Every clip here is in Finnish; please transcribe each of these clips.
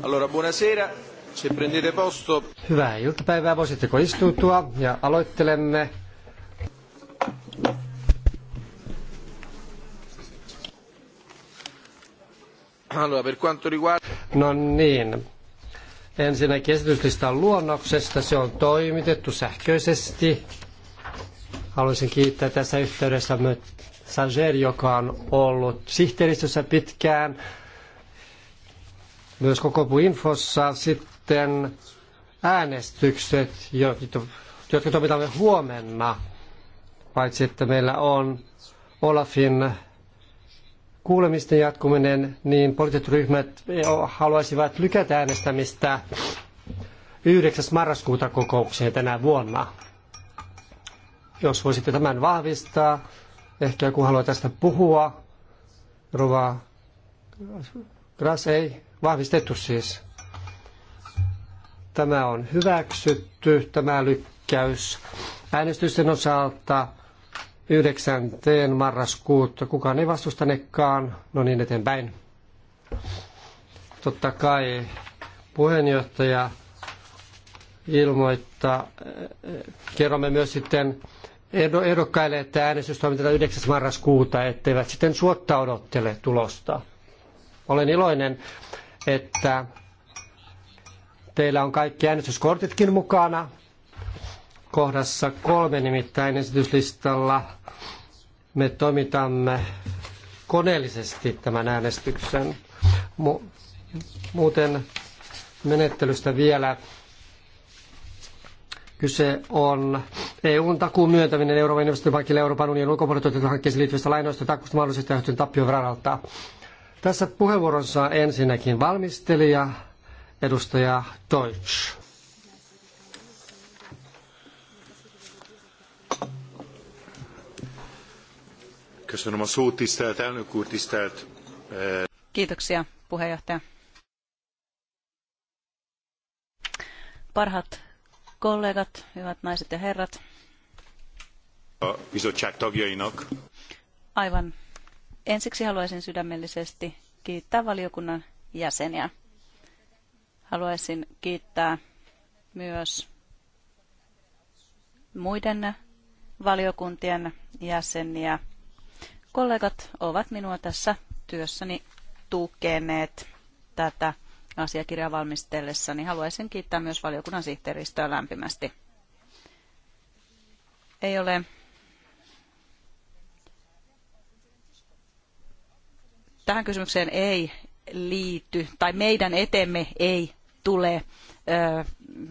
Allora, buonasera. Se prendete posto. Hyvää iltapäivää. Voisitteko istuutua ja aloittelemme. Allora, per quanto riguarda... No niin. Ensinnäkin esityslistan luonnoksesta. Se on toimitettu sähköisesti. Haluaisin kiittää tässä yhteydessä myös Sager, joka on ollut sihteeristössä pitkään myös koko infossa sitten äänestykset, jotka toimitamme huomenna, paitsi että meillä on Olafin kuulemisten jatkuminen, niin poliittiset ryhmät haluaisivat lykätä äänestämistä 9. marraskuuta kokoukseen tänä vuonna. Jos voisitte tämän vahvistaa, ehkä joku haluaa tästä puhua. Rova Gras ei Vahvistettu siis. Tämä on hyväksytty, tämä lykkäys. Äänestysten osalta 9. marraskuuta. Kukaan ei vastustanekaan. No niin, eteenpäin. Totta kai puheenjohtaja ilmoittaa. Eh, kerromme myös sitten ehdokkaille, että äänestys toimitetaan 9. marraskuuta, etteivät sitten suotta odottele tulosta. Olen iloinen että teillä on kaikki äänestyskortitkin mukana. Kohdassa kolme nimittäin esityslistalla me toimitamme koneellisesti tämän äänestyksen. Mu- muuten menettelystä vielä. Kyse on EUn takuun myöntäminen Euroopan investointipankille Euroopan unionin ulkopuolelle toteutetun hankkeeseen liittyvistä lainoista takuusta mahdollisesti tappion varalta. Tässä puheenvuoronsa ensinnäkin valmistelija, edustaja Deutsch. Eh, Kiitoksia, puheenjohtaja. Parhaat kollegat, hyvät naiset ja herrat. Aivan Ensiksi haluaisin sydämellisesti kiittää valiokunnan jäseniä. Haluaisin kiittää myös muiden valiokuntien jäseniä. Kollegat ovat minua tässä työssäni tukeneet tätä asiakirjaa valmistellessa, niin haluaisin kiittää myös valiokunnan sihteeristöä lämpimästi. Ei ole tähän kysymykseen ei liity tai meidän eteemme ei tule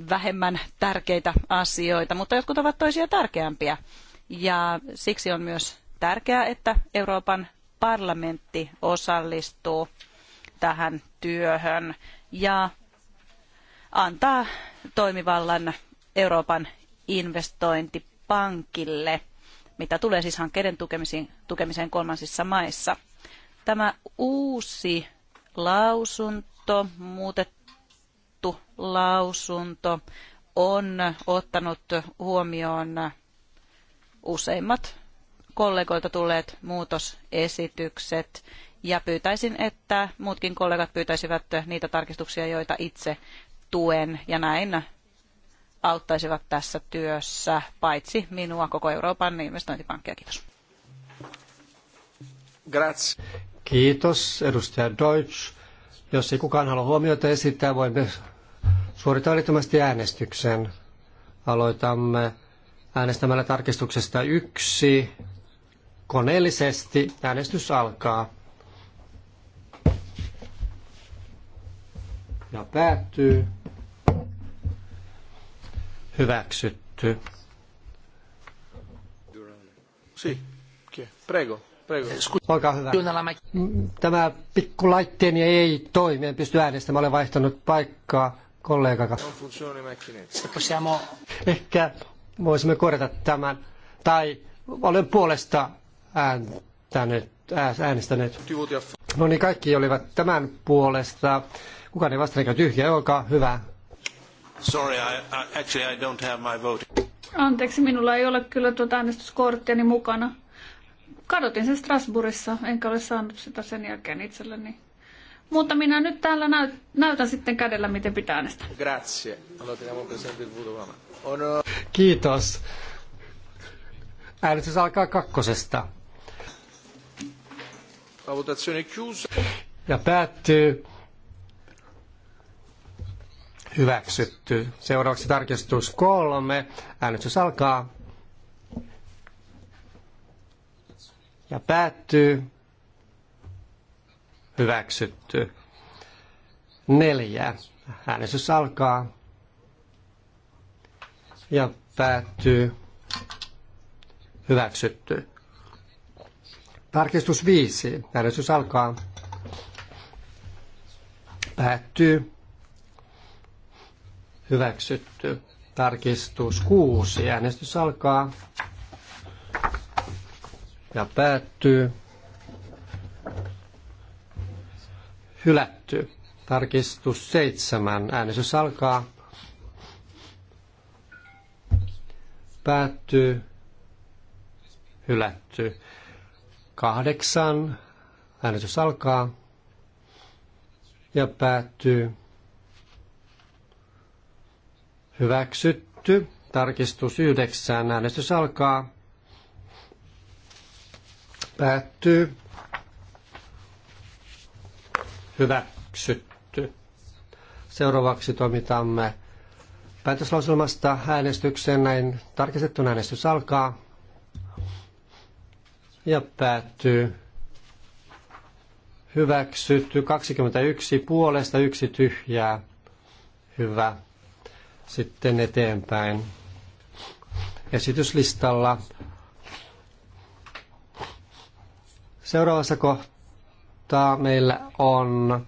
vähemmän tärkeitä asioita, mutta jotkut ovat toisia tärkeämpiä. Ja siksi on myös tärkeää, että Euroopan parlamentti osallistuu tähän työhön ja antaa toimivallan Euroopan investointipankille, mitä tulee siis hankkeiden tukemiseen kolmansissa maissa tämä uusi lausunto, muutettu lausunto, on ottanut huomioon useimmat kollegoilta tulleet muutosesitykset ja pyytäisin, että muutkin kollegat pyytäisivät niitä tarkistuksia, joita itse tuen ja näin auttaisivat tässä työssä, paitsi minua koko Euroopan investointipankkia. Kiitos. Grazie. Kiitos, edustaja Deutsch. Jos ei kukaan halua huomiota esittää, voimme suorittaa välittömästi äänestyksen. Aloitamme äänestämällä tarkistuksesta yksi. Koneellisesti äänestys alkaa. Ja päättyy. Hyväksytty. Sì, prego. Olkaa hyvä. Tämä ei toimi, en pysty äänestämään, olen vaihtanut paikkaa kollega kanssa. Ehkä voisimme korjata tämän. Tai olen puolesta ääntänyt, äänestänyt. No niin, kaikki olivat tämän puolesta. Kukaan ei vastannut, eikä tyhjä, olkaa hyvä. Sorry, I, actually I don't have my vote. Anteeksi, minulla ei ole kyllä tuota äänestyskorttiani mukana. Kadotin sen Strasbourgissa, enkä ole saanut sitä sen jälkeen itselleni. Mutta minä nyt täällä näyt, näytän sitten kädellä, miten pitää äänestää. Grazie. Kiitos. Äänestys alkaa kakkosesta. La votazione chiusa. Ja päättyy. Hyväksytty. Seuraavaksi tarkistus kolme. Äänestys alkaa. ja päättyy hyväksytty. Neljä. Äänestys alkaa ja päättyy hyväksytty. Tarkistus viisi. Äänestys alkaa. Päättyy. Hyväksytty. Tarkistus kuusi. Äänestys alkaa ja päättyy. Hylätty. Tarkistus seitsemän. Äänestys alkaa. Päättyy. Hylätty. Kahdeksan. Äänestys alkaa. Ja päättyy. Hyväksytty. Tarkistus yhdeksän Äänestys alkaa Päättyy. Hyväksytty. Seuraavaksi toimitamme päätöslauselmasta äänestykseen. Näin tarkistettu äänestys alkaa ja päättyy. Hyväksytty 21 puolesta, yksi tyhjää. Hyvä. Sitten eteenpäin. Esityslistalla Seuraavassa kohtaa meillä on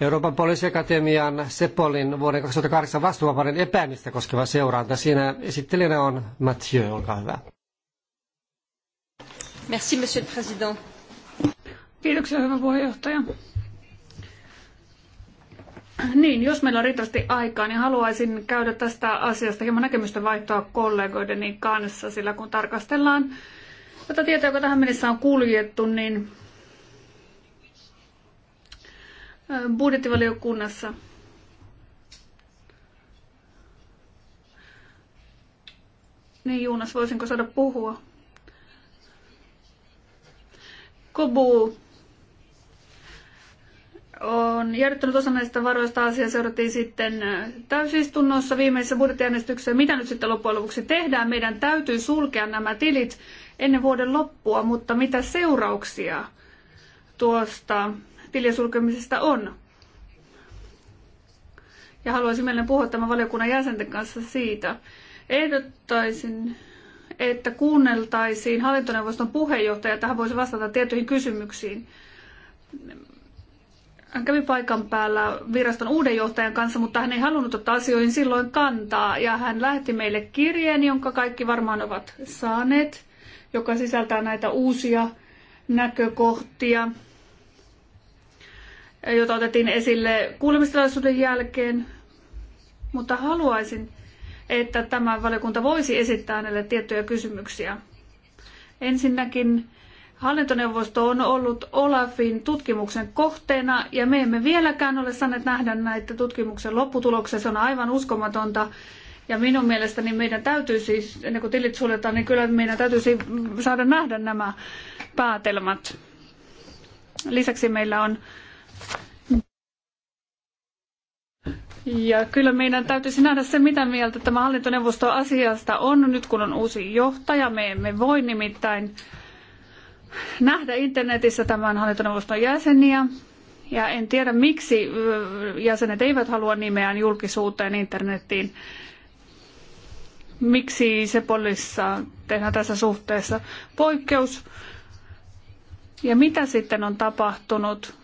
Euroopan poliisiakatemian Sepolin vuoden 2008 vastuuvapauden epäämistä koskeva seuranta. Siinä esittelijänä on Mathieu, olkaa hyvä. Merci, monsieur le président. Kiitoksia, hyvä puheenjohtaja. Niin, jos meillä on riittävästi aikaa, niin haluaisin käydä tästä asiasta hieman näkemystä vaihtoa kollegoideni kanssa, sillä kun tarkastellaan Tätä tietoa, joka tähän mennessä on kuljettu, niin budjettivaliokunnassa Niin Juunas, voisinko saada puhua? Kobu on järjettänyt osa näistä varoista asiaa. Seurattiin sitten täysistunnossa viimeisessä budjettiäänestyksessä. Mitä nyt sitten loppujen lopuksi tehdään? Meidän täytyy sulkea nämä tilit ennen loppua, mutta mitä seurauksia tuosta tilien sulkemisesta on? Ja haluaisin mielelläni puhua tämän valiokunnan jäsenten kanssa siitä. Ehdottaisin, että kuunneltaisiin hallintoneuvoston puheenjohtaja, tähän voisi vastata tiettyihin kysymyksiin. Hän kävi paikan päällä viraston uuden johtajan kanssa, mutta hän ei halunnut ottaa asioihin silloin kantaa. Ja hän lähetti meille kirjeen, jonka kaikki varmaan ovat saaneet joka sisältää näitä uusia näkökohtia, joita otettiin esille kuulemistilaisuuden jälkeen. Mutta haluaisin, että tämä valiokunta voisi esittää näille tiettyjä kysymyksiä. Ensinnäkin hallintoneuvosto on ollut Olafin tutkimuksen kohteena ja me emme vieläkään ole saaneet nähdä näitä tutkimuksen lopputuloksia. Se on aivan uskomatonta ja minun mielestäni meidän täytyy siis, ennen kuin tilit suljetaan, niin kyllä meidän täytyisi saada nähdä nämä päätelmät. Lisäksi meillä on ja kyllä meidän täytyisi nähdä se, mitä mieltä tämä hallintoneuvosto asiasta on nyt, kun on uusi johtaja. Me emme voi nimittäin nähdä internetissä tämän hallintoneuvoston jäseniä. Ja en tiedä, miksi jäsenet eivät halua nimeään julkisuuteen internetiin miksi se polissa tehdään tässä suhteessa poikkeus. Ja mitä sitten on tapahtunut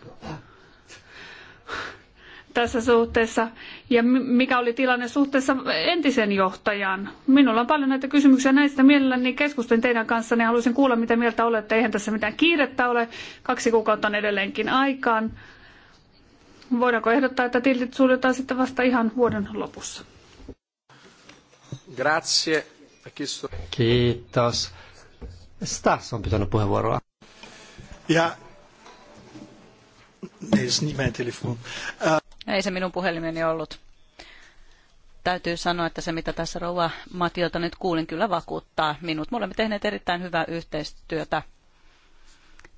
tässä suhteessa ja mikä oli tilanne suhteessa entisen johtajaan? Minulla on paljon näitä kysymyksiä näistä mielelläni keskustelin teidän kanssa, niin haluaisin kuulla mitä mieltä olette. Eihän tässä mitään kiirettä ole. Kaksi kuukautta on edelleenkin aikaan. Voidaanko ehdottaa, että tilit suljetaan sitten vasta ihan vuoden lopussa? Grazie. Kiitos. Stas on pitänyt puheenvuoroa. Ja... Niin, äh. Ei se minun puhelimeni ollut. Täytyy sanoa, että se mitä tässä rouva Matiolta nyt kuulin kyllä vakuuttaa minut. Me olemme tehneet erittäin hyvää yhteistyötä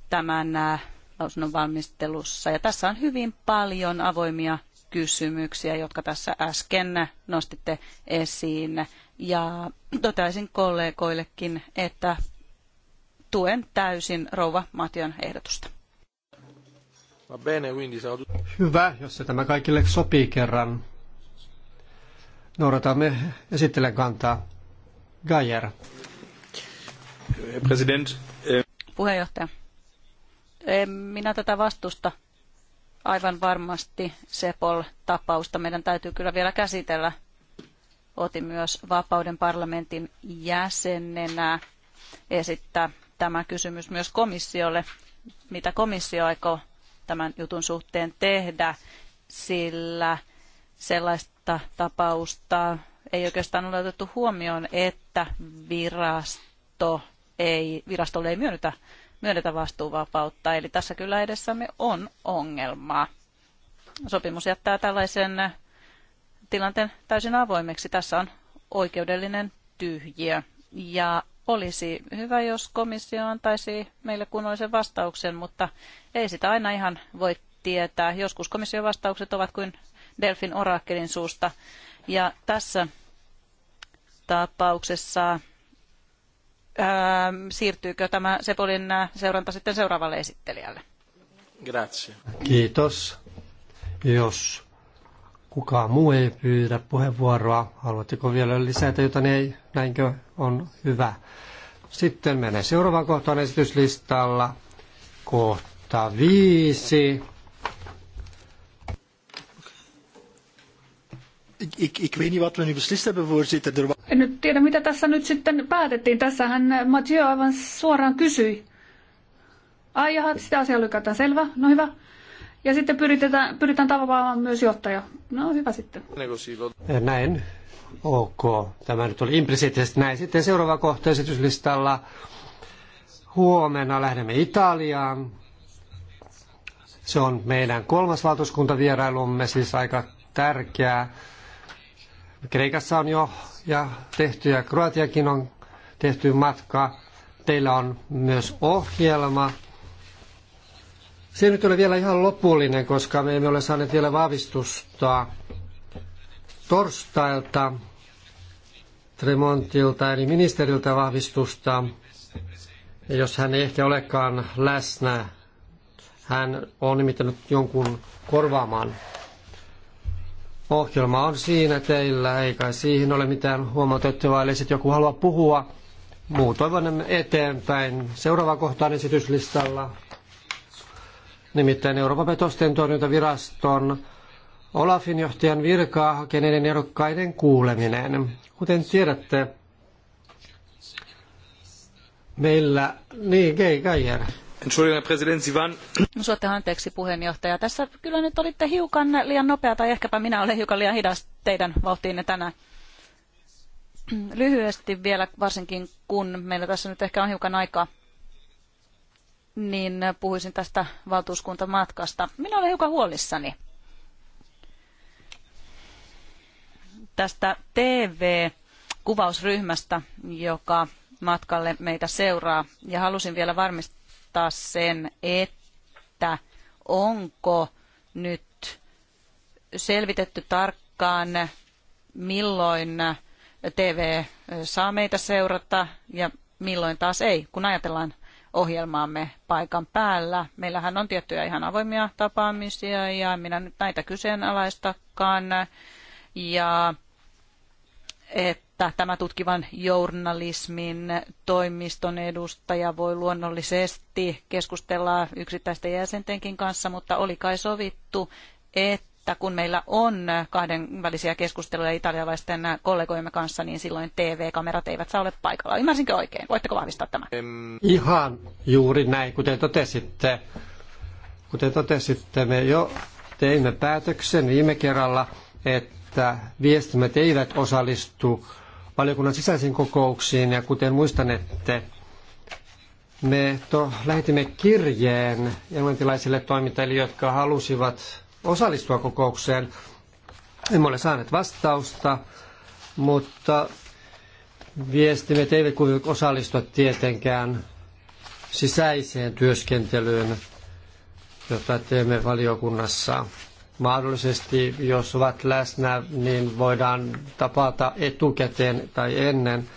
tämän äh, lausunnon valmistelussa. Ja tässä on hyvin paljon avoimia kysymyksiä, jotka tässä äsken nostitte esiin. Ja toteaisin kollegoillekin, että tuen täysin rouva Mation ehdotusta. Hyvä, jos se tämä kaikille sopii kerran. Noudatamme esittelen kantaa. Gajer. President. Eh, Puheenjohtaja. minä tätä vastusta aivan varmasti Sepol-tapausta meidän täytyy kyllä vielä käsitellä. Otin myös Vapauden parlamentin jäsenenä esittää tämä kysymys myös komissiolle. Mitä komissio aikoo tämän jutun suhteen tehdä, sillä sellaista tapausta ei oikeastaan ole otettu huomioon, että virasto ei, virastolle ei myönnytä myönnetä vastuuvapautta. Eli tässä kyllä edessämme on ongelmaa. Sopimus jättää tällaisen tilanteen täysin avoimeksi. Tässä on oikeudellinen tyhjiö. Ja olisi hyvä, jos komissio antaisi meille kunnollisen vastauksen, mutta ei sitä aina ihan voi tietää. Joskus komission vastaukset ovat kuin Delfin oraakkelin suusta. Ja tässä tapauksessa Ähm, siirtyykö tämä Sepolin äh, seuranta sitten seuraavalle esittelijälle? Grazie. Kiitos. Jos kukaan muu ei pyydä puheenvuoroa, haluatteko vielä lisätä jotain? Ei, näinkö on hyvä. Sitten menee seuraavaan kohtaan esityslistalla. Kohta viisi. Ik, ik, ik weet niet wat we nu beslist hebben, voorzitter. Er en nyt tiedä, mitä tässä nyt sitten päätettiin. Tässähän Mathieu aivan suoraan kysyi. Ai jaha, sitä asiaa lykätään. Selvä, no hyvä. Ja sitten pyritetään, pyritään tavallaan myös johtaja. No hyvä sitten. Näin. Ok. Tämä nyt oli implisiittisesti näin. Sitten seuraava kohta esityslistalla. Huomenna lähdemme Italiaan. Se on meidän kolmas valtuuskuntavierailumme, siis aika tärkeää. Kreikassa on jo ja tehty ja Kroatiakin on tehty matka. Teillä on myös ohjelma. Se ei nyt ole vielä ihan lopullinen, koska me emme ole saaneet vielä vahvistusta torstailta Tremontilta eli ministeriltä vahvistusta. Ja jos hän ei ehkä olekaan läsnä, hän on nimittänyt jonkun korvaamaan Ohjelma on siinä teillä, eikä siihen ole mitään huomautettavaa, eli sitten joku haluaa puhua. Muutoin voimme eteenpäin. Seuraava kohtaan esityslistalla, nimittäin Euroopan petosten torjuntaviraston Olafin johtajan virkaa hakeneiden erokkaiden kuuleminen. Kuten tiedätte, meillä... Niin, Geiger. Entschuldigung, Herr no, Suotte anteeksi puheenjohtaja. Tässä kyllä nyt olitte hiukan liian nopea tai ehkäpä minä olen hiukan liian hidas teidän vauhtiinne tänään. Lyhyesti vielä, varsinkin kun meillä tässä nyt ehkä on hiukan aikaa, niin puhuisin tästä valtuuskuntamatkasta. Minä olen hiukan huolissani tästä TV-kuvausryhmästä, joka matkalle meitä seuraa. Ja halusin vielä varmistaa, osoittaa sen, että onko nyt selvitetty tarkkaan, milloin TV saa meitä seurata ja milloin taas ei, kun ajatellaan ohjelmaamme paikan päällä. Meillähän on tiettyjä ihan avoimia tapaamisia ja minä nyt näitä kyseenalaistakaan. Ja et että tämä tutkivan journalismin toimiston edustaja voi luonnollisesti keskustella yksittäisten jäsentenkin kanssa, mutta oli kai sovittu, että kun meillä on kahdenvälisiä keskusteluja italialaisten kollegojemme kanssa, niin silloin TV-kamerat eivät saa olla paikalla. Ymmärsinkö oikein? Voitteko vahvistaa tämä? Ihan juuri näin, kuten totesitte. Kuten totesitte, me jo teimme päätöksen viime kerralla, että viestimet eivät osallistu valiokunnan sisäisiin kokouksiin ja kuten muistanette, me to, lähetimme kirjeen englantilaisille toimittajille, jotka halusivat osallistua kokoukseen. Emme ole saaneet vastausta, mutta viestimet eivät kuitenkaan osallistua tietenkään sisäiseen työskentelyyn, jota teemme valiokunnassa mahdollisesti, jos ovat läsnä, niin voidaan tapata etukäteen tai ennen.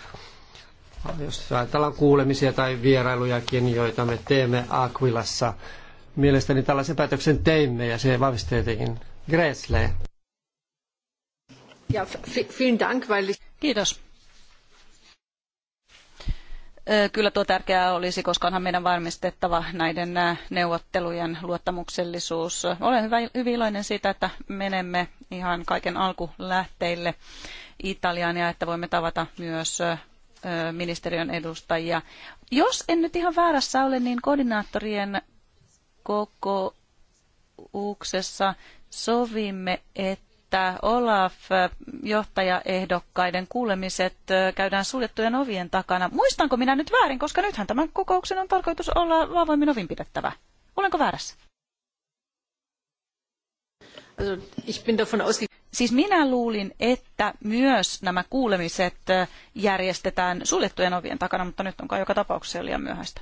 Jos ajatellaan kuulemisia tai vierailujakin, joita me teemme Aquilassa, mielestäni tällaisen päätöksen teimme ja se vahvisti jotenkin ich Kiitos. Kyllä tuo tärkeää olisi, koska onhan meidän varmistettava näiden neuvottelujen luottamuksellisuus. Olen hyvä, hyvin iloinen siitä, että menemme ihan kaiken alkulähteille Italiaan ja että voimme tavata myös ministeriön edustajia. Jos en nyt ihan väärässä ole, niin koordinaattorien kokouksessa sovimme, että että Olaf-johtajaehdokkaiden kuulemiset käydään suljettujen ovien takana. Muistanko minä nyt väärin, koska nythän tämän kokouksen on tarkoitus olla avoimin ovin pidettävä. Olenko väärässä? Siis minä luulin, että myös nämä kuulemiset järjestetään suljettujen ovien takana, mutta nyt on kai joka tapauksessa liian myöhäistä.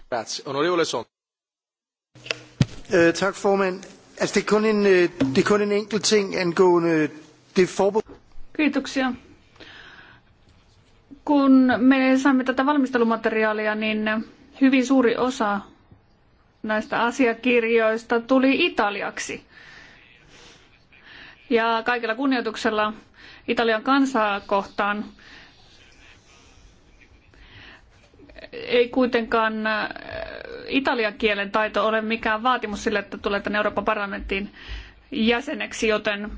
Eh, Tack formand. Altså, det, er kun en, øh, det er kun en enkelt ting angående det forbud. Kiitoksia. Kun me saimme tätä valmistelumateriaalia, niin hyvin suuri osa näistä asiakirjoista tuli italiaksi. Ja kaikella kunnioituksella Italian kansaa kohtaan ei kuitenkaan italian kielen taito ole mikään vaatimus sille, että tulee tänne Euroopan parlamenttiin jäseneksi, joten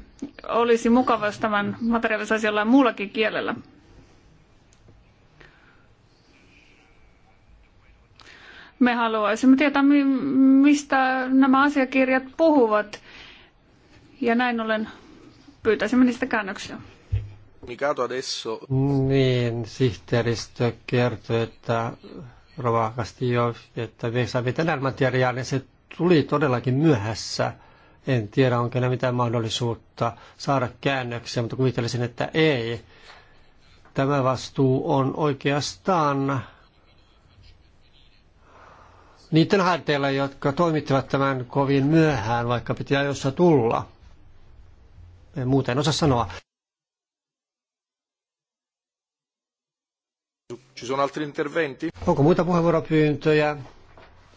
olisi mukava, jos tämän materiaalin saisi jollain muullakin kielellä. Me haluaisimme tietää, mistä nämä asiakirjat puhuvat. Ja näin ollen pyytäisimme niistä käännöksiä. Mikato adesso. Niin, sihteeristö kertoi, että rovakasti jo, että saimme tänään materiaalin. Se tuli todellakin myöhässä. En tiedä, onko enää mitään mahdollisuutta saada käännöksiä, mutta kuvittelisin, että ei. Tämä vastuu on oikeastaan niiden harteilla, jotka toimittivat tämän kovin myöhään, vaikka piti ajoissa tulla. En muuten osaa sanoa. Ci sono altri interventi? Onko muita puheenvuoropyyntöjä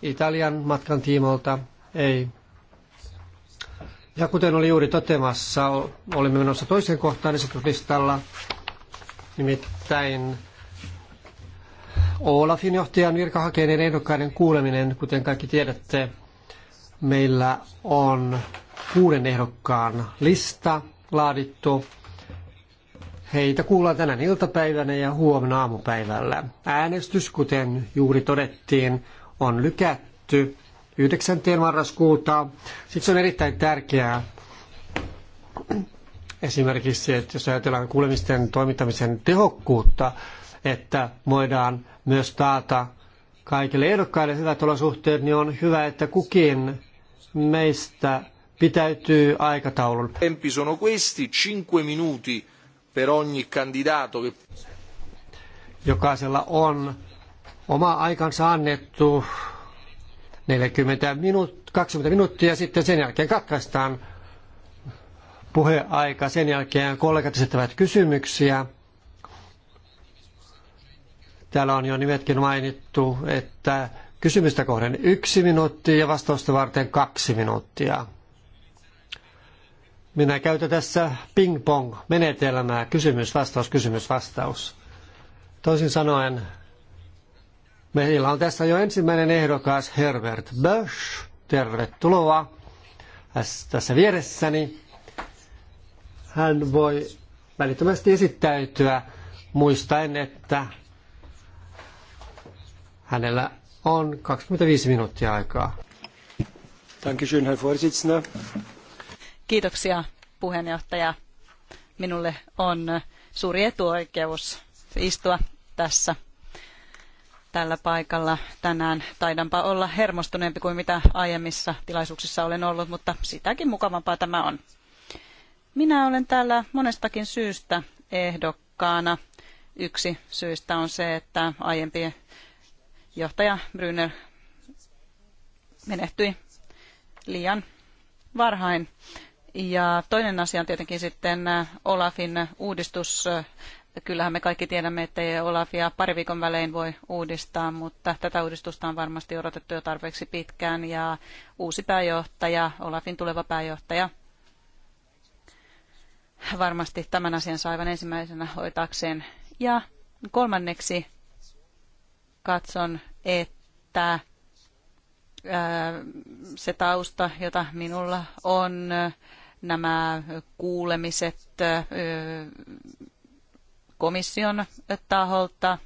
Italian matkan tiimolta? Ei. Ja kuten oli juuri totemassa, olimme menossa toiseen kohtaan esityslistalla, nimittäin Olafin johtajan virkahakeneiden ehdokkaiden kuuleminen, kuten kaikki tiedätte, meillä on kuuden ehdokkaan lista laadittu Heitä kuullaan tänään iltapäivänä ja huomenna aamupäivällä. Äänestys, kuten juuri todettiin, on lykätty 9. marraskuuta. Siksi on erittäin tärkeää esimerkiksi, että jos ajatellaan kuulemisten toimittamisen tehokkuutta, että voidaan myös taata kaikille ehdokkaille hyvät olosuhteet, niin on hyvä, että kukin meistä pitäytyy aikataulun. Tempi sono questi, 5 minuti per ogni candidato che... Jokaisella on oma aikansa annettu 40 minuut, 20 minuuttia sitten sen jälkeen katkaistaan puheaika. Sen jälkeen kollegat esittävät kysymyksiä. Täällä on jo nimetkin mainittu, että kysymystä kohden yksi minuutti ja vastausta varten kaksi minuuttia. Minä käytän tässä ping-pong-menetelmää, kysymys, vastaus, kysymys, vastaus. Toisin sanoen, meillä on tässä jo ensimmäinen ehdokas Herbert Bösch. Tervetuloa tässä vieressäni. Hän voi välittömästi esittäytyä muistaen, että hänellä on 25 minuuttia aikaa. Dankeschön, Herr Vorsitzender. Kiitoksia puheenjohtaja. Minulle on suuri etuoikeus istua tässä tällä paikalla tänään. Taidanpa olla hermostuneempi kuin mitä aiemmissa tilaisuuksissa olen ollut, mutta sitäkin mukavampaa tämä on. Minä olen täällä monestakin syystä ehdokkaana. Yksi syystä on se, että aiempi johtaja Brynner menehtyi liian varhain. Ja toinen asia on tietenkin sitten äh, Olafin uudistus. Kyllähän me kaikki tiedämme, että Olafia pari viikon välein voi uudistaa, mutta tätä uudistusta on varmasti odotettu jo tarpeeksi pitkään. Ja uusi pääjohtaja, Olafin tuleva pääjohtaja, varmasti tämän asian aivan ensimmäisenä hoitaakseen. Ja kolmanneksi katson, että äh, se tausta, jota minulla on, nämä kuulemiset komission taholta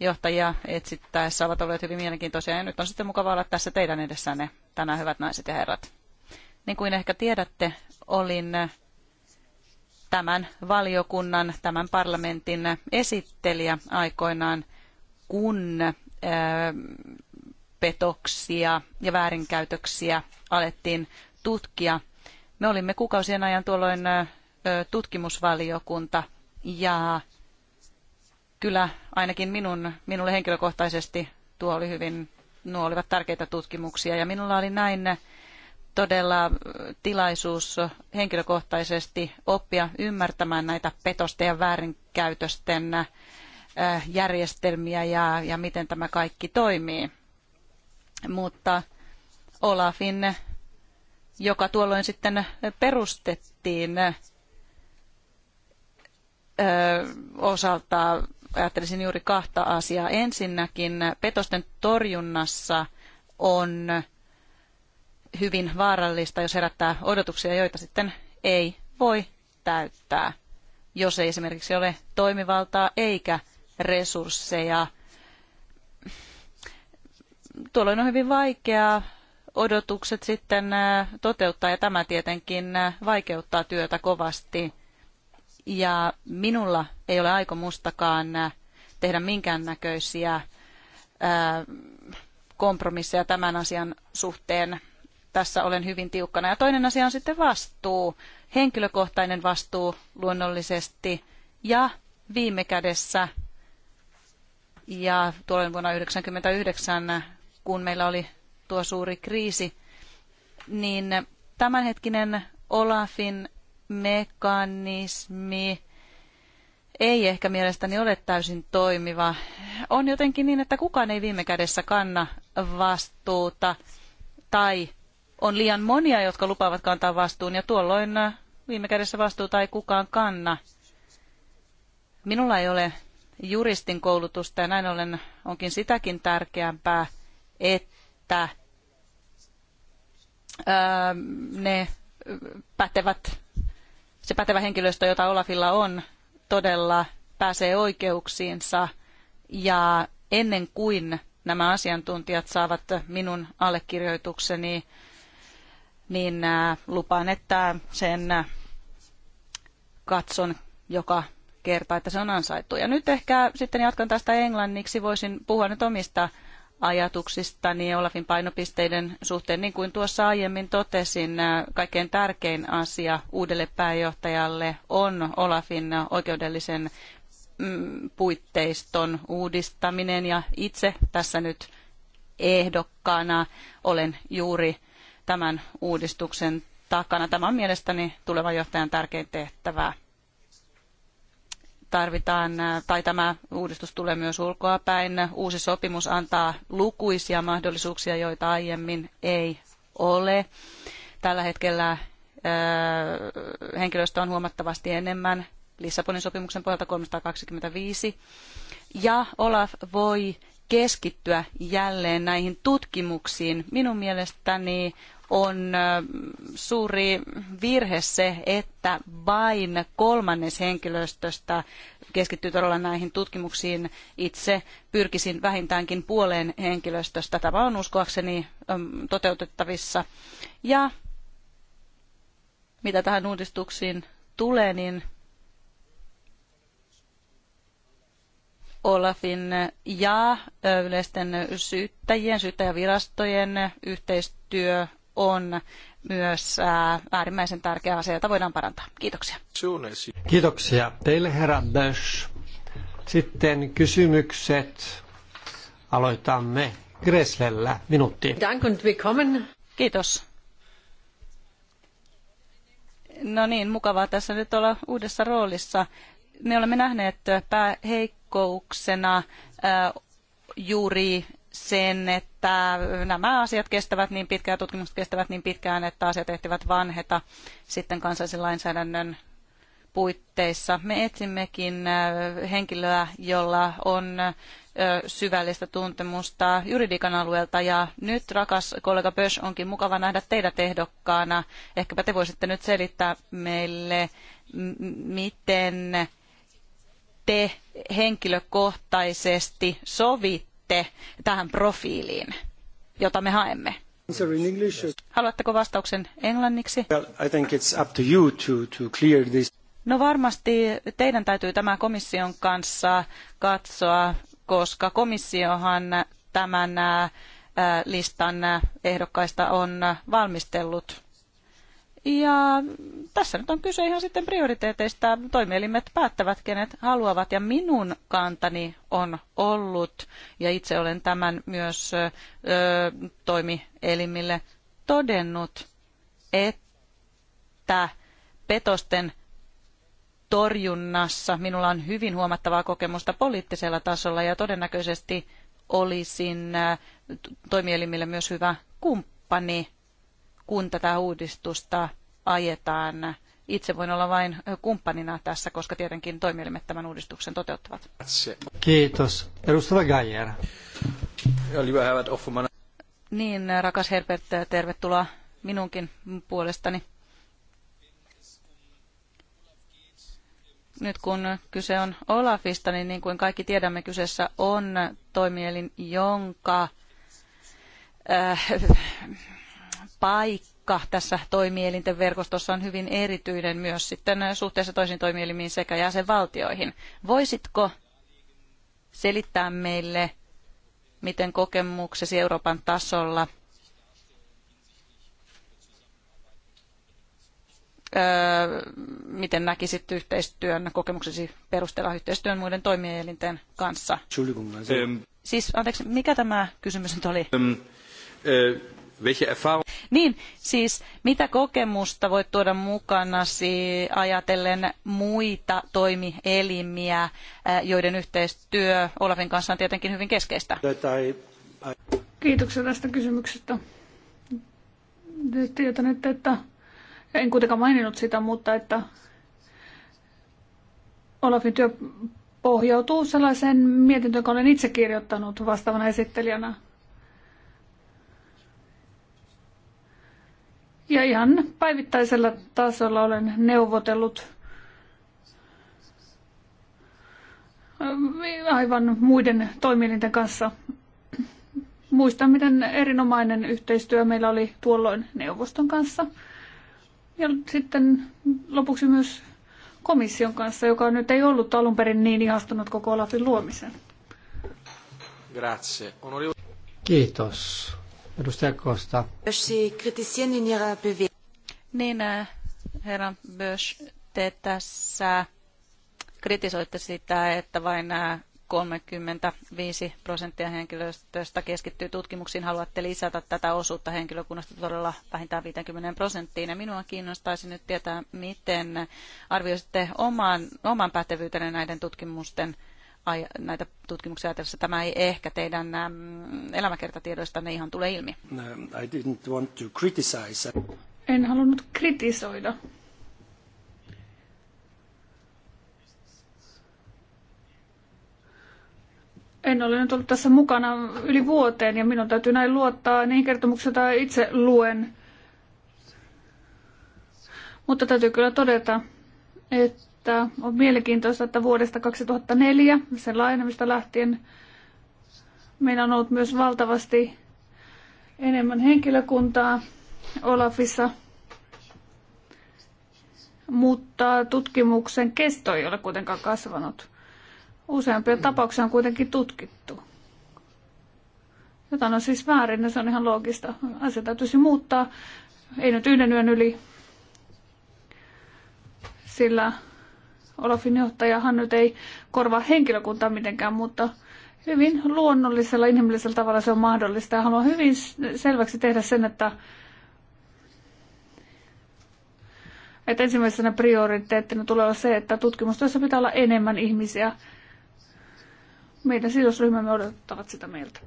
johtajia etsittäessä ovat olleet hyvin mielenkiintoisia. Ja nyt on sitten mukava olla tässä teidän edessänne tänään, hyvät naiset ja herrat. Niin kuin ehkä tiedätte, olin tämän valiokunnan, tämän parlamentin esittelijä aikoinaan, kun petoksia ja väärinkäytöksiä alettiin tutkia me olimme kuukausien ajan tuolloin tutkimusvaliokunta ja kyllä ainakin minun, minulle henkilökohtaisesti tuo oli hyvin, nuo olivat tärkeitä tutkimuksia ja minulla oli näin todella tilaisuus henkilökohtaisesti oppia ymmärtämään näitä petosten ja väärinkäytösten järjestelmiä ja, ja miten tämä kaikki toimii. Mutta Olafin joka tuolloin sitten perustettiin osalta ajattelisin juuri kahta asiaa. Ensinnäkin petosten torjunnassa on hyvin vaarallista, jos herättää odotuksia, joita sitten ei voi täyttää, jos ei esimerkiksi ole toimivaltaa eikä resursseja. Tuolloin on hyvin vaikeaa odotukset sitten toteuttaa ja tämä tietenkin vaikeuttaa työtä kovasti. Ja minulla ei ole aikomustakaan tehdä minkäännäköisiä kompromisseja tämän asian suhteen. Tässä olen hyvin tiukkana. Ja toinen asia on sitten vastuu, henkilökohtainen vastuu luonnollisesti ja viime kädessä ja tuolloin vuonna 1999, kun meillä oli tuo suuri kriisi, niin tämänhetkinen Olafin mekanismi ei ehkä mielestäni ole täysin toimiva. On jotenkin niin, että kukaan ei viime kädessä kanna vastuuta tai on liian monia, jotka lupaavat kantaa vastuun ja tuolloin viime kädessä vastuuta ei kukaan kanna. Minulla ei ole juristin koulutusta ja näin ollen onkin sitäkin tärkeämpää, että ne pätevät, se pätevä henkilöstö, jota Olafilla on, todella pääsee oikeuksiinsa ja ennen kuin nämä asiantuntijat saavat minun allekirjoitukseni, niin lupaan, että sen katson joka kerta, että se on ansaittu. Ja nyt ehkä sitten jatkan tästä englanniksi, voisin puhua nyt omista ajatuksistani niin Olafin painopisteiden suhteen. Niin kuin tuossa aiemmin totesin, kaikkein tärkein asia uudelle pääjohtajalle on Olafin oikeudellisen mm, puitteiston uudistaminen ja itse tässä nyt ehdokkaana olen juuri tämän uudistuksen takana. Tämä on mielestäni tulevan johtajan tärkein tehtävä tarvitaan, tai tämä uudistus tulee myös ulkoapäin. Uusi sopimus antaa lukuisia mahdollisuuksia, joita aiemmin ei ole. Tällä hetkellä henkilöstö on huomattavasti enemmän Lissabonin sopimuksen pohjalta 325. Ja Olaf voi keskittyä jälleen näihin tutkimuksiin. Minun mielestäni on suuri virhe se, että vain kolmannes henkilöstöstä keskittyy todella näihin tutkimuksiin. Itse pyrkisin vähintäänkin puoleen henkilöstöstä. Tämä on uskoakseni toteutettavissa. Ja mitä tähän uudistuksiin tulee, niin Olafin ja yleisten syyttäjien, syyttäjävirastojen yhteistyö on myös äh, äärimmäisen tärkeä asia, jota voidaan parantaa. Kiitoksia. Kiitoksia teille, herra Bösch. Sitten kysymykset. Aloitamme Greslellä minuutti. Dank und willkommen. Kiitos. No niin, mukavaa tässä nyt olla uudessa roolissa. Me olemme nähneet pääheikkouksena äh, juuri sen, että nämä asiat kestävät niin pitkään ja tutkimukset kestävät niin pitkään, että asiat ehtivät vanheta sitten kansallisen lainsäädännön puitteissa. Me etsimmekin äh, henkilöä, jolla on äh, syvällistä tuntemusta juridiikan alueelta ja nyt rakas kollega Pös onkin mukava nähdä teidät ehdokkaana. Ehkäpä te voisitte nyt selittää meille, miten te henkilökohtaisesti sovitte sovitte tähän profiiliin, jota me haemme? Haluatteko vastauksen englanniksi? No varmasti teidän täytyy tämä komission kanssa katsoa, koska komissiohan tämän äh, listan ehdokkaista on valmistellut ja tässä nyt on kyse ihan sitten prioriteeteista. Toimielimet päättävät, kenet haluavat. Ja minun kantani on ollut, ja itse olen tämän myös ö, toimielimille todennut, että petosten torjunnassa minulla on hyvin huomattavaa kokemusta poliittisella tasolla ja todennäköisesti olisin toimielimille myös hyvä kumppani, kun tätä uudistusta ajetaan. Itse voin olla vain kumppanina tässä, koska tietenkin toimielimet tämän uudistuksen toteuttavat. Kiitos. Edustava Geier. Niin, rakas Herbert, tervetuloa minunkin puolestani. nyt kun kyse on Olafista, niin niin kuin kaikki tiedämme, kyseessä on toimielin, jonka äh, paikka taakka tässä toimielinten verkostossa on hyvin erityinen myös sitten suhteessa toisiin toimielimiin sekä jäsenvaltioihin. Voisitko selittää meille, miten kokemuksesi Euroopan tasolla miten näkisit yhteistyön, kokemuksesi perusteella yhteistyön muiden toimielinten kanssa? Ähm. Siis, anteeksi, mikä tämä kysymys nyt oli? Ähm, äh, niin, siis mitä kokemusta voit tuoda mukanasi ajatellen muita toimielimiä, äh, joiden yhteistyö Olafin kanssa on tietenkin hyvin keskeistä? Kiitoksia tästä kysymyksestä. Tiedän nyt, että en kuitenkaan maininnut sitä, mutta että Olafin työ pohjautuu sellaiseen mietintöön, jonka olen itse kirjoittanut vastaavana esittelijänä. Ja ihan päivittäisellä tasolla olen neuvotellut ähm, aivan muiden toimielinten kanssa. Muistan, miten erinomainen yhteistyö meillä oli tuolloin neuvoston kanssa. Ja sitten lopuksi myös komission kanssa, joka nyt ei ollut alun perin niin ihastunut koko Olafin luomiseen. Grazie. Kiitos. Edustaja Kosta. Niin, äh, herra Bösch, te tässä kritisoitte sitä, että vain 35 äh, prosenttia henkilöstöstä keskittyy tutkimuksiin. Haluatte lisätä tätä osuutta henkilökunnasta todella vähintään 50 prosenttiin. Ja minua kiinnostaisi nyt tietää, miten arvioisitte oman, oman pätevyytenne näiden tutkimusten näitä tutkimuksia ajatellessa tämä ei ehkä teidän ne ihan tule ilmi. No, I didn't want to criticize. En halunnut kritisoida. En ole nyt ollut tässä mukana yli vuoteen ja minun täytyy näin luottaa niin kertomuksia joita itse luen. Mutta täytyy kyllä todeta, että että on mielenkiintoista, että vuodesta 2004 sen laajenemista lähtien meillä on ollut myös valtavasti enemmän henkilökuntaa Olafissa, mutta tutkimuksen kesto ei ole kuitenkaan kasvanut. Useampia tapauksia on kuitenkin tutkittu. Jotain on siis väärin ja se on ihan loogista. Asia täytyisi muuttaa. Ei nyt yhden yön yli, sillä Olafin johtajahan nyt ei korvaa henkilökuntaa mitenkään, mutta hyvin luonnollisella, inhimillisellä tavalla se on mahdollista. Ja haluan hyvin selväksi tehdä sen, että, että ensimmäisenä prioriteettina tulee olla se, että tutkimustyössä pitää olla enemmän ihmisiä. Meidän sidosryhmämme odottavat sitä meiltä.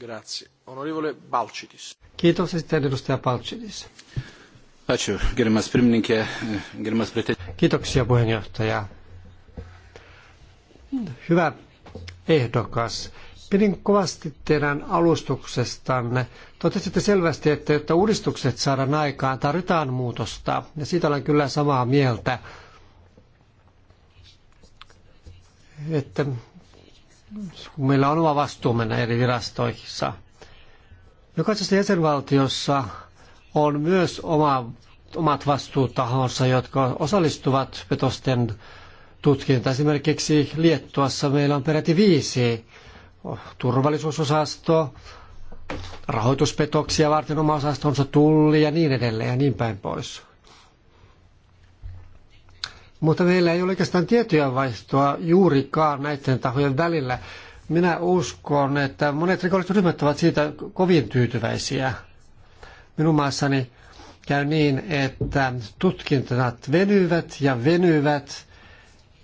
Grazie. Onorevole Balcitis. Kiitos sitten edustaja Balcitis. Kiitoksia puheenjohtaja. Hyvä ehdokas. Pidin kovasti teidän alustuksestanne. Totesitte selvästi, että jotta uudistukset saadaan aikaan, tarvitaan muutosta. Ja siitä olen kyllä samaa mieltä. Että kun meillä on oma vastuumme eri virastoissa. Jokaisessa jäsenvaltiossa on myös oma, omat vastuutahonsa, jotka osallistuvat petosten tutkintaan. Esimerkiksi Liettuassa meillä on peräti viisi turvallisuusosasto, rahoituspetoksia varten oma osastonsa tulli ja niin edelleen ja niin päin pois. Mutta meillä ei ole oikeastaan tietoja vaihtoa juurikaan näiden tahojen välillä. Minä uskon, että monet rikollisryhmät ovat siitä kovin tyytyväisiä minun maassani käy niin, että tutkintat venyvät ja venyvät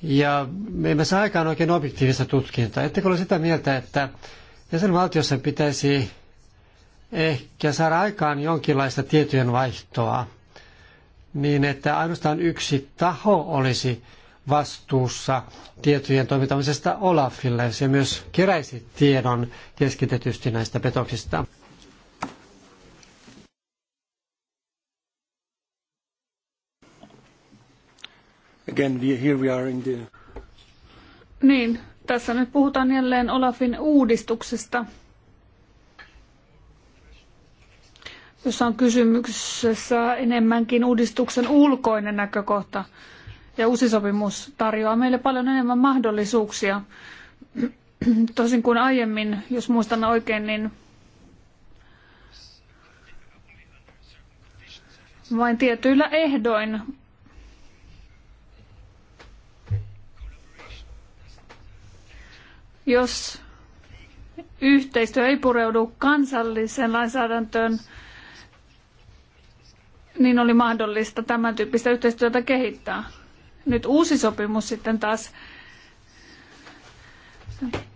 ja me emme saa aikaan oikein objektiivista tutkintaa. Ettekö ole sitä mieltä, että jäsenvaltiossa pitäisi ehkä saada aikaan jonkinlaista tietojen vaihtoa, niin että ainoastaan yksi taho olisi vastuussa tietojen toimittamisesta Olafille. Se myös keräisi tiedon keskitetysti näistä petoksista. Again, we, here we are in the... Niin, tässä nyt puhutaan jälleen Olafin uudistuksesta, jossa on kysymyksessä enemmänkin uudistuksen ulkoinen näkökohta. Ja uusi sopimus tarjoaa meille paljon enemmän mahdollisuuksia. Tosin kuin aiemmin, jos muistan oikein, niin vain tietyillä ehdoin Jos yhteistyö ei pureudu kansalliseen lainsäädäntöön, niin oli mahdollista tämän tyyppistä yhteistyötä kehittää. Nyt uusi sopimus sitten taas,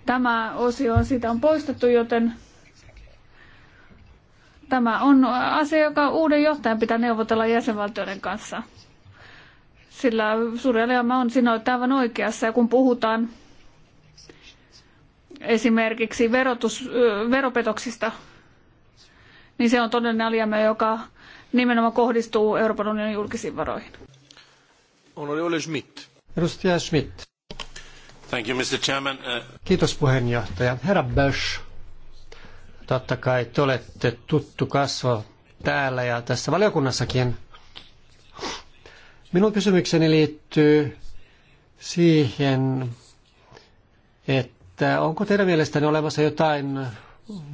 tämä osio on siitä on poistettu, joten tämä on asia, joka uuden johtajan pitää neuvotella jäsenvaltioiden kanssa. Sillä suuri on sinä olet aivan oikeassa ja kun puhutaan esimerkiksi verotus, veropetoksista, niin se on todellinen alijäämä, joka nimenomaan kohdistuu Euroopan unionin julkisiin varoihin. Honorable Schmidt. Edustaja Schmidt. Thank you, Mr. Chairman. Uh, Kiitos puheenjohtaja. Herra Bösch, totta kai te olette tuttu kasvo täällä ja tässä valiokunnassakin. Minun kysymykseni liittyy siihen, että että onko teidän mielestänne olemassa jotain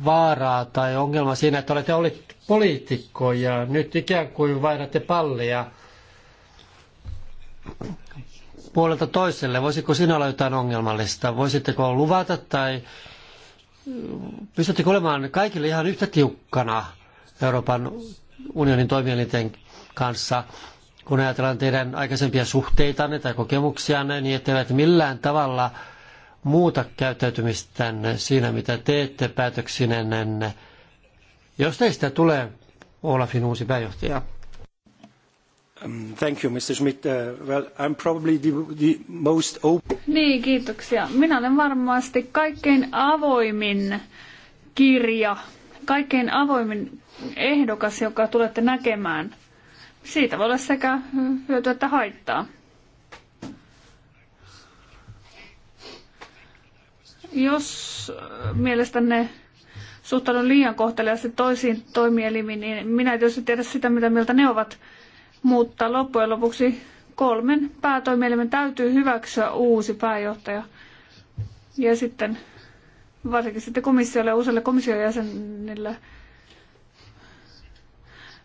vaaraa tai ongelma siinä, että olette olleet ja nyt ikään kuin vaihdatte pallia puolelta toiselle. Voisiko sinä olla jotain ongelmallista? Voisitteko luvata tai pystyttekö olemaan kaikille ihan yhtä tiukkana Euroopan unionin toimielinten kanssa, kun ajatellaan teidän aikaisempia suhteitanne tai kokemuksianne, niin etteivät millään tavalla – muuta käyttäytymistänne siinä, mitä teette päätöksinenne, jos teistä tulee Olafin uusi pääjohtaja? Um, thank you, Mr. Schmidt. Uh, well, I'm probably the, the most open... Niin, kiitoksia. Minä olen varmasti kaikkein avoimin kirja, kaikkein avoimin ehdokas, joka tulette näkemään. Siitä voi olla sekä hyötyä että haittaa. Jos äh, mielestänne suhtaudun liian kohteliaasti toisiin toimielimiin, niin minä en tietysti tiedä sitä, mitä mieltä ne ovat. Mutta loppujen lopuksi kolmen päätoimielimen täytyy hyväksyä uusi pääjohtaja. Ja sitten varsinkin sitten komissiolle ja uusille komission jäsenille.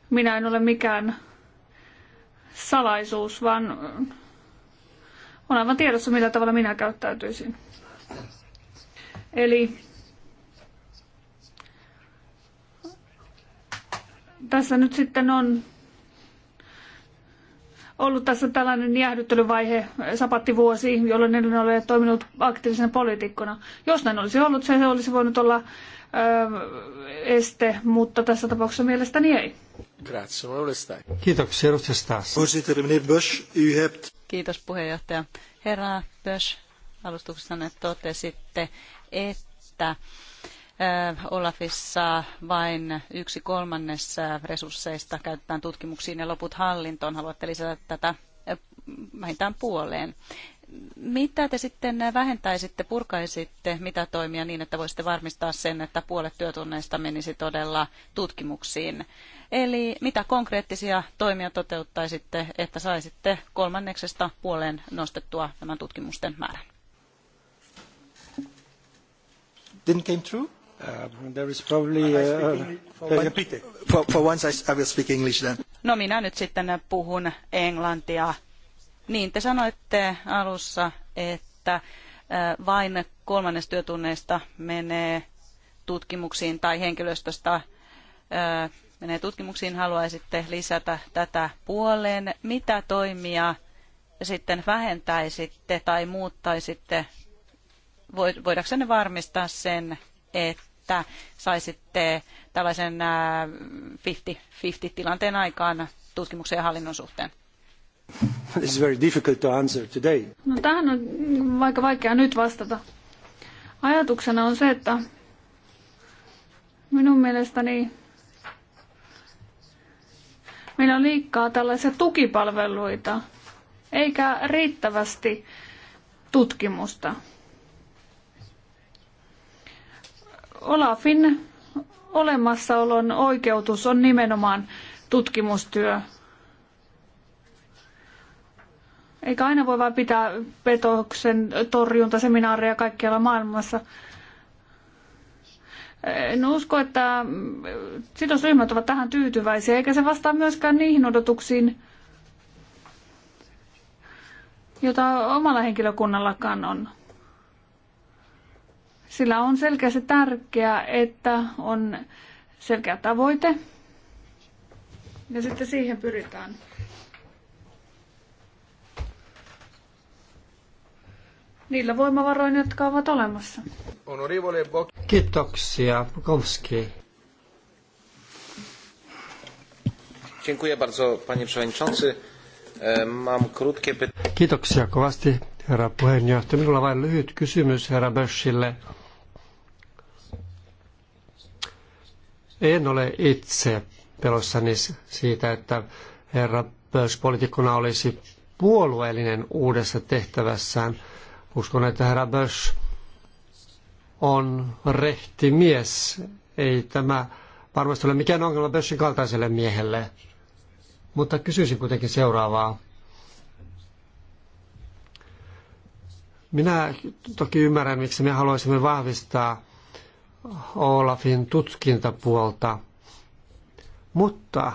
Minä en ole mikään salaisuus, vaan on aivan tiedossa, millä tavalla minä käyttäytyisin. Eli tässä nyt sitten on ollut tässä tällainen jäähdyttelyvaihe, sapattivuosi, jolloin en ole toiminut aktiivisena poliitikkona. Jos näin olisi ollut, se olisi voinut olla ö, este, mutta tässä tapauksessa mielestäni ei. Grazie, Kiitoksia, edustaja Stas. Kiitos puheenjohtaja. Herra Bösch, alustuksenne totesitte, että Olafissa vain yksi kolmannes resursseista käytetään tutkimuksiin ja loput hallintoon. Haluatte lisätä tätä vähintään puoleen. Mitä te sitten vähentäisitte, purkaisitte, mitä toimia niin, että voisitte varmistaa sen, että puolet työtunneista menisi todella tutkimuksiin? Eli mitä konkreettisia toimia toteuttaisitte, että saisitte kolmanneksesta puoleen nostettua tämän tutkimusten määrän? didn't came through? Uh, there is probably, uh, for, for once I will speak English then. No minä nyt sitten puhun englantia. Niin te sanoitte alussa, että vain kolmannes työtunneista menee tutkimuksiin tai henkilöstöstä menee tutkimuksiin, haluaisitte lisätä tätä puoleen. Mitä toimia sitten vähentäisitte tai muuttaisitte voidaksenne varmistaa sen, että saisitte tällaisen 50-50-tilanteen äh, aikaan tutkimuksen ja hallinnon suhteen? This is very difficult to answer today. No, tähän on mm, vaikka vaikea nyt vastata. Ajatuksena on se, että minun mielestäni meillä on liikkaa tällaisia tukipalveluita, eikä riittävästi tutkimusta. Olafin olemassaolon oikeutus on nimenomaan tutkimustyö. Eikä aina voi vain pitää petoksen torjuntaseminaareja kaikkialla maailmassa. En usko, että sidosryhmät ovat tähän tyytyväisiä, eikä se vastaa myöskään niihin odotuksiin, jota omalla henkilökunnallakaan on. Sillä on selkeästi tärkeää, että on selkeä tavoite ja sitten siihen pyritään. niillä voimavaroin, jotka ovat olemassa. Kiitoksia, Bukowski. Dziękuję bardzo, panie przewodniczący. E, mam krótkie pytanie. Kiitoksia kovasti, herra puheenjohtaja. Minulla on vain lyhyt kysymys herra Böschille. En ole itse pelossani siitä, että herra Börs-poliitikkona olisi puolueellinen uudessa tehtävässään. Uskon, että herra Börs on rehti mies. Ei tämä varmasti ole mikään ongelma Börssin kaltaiselle miehelle. Mutta kysyisin kuitenkin seuraavaa. Minä toki ymmärrän, miksi me haluaisimme vahvistaa Olafin tutkintapuolta. Mutta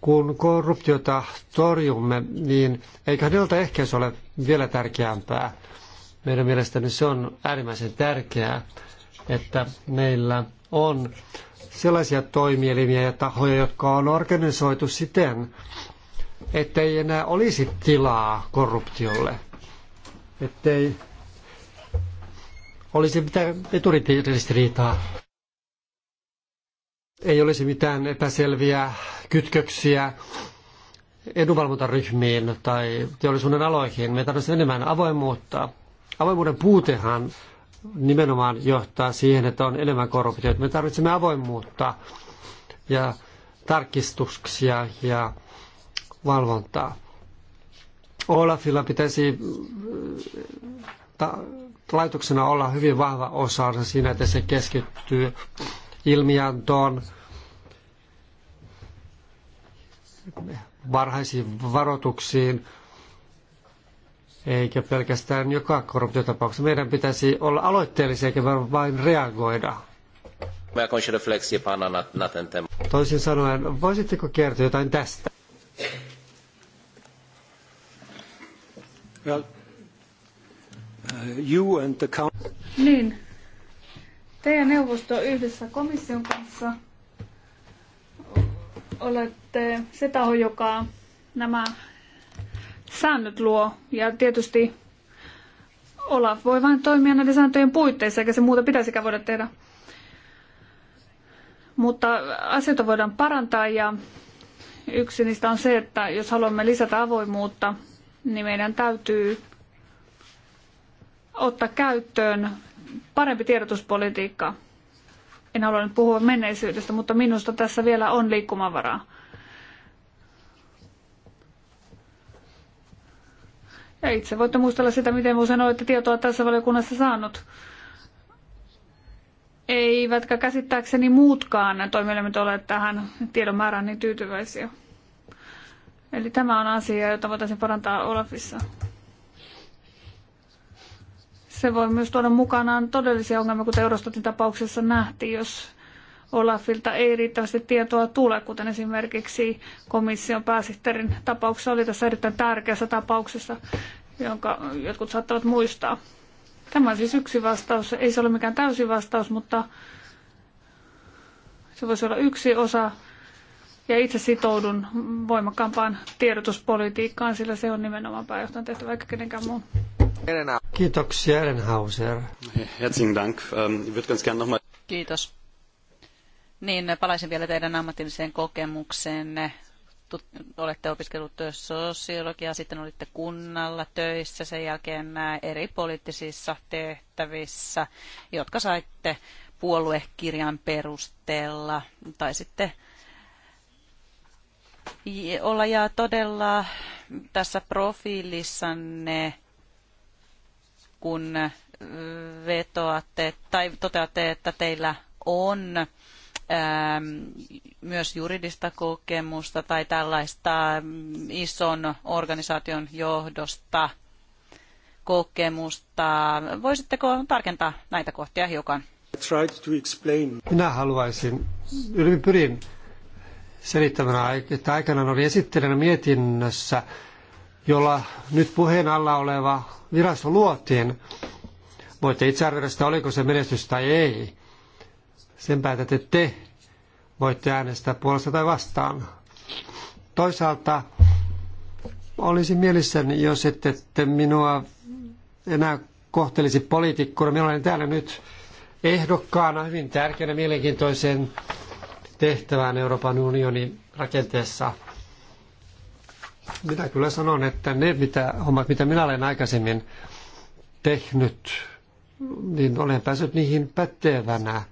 kun korruptiota torjumme, niin eikä se ole vielä tärkeämpää. Meidän mielestäni se on äärimmäisen tärkeää, että meillä on sellaisia toimielimiä ja tahoja, jotka on organisoitu siten, ettei enää olisi tilaa korruptiolle, ettei olisi mitään eturistiriitaa. Ei olisi mitään epäselviä kytköksiä edunvalvontaryhmiin tai teollisuuden aloihin. Me tarvitsemme enemmän avoimuutta. Avoimuuden puutehan nimenomaan johtaa siihen, että on enemmän korruptiota. Me tarvitsemme avoimuutta ja tarkistuksia ja valvontaa. Olafilla pitäisi äh, laitoksena olla hyvin vahva osansa siinä, että se keskittyy ilmiantoon, varhaisiin varoituksiin, eikä pelkästään joka korruptiotapauksessa. Meidän pitäisi olla aloitteellisia eikä vain reagoida. Toisin sanoen, voisitteko kertoa jotain tästä? Well, you and the Niin. Te ja neuvosto yhdessä komission kanssa olette se taho, joka nämä säännöt luo. Ja tietysti Olaf voi vain toimia näiden sääntöjen puitteissa, eikä se muuta pitäisikään voida tehdä. Mutta asioita voidaan parantaa ja yksi niistä on se, että jos haluamme lisätä avoimuutta, niin meidän täytyy ottaa käyttöön parempi tiedotuspolitiikka. En halua nyt puhua menneisyydestä, mutta minusta tässä vielä on liikkumavaraa. Ja itse voitte muistella sitä, miten usein olette tietoa tässä valiokunnassa saanut. Eivätkä käsittääkseni muutkaan toimielimet ole tähän tiedon määrään niin tyytyväisiä. Eli tämä on asia, jota voitaisiin parantaa Olafissa se voi myös tuoda mukanaan todellisia ongelmia, kuten Eurostatin tapauksessa nähtiin, jos Olafilta ei riittävästi tietoa tule, kuten esimerkiksi komission pääsihteerin tapauksessa oli tässä erittäin tärkeässä tapauksessa, jonka jotkut saattavat muistaa. Tämä on siis yksi vastaus. Ei se ole mikään täysi vastaus, mutta se voisi olla yksi osa. Ja itse sitoudun voimakkaampaan tiedotuspolitiikkaan, sillä se on nimenomaan pääjohtajan tehtävä eikä kenenkään muun. Kiitoksia, Erenhauser. Herzlichen Dank. Ähm, ich würde ganz gerne Kiitos. Niin, palaisin vielä teidän ammatilliseen kokemukseenne. Olette opiskellut sosiologiaa, sitten olitte kunnalla töissä, sen jälkeen äh, eri poliittisissa tehtävissä, jotka saitte puoluekirjan perusteella, tai sitten olla ja todella tässä profiilissanne kun vetoatte tai toteatte, että teillä on ähm, myös juridista kokemusta tai tällaista mm, ison organisaation johdosta kokemusta. Voisitteko tarkentaa näitä kohtia hiukan? Minä haluaisin, pyrin selittämään, että aikanaan oli esittelijänä mietinnössä jolla nyt puheen alla oleva virasto luotiin. Voitte itse arvioida sitä, oliko se menestys tai ei. Sen päätätte te. Voitte äänestää puolesta tai vastaan. Toisaalta olisin mielissäni, jos ette minua enää kohtelisi poliitikkona. Minä olen täällä nyt ehdokkaana hyvin tärkeänä mielenkiintoisen tehtävään Euroopan unionin rakenteessa – minä kyllä sanon, että ne mitä, hommat, mitä minä olen aikaisemmin tehnyt, niin olen päässyt niihin pätevänä.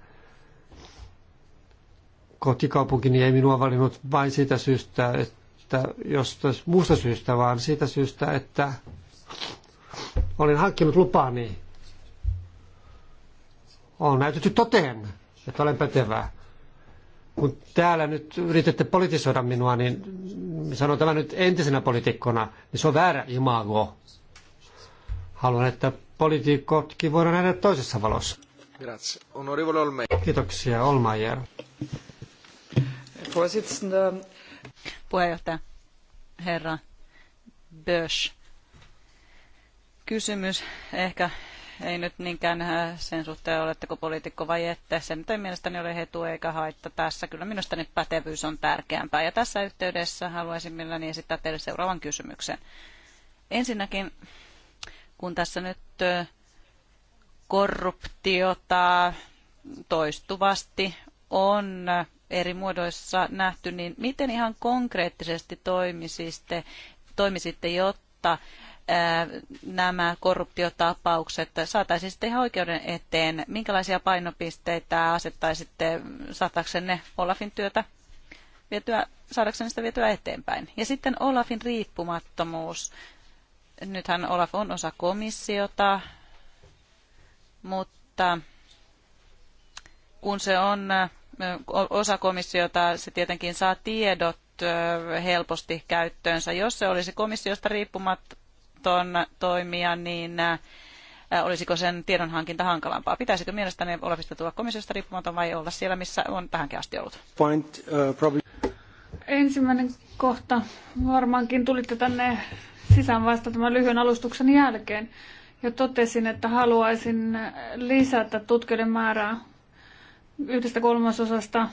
Kotikaupunkini ei minua valinnut vain siitä syystä, että jostain muusta syystä, vaan siitä syystä, että olin hankkinut lupani. On näytetty toteen, että olen pätevää kun täällä nyt yritätte politisoida minua, niin sanon tämän nyt entisenä poliitikkona, niin se on väärä imago. Haluan, että poliitikotkin voidaan nähdä toisessa valossa. Grazie. Kiitoksia, Olmeier. Puheenjohtaja, herra Bösch. Kysymys ehkä ei nyt niinkään äh, sen suhteen, kun poliitikko vai ette. Se nyt ei mielestäni ole hetu eikä haitta tässä. Kyllä minusta nyt pätevyys on tärkeämpää. Ja tässä yhteydessä haluaisin mielelläni esittää teille seuraavan kysymyksen. Ensinnäkin, kun tässä nyt korruptiota toistuvasti on eri muodoissa nähty, niin miten ihan konkreettisesti toimisitte, toimisitte jotta nämä korruptiotapaukset saataisiin sitten ihan oikeuden eteen? Minkälaisia painopisteitä asettaisitte saataksenne Olafin työtä vietyä, saadaksenne sitä vietyä eteenpäin? Ja sitten Olafin riippumattomuus. Nythän Olaf on osa komissiota, mutta kun se on osa komissiota, se tietenkin saa tiedot helposti käyttöönsä. Jos se olisi komissiosta riippumatta, on toimia, niin äh, olisiko sen tiedonhankinta hankalampaa? Pitäisikö mielestäni Olafista tulla komissiosta riippumaton vai olla siellä, missä on tähänkin asti ollut? Point, uh, Ensimmäinen kohta. Varmaankin tulitte tänne sisään vasta tämän lyhyen alustuksen jälkeen. Ja totesin, että haluaisin lisätä tutkijoiden määrää yhdestä kolmasosasta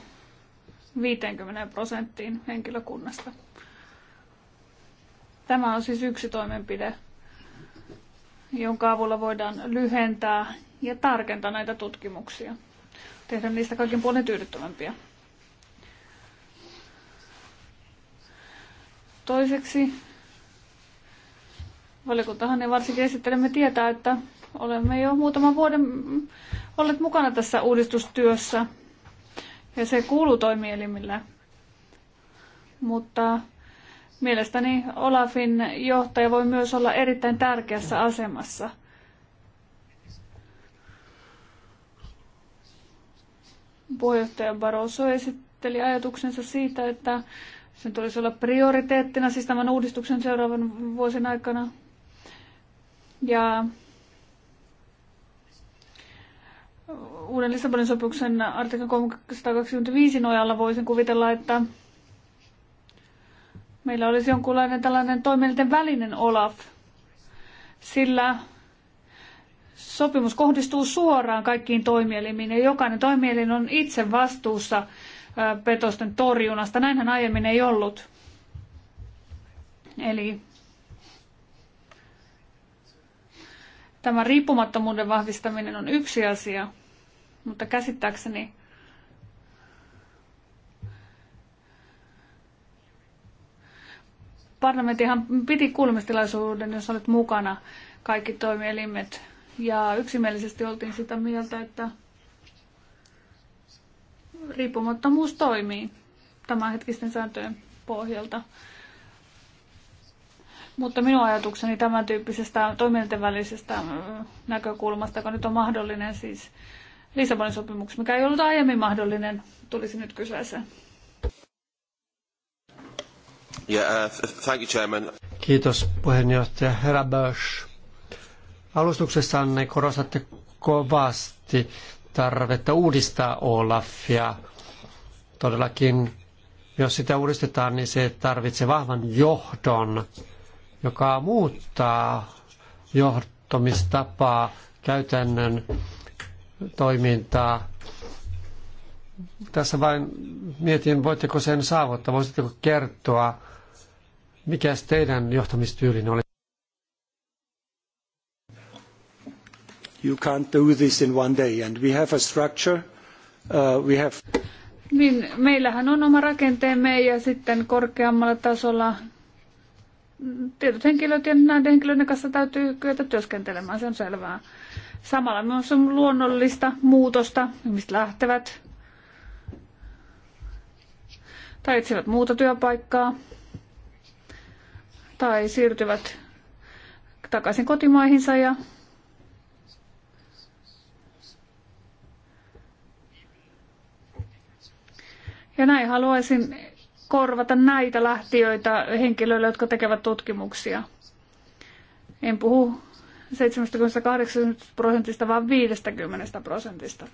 50 prosenttiin henkilökunnasta. Tämä on siis yksi toimenpide, jonka avulla voidaan lyhentää ja tarkentaa näitä tutkimuksia. Tehdä niistä kaikin puolin tyydyttävämpiä. Toiseksi valiokuntahan ja varsinkin esittelemme tietää, että olemme jo muutaman vuoden olleet mukana tässä uudistustyössä ja se kuuluu toimielimille. Mutta Mielestäni Olafin johtaja voi myös olla erittäin tärkeässä asemassa. Puheenjohtaja Barroso esitteli ajatuksensa siitä, että sen tulisi olla prioriteettina siis tämän uudistuksen seuraavan vuosien aikana. Ja uuden Lissabonin sopimuksen artiklan 325 nojalla voisin kuvitella, että meillä olisi jonkunlainen tällainen toimielinten välinen Olaf, sillä sopimus kohdistuu suoraan kaikkiin toimielimiin ja jokainen toimielin on itse vastuussa petosten torjunnasta. Näinhän aiemmin ei ollut. Eli tämä riippumattomuuden vahvistaminen on yksi asia, mutta käsittääkseni Parlamentihan piti kuulemistilaisuuden, jos olet mukana, kaikki toimielimet. Ja yksimielisesti oltiin sitä mieltä, että riippumattomuus toimii tämänhetkisten sääntöjen pohjalta. Mutta minun ajatukseni tämän tyyppisestä toimielinten välisestä mm, näkökulmasta, joka nyt on mahdollinen siis Lissabonin sopimuksen, mikä ei ollut aiemmin mahdollinen, tulisi nyt kyseeseen. Uh, Kiitos puheenjohtaja Herra Bösch. Alustuksessanne korostatte kovasti tarvetta uudistaa Olafia. Todellakin, jos sitä uudistetaan, niin se tarvitsee vahvan johdon, joka muuttaa johtamistapaa, käytännön toimintaa tässä vain mietin, voitteko sen saavuttaa, voisitteko kertoa, mikä teidän johtamistyylinne oli? You can't do this in one day and we have a structure. Uh, we have... Niin, meillähän on oma rakenteemme ja sitten korkeammalla tasolla tietyt henkilöt ja näiden henkilöiden kanssa täytyy kyetä työskentelemään, se on selvää. Samalla myös on luonnollista muutosta, mistä lähtevät tai etsivät muuta työpaikkaa tai siirtyvät takaisin kotimaihinsa ja Ja näin haluaisin korvata näitä lähtiöitä henkilöille, jotka tekevät tutkimuksia. En puhu 78 prosentista, vaan 50 prosentista.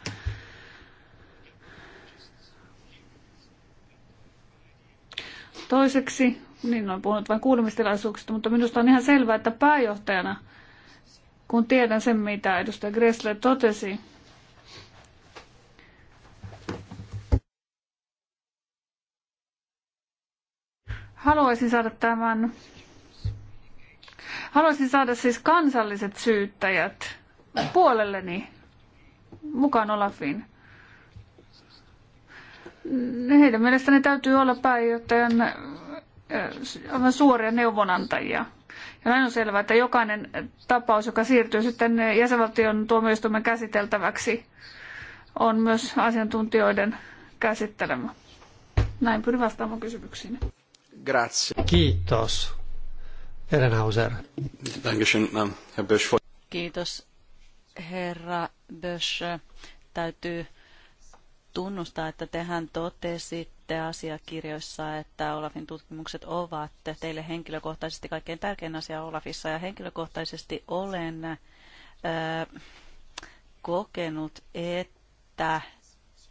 Toiseksi, niin olen puhunut vain kuulemistilaisuuksista, mutta minusta on ihan selvää, että pääjohtajana, kun tiedän sen, mitä edustaja Gressler totesi, haluaisin saada tämän, haluaisin saada siis kansalliset syyttäjät puolelleni mukaan Olafin heidän mielestäni täytyy olla pääjohtajan aivan suoria neuvonantajia. Ja näin on selvää, että jokainen tapaus, joka siirtyy sitten jäsenvaltion tuomioistuimen käsiteltäväksi, on myös asiantuntijoiden käsittelemä. Näin pyrin vastaamaan kysymyksiin. Grazie. Kiitos. Erenhauser. Ähm, Kiitos, herra Bösch. Täytyy tunnustaa, että tehän totesitte asiakirjoissa, että Olafin tutkimukset ovat teille henkilökohtaisesti kaikkein tärkein asia Olafissa. Ja henkilökohtaisesti olen äh, kokenut, että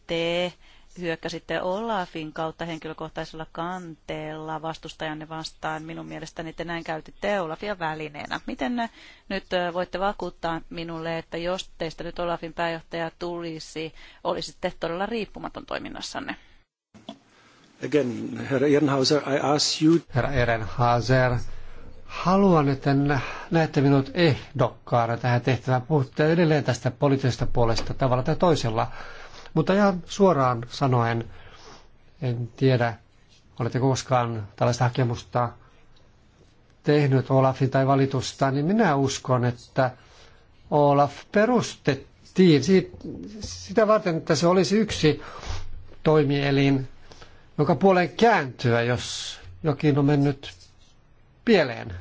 te hyökkäsitte Olafin kautta henkilökohtaisella kanteella vastustajanne vastaan. Minun mielestäni te näin käytitte Olafia välineenä. Miten nyt voitte vakuuttaa minulle, että jos teistä nyt Olafin pääjohtaja tulisi, olisitte todella riippumaton toiminnassanne? Again, herra Ehrenhauser, I ask you... Herra Ehrenhauser, haluan, että näette minut ehdokkaana tähän tehtävään. Puhutte edelleen tästä poliittisesta puolesta tavalla tai toisella. Mutta ihan suoraan sanoen, en tiedä, oletteko koskaan tällaista hakemusta tehnyt Olafin tai valitusta, niin minä uskon, että Olaf perustettiin siitä, sitä varten, että se olisi yksi toimielin, joka puoleen kääntyä, jos jokin on mennyt pieleen.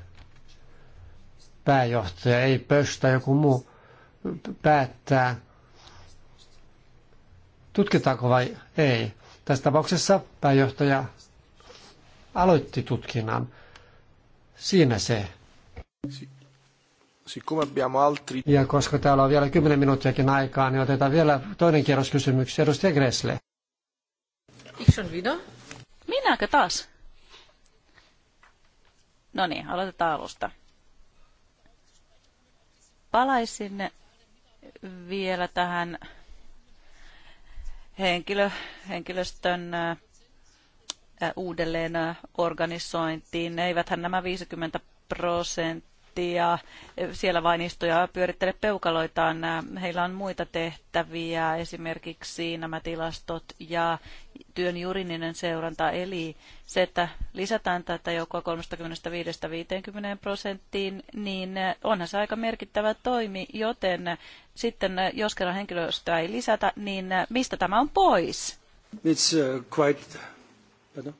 Pääjohtaja, ei pöstä, joku muu päättää tutkitaanko vai ei. Tässä tapauksessa pääjohtaja aloitti tutkinnan. Siinä se. Ja koska täällä on vielä 10 minuuttiakin aikaa, niin otetaan vielä toinen kierros kysymyksiä. Edustaja Gressle. Minäkö taas? No niin, aloitetaan alusta. Palaisin vielä tähän henkilö, henkilöstön uudelleen organisointiin. Eiväthän nämä 50 prosenttia ja siellä vain istuja pyörittele peukaloitaan. Heillä on muita tehtäviä, esimerkiksi nämä tilastot ja työn juridinen seuranta. Eli se, että lisätään tätä joukkoa 35-50 prosenttiin, niin onhan se aika merkittävä toimi, joten sitten jos kerran henkilöstöä ei lisätä, niin mistä tämä on pois? It's uh, quite... Pardon?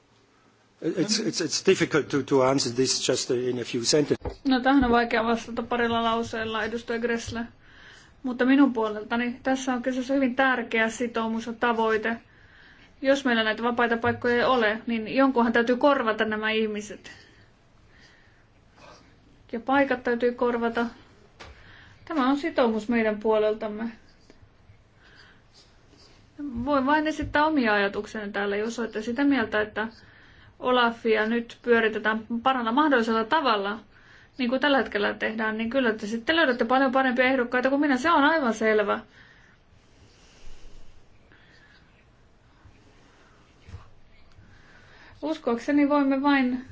It's, it's, it's difficult to, to answer this just in a few sentences. No tähän on vaikea vastata parilla lauseella, edustaja Gressle. Mutta minun puoleltani tässä on kyseessä hyvin tärkeä sitoumus ja tavoite. Jos meillä näitä vapaita paikkoja ei ole, niin jonkunhan täytyy korvata nämä ihmiset. Ja paikat täytyy korvata. Tämä on sitoumus meidän puoleltamme. Voin vain esittää omia ajatukseni täällä, jos olette sitä mieltä, että Olafia nyt pyöritetään parhaalla mahdollisella tavalla, niin kuin tällä hetkellä tehdään, niin kyllä te sitten löydätte paljon parempia ehdokkaita kuin minä. Se on aivan selvä. Uskoakseni voimme vain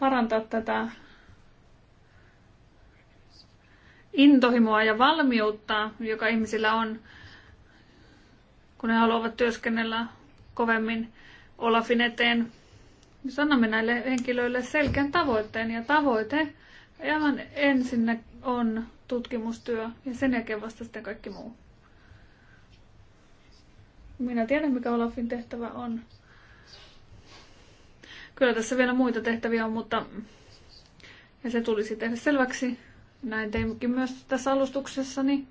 parantaa tätä intohimoa ja valmiutta, joka ihmisillä on, kun he haluavat työskennellä kovemmin Olafin eteen. Sanomme näille henkilöille selkeän tavoitteen ja tavoite Ihan ensin on tutkimustyö ja sen jälkeen vasta sitten kaikki muu. Minä tiedän, mikä Olafin tehtävä on. Kyllä tässä vielä muita tehtäviä on, mutta ja se tulisi tehdä selväksi. Näin teimmekin myös tässä alustuksessani. Niin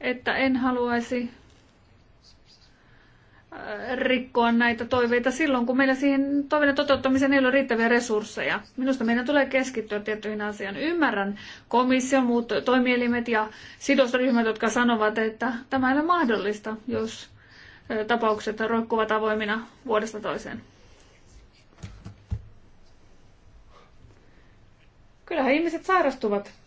että en haluaisi äh, rikkoa näitä toiveita silloin, kun meillä siihen toiveiden toteuttamiseen ei ole riittäviä resursseja. Minusta meidän tulee keskittyä tiettyihin asioihin. Ymmärrän komission, muut toimielimet ja sidosryhmät, jotka sanovat, että tämä ei ole mahdollista, jos äh, tapaukset roikkuvat avoimina vuodesta toiseen. Kyllähän ihmiset sairastuvat.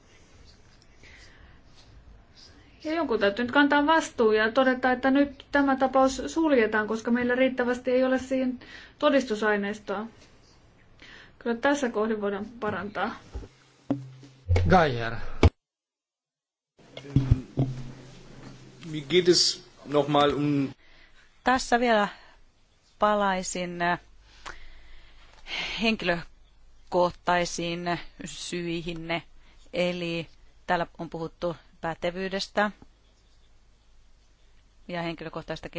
Ja jonkun täytyy nyt kantaa vastuu ja todeta, että nyt tämä tapaus suljetaan, koska meillä riittävästi ei ole siihen todistusaineistoa. Kyllä tässä kohdin voidaan parantaa. Geier. Um- tässä vielä palaisin äh, henkilökohtaisiin syihinne. Eli täällä on puhuttu pätevyydestä ja henkilökohtaisista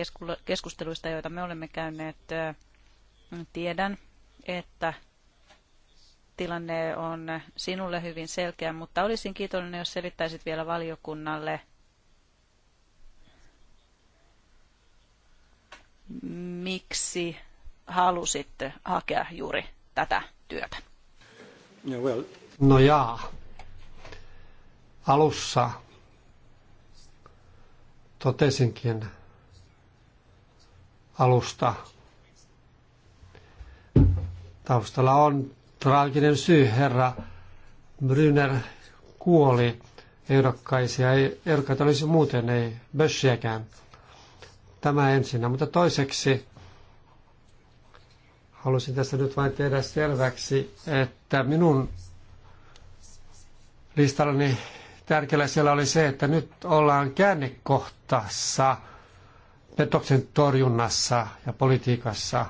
keskusteluista, joita me olemme käyneet. Tiedän, että tilanne on sinulle hyvin selkeä, mutta olisin kiitollinen, jos selittäisit vielä valiokunnalle, miksi halusit hakea juuri tätä työtä. No, no jaa. Alussa totesinkin alusta. Taustalla on traaginen syy. Herra Brynner kuoli ehdokkaisia. Ei, ehdokkaita olisi muuten, ei bössiäkään. Tämä ensinnä. Mutta toiseksi halusin tässä nyt vain tehdä selväksi, että minun listallani tärkeällä siellä oli se, että nyt ollaan käännekohtassa petoksen torjunnassa ja politiikassa.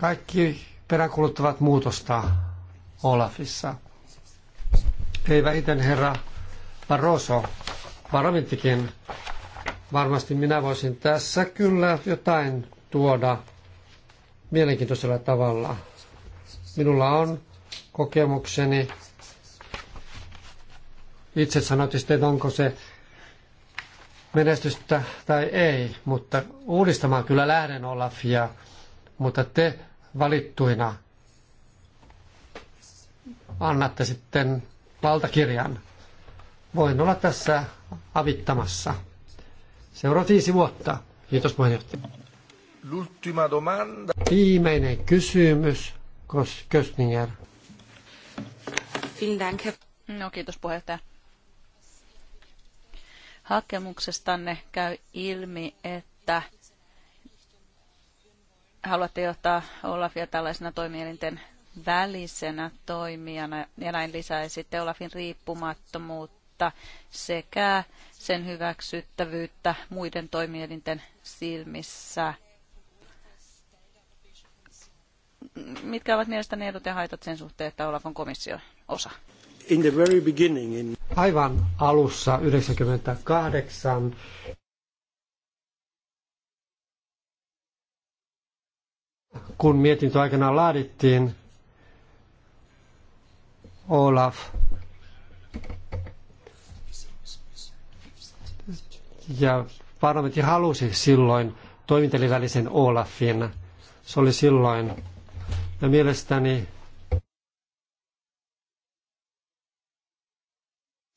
Kaikki peräänkuluttavat muutosta Olafissa. Ei vähiten herra Barroso, parlamenttikin. Varmasti minä voisin tässä kyllä jotain tuoda mielenkiintoisella tavalla. Minulla on kokemukseni itse sanoitte sitten, onko se menestystä tai ei, mutta uudistamaan kyllä lähden Olafia, mutta te valittuina annatte sitten valtakirjan. Voin olla tässä avittamassa. Seuraa viisi vuotta. Kiitos puheenjohtaja. Viimeinen kysymys, Köstinger. No, kiitos puheenjohtaja. Hakemuksestanne käy ilmi, että haluatte johtaa Olafia tällaisena toimielinten välisenä toimijana ja näin lisäisitte Olafin riippumattomuutta sekä sen hyväksyttävyyttä muiden toimielinten silmissä. Mitkä ovat mielestäni edut ja haitat sen suhteen, että Olaf on komission osa? in the very beginning in... Aivan alussa 98 kun mietintö aikanaan laadittiin, Olaf ja parlamentti halusi silloin toimintelivälisen Olafin. Se oli silloin. Ja mielestäni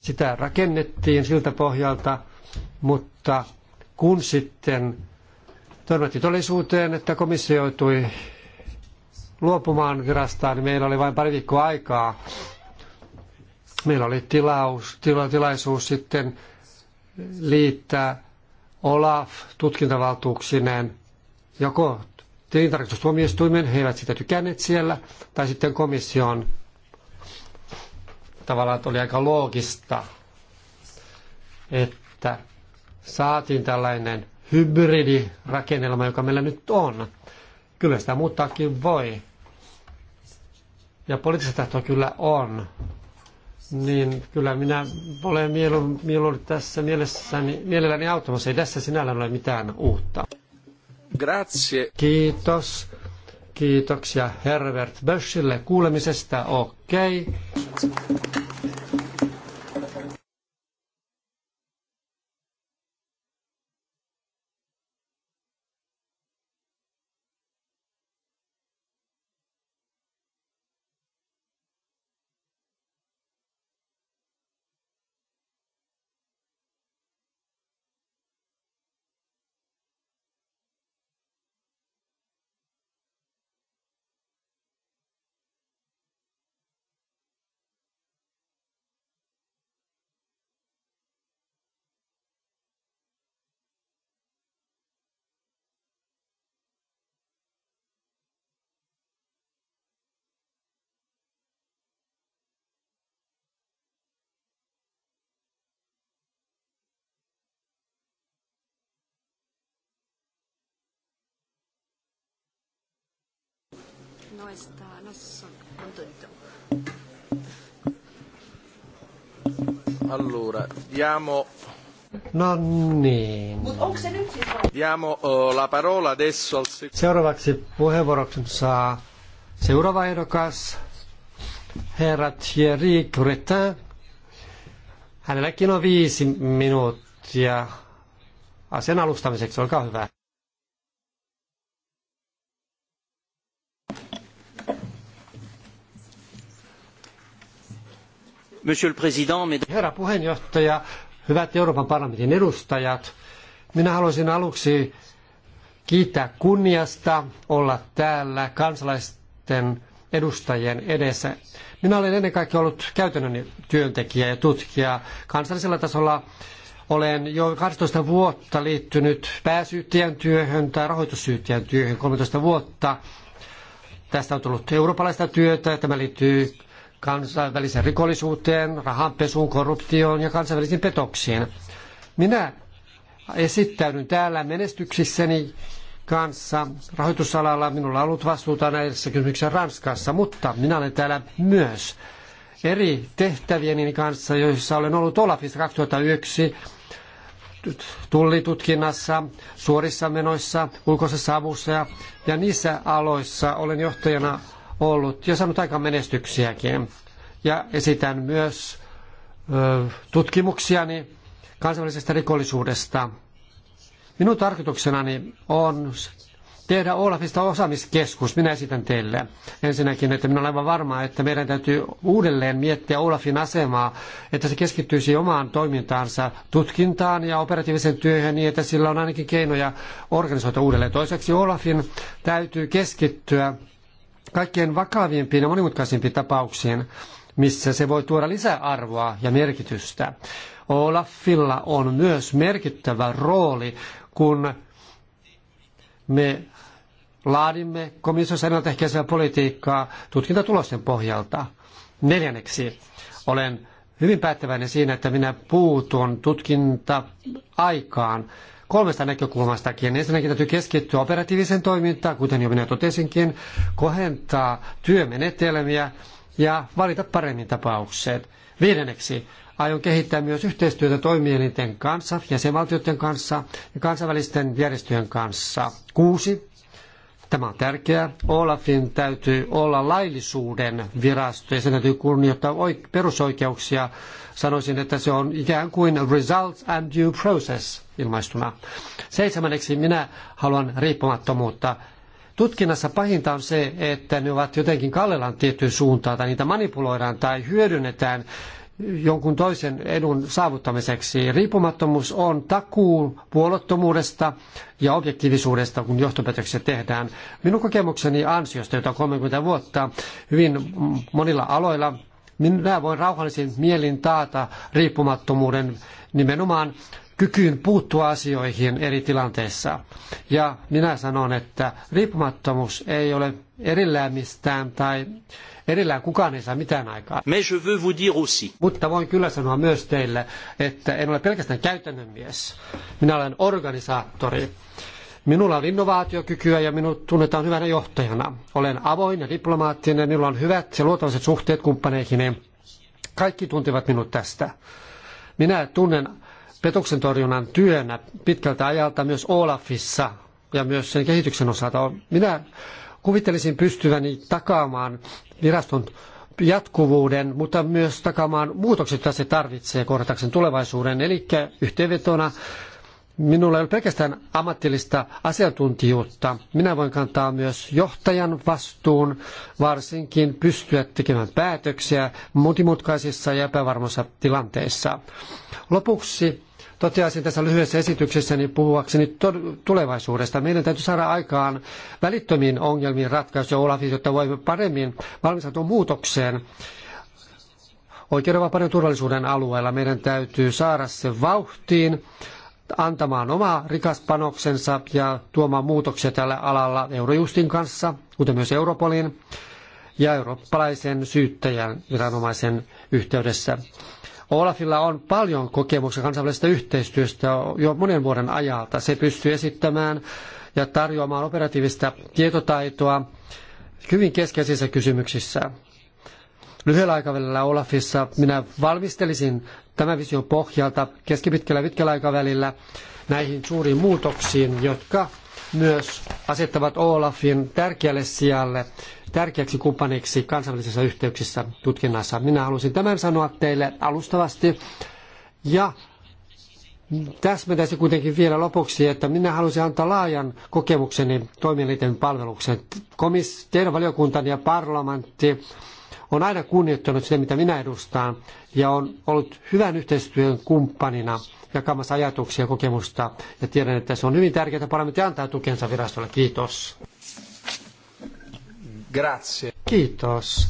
Sitä rakennettiin siltä pohjalta, mutta kun sitten törmätti todellisuuteen, että komissio joutui luopumaan virastaan, niin meillä oli vain pari viikkoa aikaa. Meillä oli tilaus, tila, tilaisuus sitten liittää Olaf tutkintavaltuuksineen joko tilintarkastustuomioistuimen, he eivät sitä tykänneet siellä, tai sitten komission tavallaan oli aika loogista, että saatiin tällainen hybridirakennelma, joka meillä nyt on. Kyllä sitä muuttaakin voi. Ja poliittista tahtoa kyllä on. Niin kyllä minä olen mieluummin mielu tässä mielessäni, mielelläni auttamassa. Ei tässä sinällään ole mitään uutta. Grazie. Kiitos. Kiitoksia Herbert Böschille kuulemisesta. Okei. Okay. no está, no sono contento. Allora, diamo... No niin. Siis diamo uh, la parola adesso al... Seuraavaksi puheenvuoroksi saa seuraava ehdokas, herra Thierry Cretin. Hänelläkin on viisi minuuttia asian alustamiseksi. Olkaa hyvä. Herra puheenjohtaja, hyvät Euroopan parlamentin edustajat, minä haluaisin aluksi kiittää kunniasta olla täällä kansalaisten edustajien edessä. Minä olen ennen kaikkea ollut käytännön työntekijä ja tutkija. Kansallisella tasolla olen jo 12 vuotta liittynyt pääsyyttäjän työhön tai rahoitussyyttäjän työhön 13 vuotta. Tästä on tullut eurooppalaista työtä. Tämä liittyy kansainväliseen rikollisuuteen, rahanpesuun, korruptioon ja kansainvälisiin petoksiin. Minä esittäydyn täällä menestyksissäni kanssa rahoitusalalla. Minulla on ollut vastuuta näissä kysymyksissä Ranskassa, mutta minä olen täällä myös eri tehtävieni kanssa, joissa olen ollut Olafissa 2001 tullitutkinnassa, suorissa menoissa, ulkoisessa avussa ja, ja niissä aloissa olen johtajana ollut ja saanut aika menestyksiäkin. Ja esitän myös ö, tutkimuksiani kansainvälisestä rikollisuudesta. Minun tarkoituksenani on tehdä Olafista osaamiskeskus. Minä esitän teille ensinnäkin, että minä olen aivan varma, että meidän täytyy uudelleen miettiä Olafin asemaa, että se keskittyisi omaan toimintaansa, tutkintaan ja operatiiviseen työhön niin, että sillä on ainakin keinoja organisoida uudelleen. Toiseksi Olafin täytyy keskittyä kaikkein vakavimpiin ja monimutkaisimpiin tapauksiin, missä se voi tuoda lisäarvoa ja merkitystä. Olafilla on myös merkittävä rooli, kun me laadimme komissiossa ennaltaehkäisevää politiikkaa tutkintatulosten pohjalta. Neljänneksi olen hyvin päättäväinen siinä, että minä puutun tutkinta-aikaan kolmesta näkökulmastakin. Ensinnäkin täytyy keskittyä operatiiviseen toimintaan, kuten jo minä totesinkin, kohentaa työmenetelmiä ja valita paremmin tapaukset. Viidenneksi, aion kehittää myös yhteistyötä toimielinten kanssa, jäsenvaltioiden kanssa ja kansainvälisten järjestöjen kanssa. Kuusi, Tämä on tärkeää. Olafin täytyy olla laillisuuden virasto ja sen täytyy kunnioittaa perusoikeuksia. Sanoisin, että se on ikään kuin results and due process ilmaistuna. Seitsemänneksi minä haluan riippumattomuutta. Tutkinnassa pahinta on se, että ne ovat jotenkin kallellaan tiettyyn suuntaan tai niitä manipuloidaan tai hyödynnetään jonkun toisen edun saavuttamiseksi. Riippumattomuus on takuu puolottomuudesta ja objektiivisuudesta, kun johtopäätöksiä tehdään. Minun kokemukseni ansiosta, jota 30 vuotta hyvin monilla aloilla, minä voin rauhallisin mielin taata riippumattomuuden nimenomaan kykyyn puuttua asioihin eri tilanteissa. Ja minä sanon, että riippumattomuus ei ole erillään mistään tai erillään kukaan ei saa mitään aikaa. Mutta voin kyllä sanoa myös teille, että en ole pelkästään käytännön mies. Minä olen organisaattori. Minulla on innovaatiokykyä ja minut tunnetaan hyvänä johtajana. Olen avoin ja diplomaattinen, minulla on hyvät ja luotavalliset suhteet kumppaneihin. Kaikki tuntevat minut tästä. Minä tunnen petoksen torjunnan työnä pitkältä ajalta myös Olafissa ja myös sen kehityksen osalta. Minä kuvittelisin pystyväni takaamaan viraston jatkuvuuden, mutta myös takaamaan muutokset, joita se tarvitsee kohdatakseen tulevaisuuden. Eli yhteenvetona minulla ei ole pelkästään ammatillista asiantuntijuutta. Minä voin kantaa myös johtajan vastuun, varsinkin pystyä tekemään päätöksiä monimutkaisissa ja epävarmoissa tilanteissa. Lopuksi toteaisin tässä lyhyessä esityksessäni puhuakseni tulevaisuudesta. Meidän täytyy saada aikaan välittömiin ongelmiin ratkaisu Olafissa, jotta voimme paremmin valmistautua muutokseen oikeudenvapauden turvallisuuden alueella. Meidän täytyy saada se vauhtiin antamaan oma rikas panoksensa ja tuomaan muutoksia tällä alalla Eurojustin kanssa, kuten myös Europolin ja eurooppalaisen syyttäjän viranomaisen yhteydessä. Olafilla on paljon kokemuksia kansainvälisestä yhteistyöstä jo monen vuoden ajalta. Se pystyy esittämään ja tarjoamaan operatiivista tietotaitoa hyvin keskeisissä kysymyksissä. Lyhyellä aikavälillä Olafissa minä valmistelisin tämän vision pohjalta keskipitkällä ja pitkällä aikavälillä näihin suuriin muutoksiin, jotka myös asettavat Olafin tärkeälle sijalle, tärkeäksi kumppaniksi kansainvälisissä yhteyksissä tutkinnassa. Minä halusin tämän sanoa teille alustavasti. Ja täsmentäisin kuitenkin vielä lopuksi, että minä halusin antaa laajan kokemukseni toimielinten palvelukseen. Komis, teidän valiokuntani ja parlamentti on aina kunnioittanut sitä, mitä minä edustan, ja on ollut hyvän yhteistyön kumppanina – jakamassa ajatuksia ja kokemusta. Ja tiedän, että se on hyvin tärkeää, että parlamentti antaa tukensa virastolle. Kiitos. Grazie. Kiitos.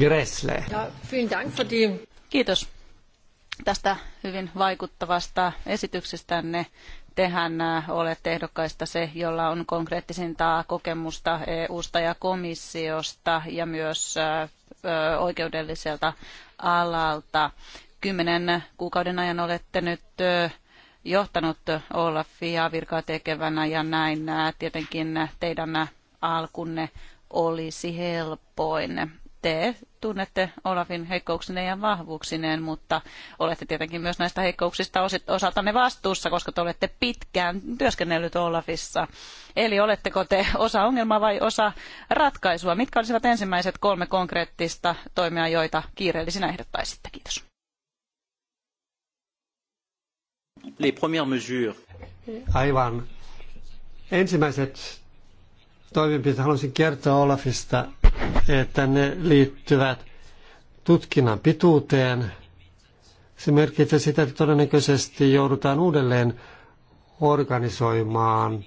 Gressle. Ja, Dank die... Kiitos tästä hyvin vaikuttavasta esityksestänne. Tehän olette ehdokkaista se, jolla on konkreettisinta kokemusta EU-sta ja komissiosta ja myös oikeudelliselta alalta kymmenen kuukauden ajan olette nyt johtanut Olafia virkaa tekevänä ja näin tietenkin teidän alkunne olisi helpoin. Te tunnette Olafin heikkouksineen ja vahvuuksineen, mutta olette tietenkin myös näistä heikkouksista osaltanne vastuussa, koska te olette pitkään työskennellyt Olafissa. Eli oletteko te osa ongelmaa vai osa ratkaisua? Mitkä olisivat ensimmäiset kolme konkreettista toimia, joita kiireellisinä ehdottaisitte? Kiitos. Les premières mesures. Aivan. Ensimmäiset toimenpiteet haluaisin kertoa Olafista, että ne liittyvät tutkinnan pituuteen. Se merkitsee sitä, että todennäköisesti joudutaan uudelleen organisoimaan,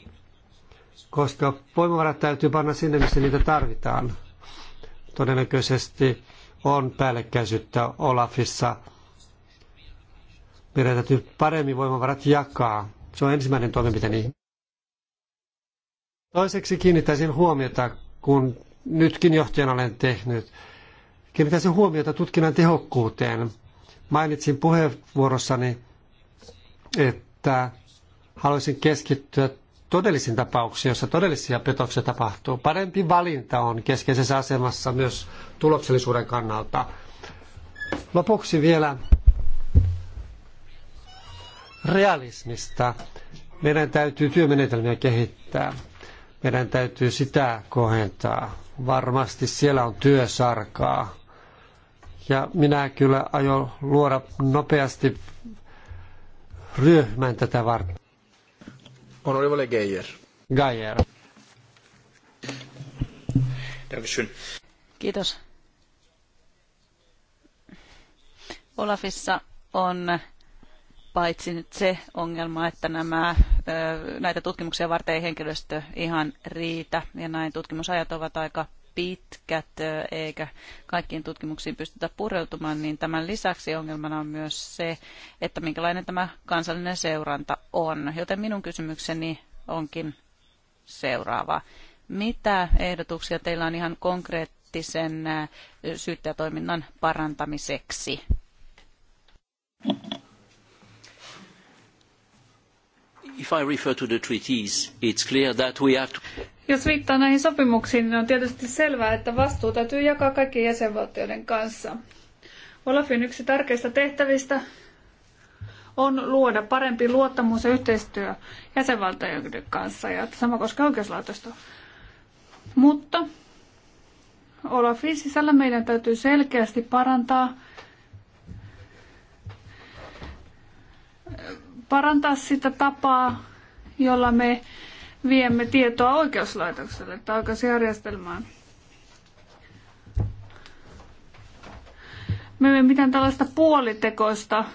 koska voimavarat täytyy panna sinne, missä niitä tarvitaan. Todennäköisesti on päällekkäisyyttä Olafissa meidän täytyy paremmin voimavarat jakaa. Se on ensimmäinen toimenpiteeni. Toiseksi kiinnittäisin huomiota, kun nytkin johtajan olen tehnyt, kiinnittäisin huomiota tutkinnan tehokkuuteen. Mainitsin puheenvuorossani, että haluaisin keskittyä todellisiin tapauksiin, joissa todellisia petoksia tapahtuu. Parempi valinta on keskeisessä asemassa myös tuloksellisuuden kannalta. Lopuksi vielä realismista. Meidän täytyy työmenetelmiä kehittää. Meidän täytyy sitä kohentaa. Varmasti siellä on työsarkaa. Ja minä kyllä aion luoda nopeasti ryhmän tätä varten. Honorable Geier. Geier. Kiitos. Olafissa on paitsi nyt se ongelma, että nämä, näitä tutkimuksia varten ei henkilöstö ihan riitä, ja näin tutkimusajat ovat aika pitkät, eikä kaikkiin tutkimuksiin pystytä pureutumaan, niin tämän lisäksi ongelmana on myös se, että minkälainen tämä kansallinen seuranta on. Joten minun kysymykseni onkin seuraava. Mitä ehdotuksia teillä on ihan konkreettisen syyttäjätoiminnan parantamiseksi? If I refer to the treaties, it's clear that we have to... Jos viittaa näihin sopimuksiin, niin on tietysti selvää, että vastuu täytyy jakaa kaikkien jäsenvaltioiden kanssa. Olafin yksi tärkeistä tehtävistä on luoda parempi luottamus ja yhteistyö jäsenvaltioiden kanssa, ja sama koskee oikeuslaitosta. Mutta Olafin sisällä meidän täytyy selkeästi parantaa parantaa sitä tapaa, jolla me viemme tietoa oikeuslaitokselle tai oikeusjärjestelmään. Me emme mitään tällaista puolitekoista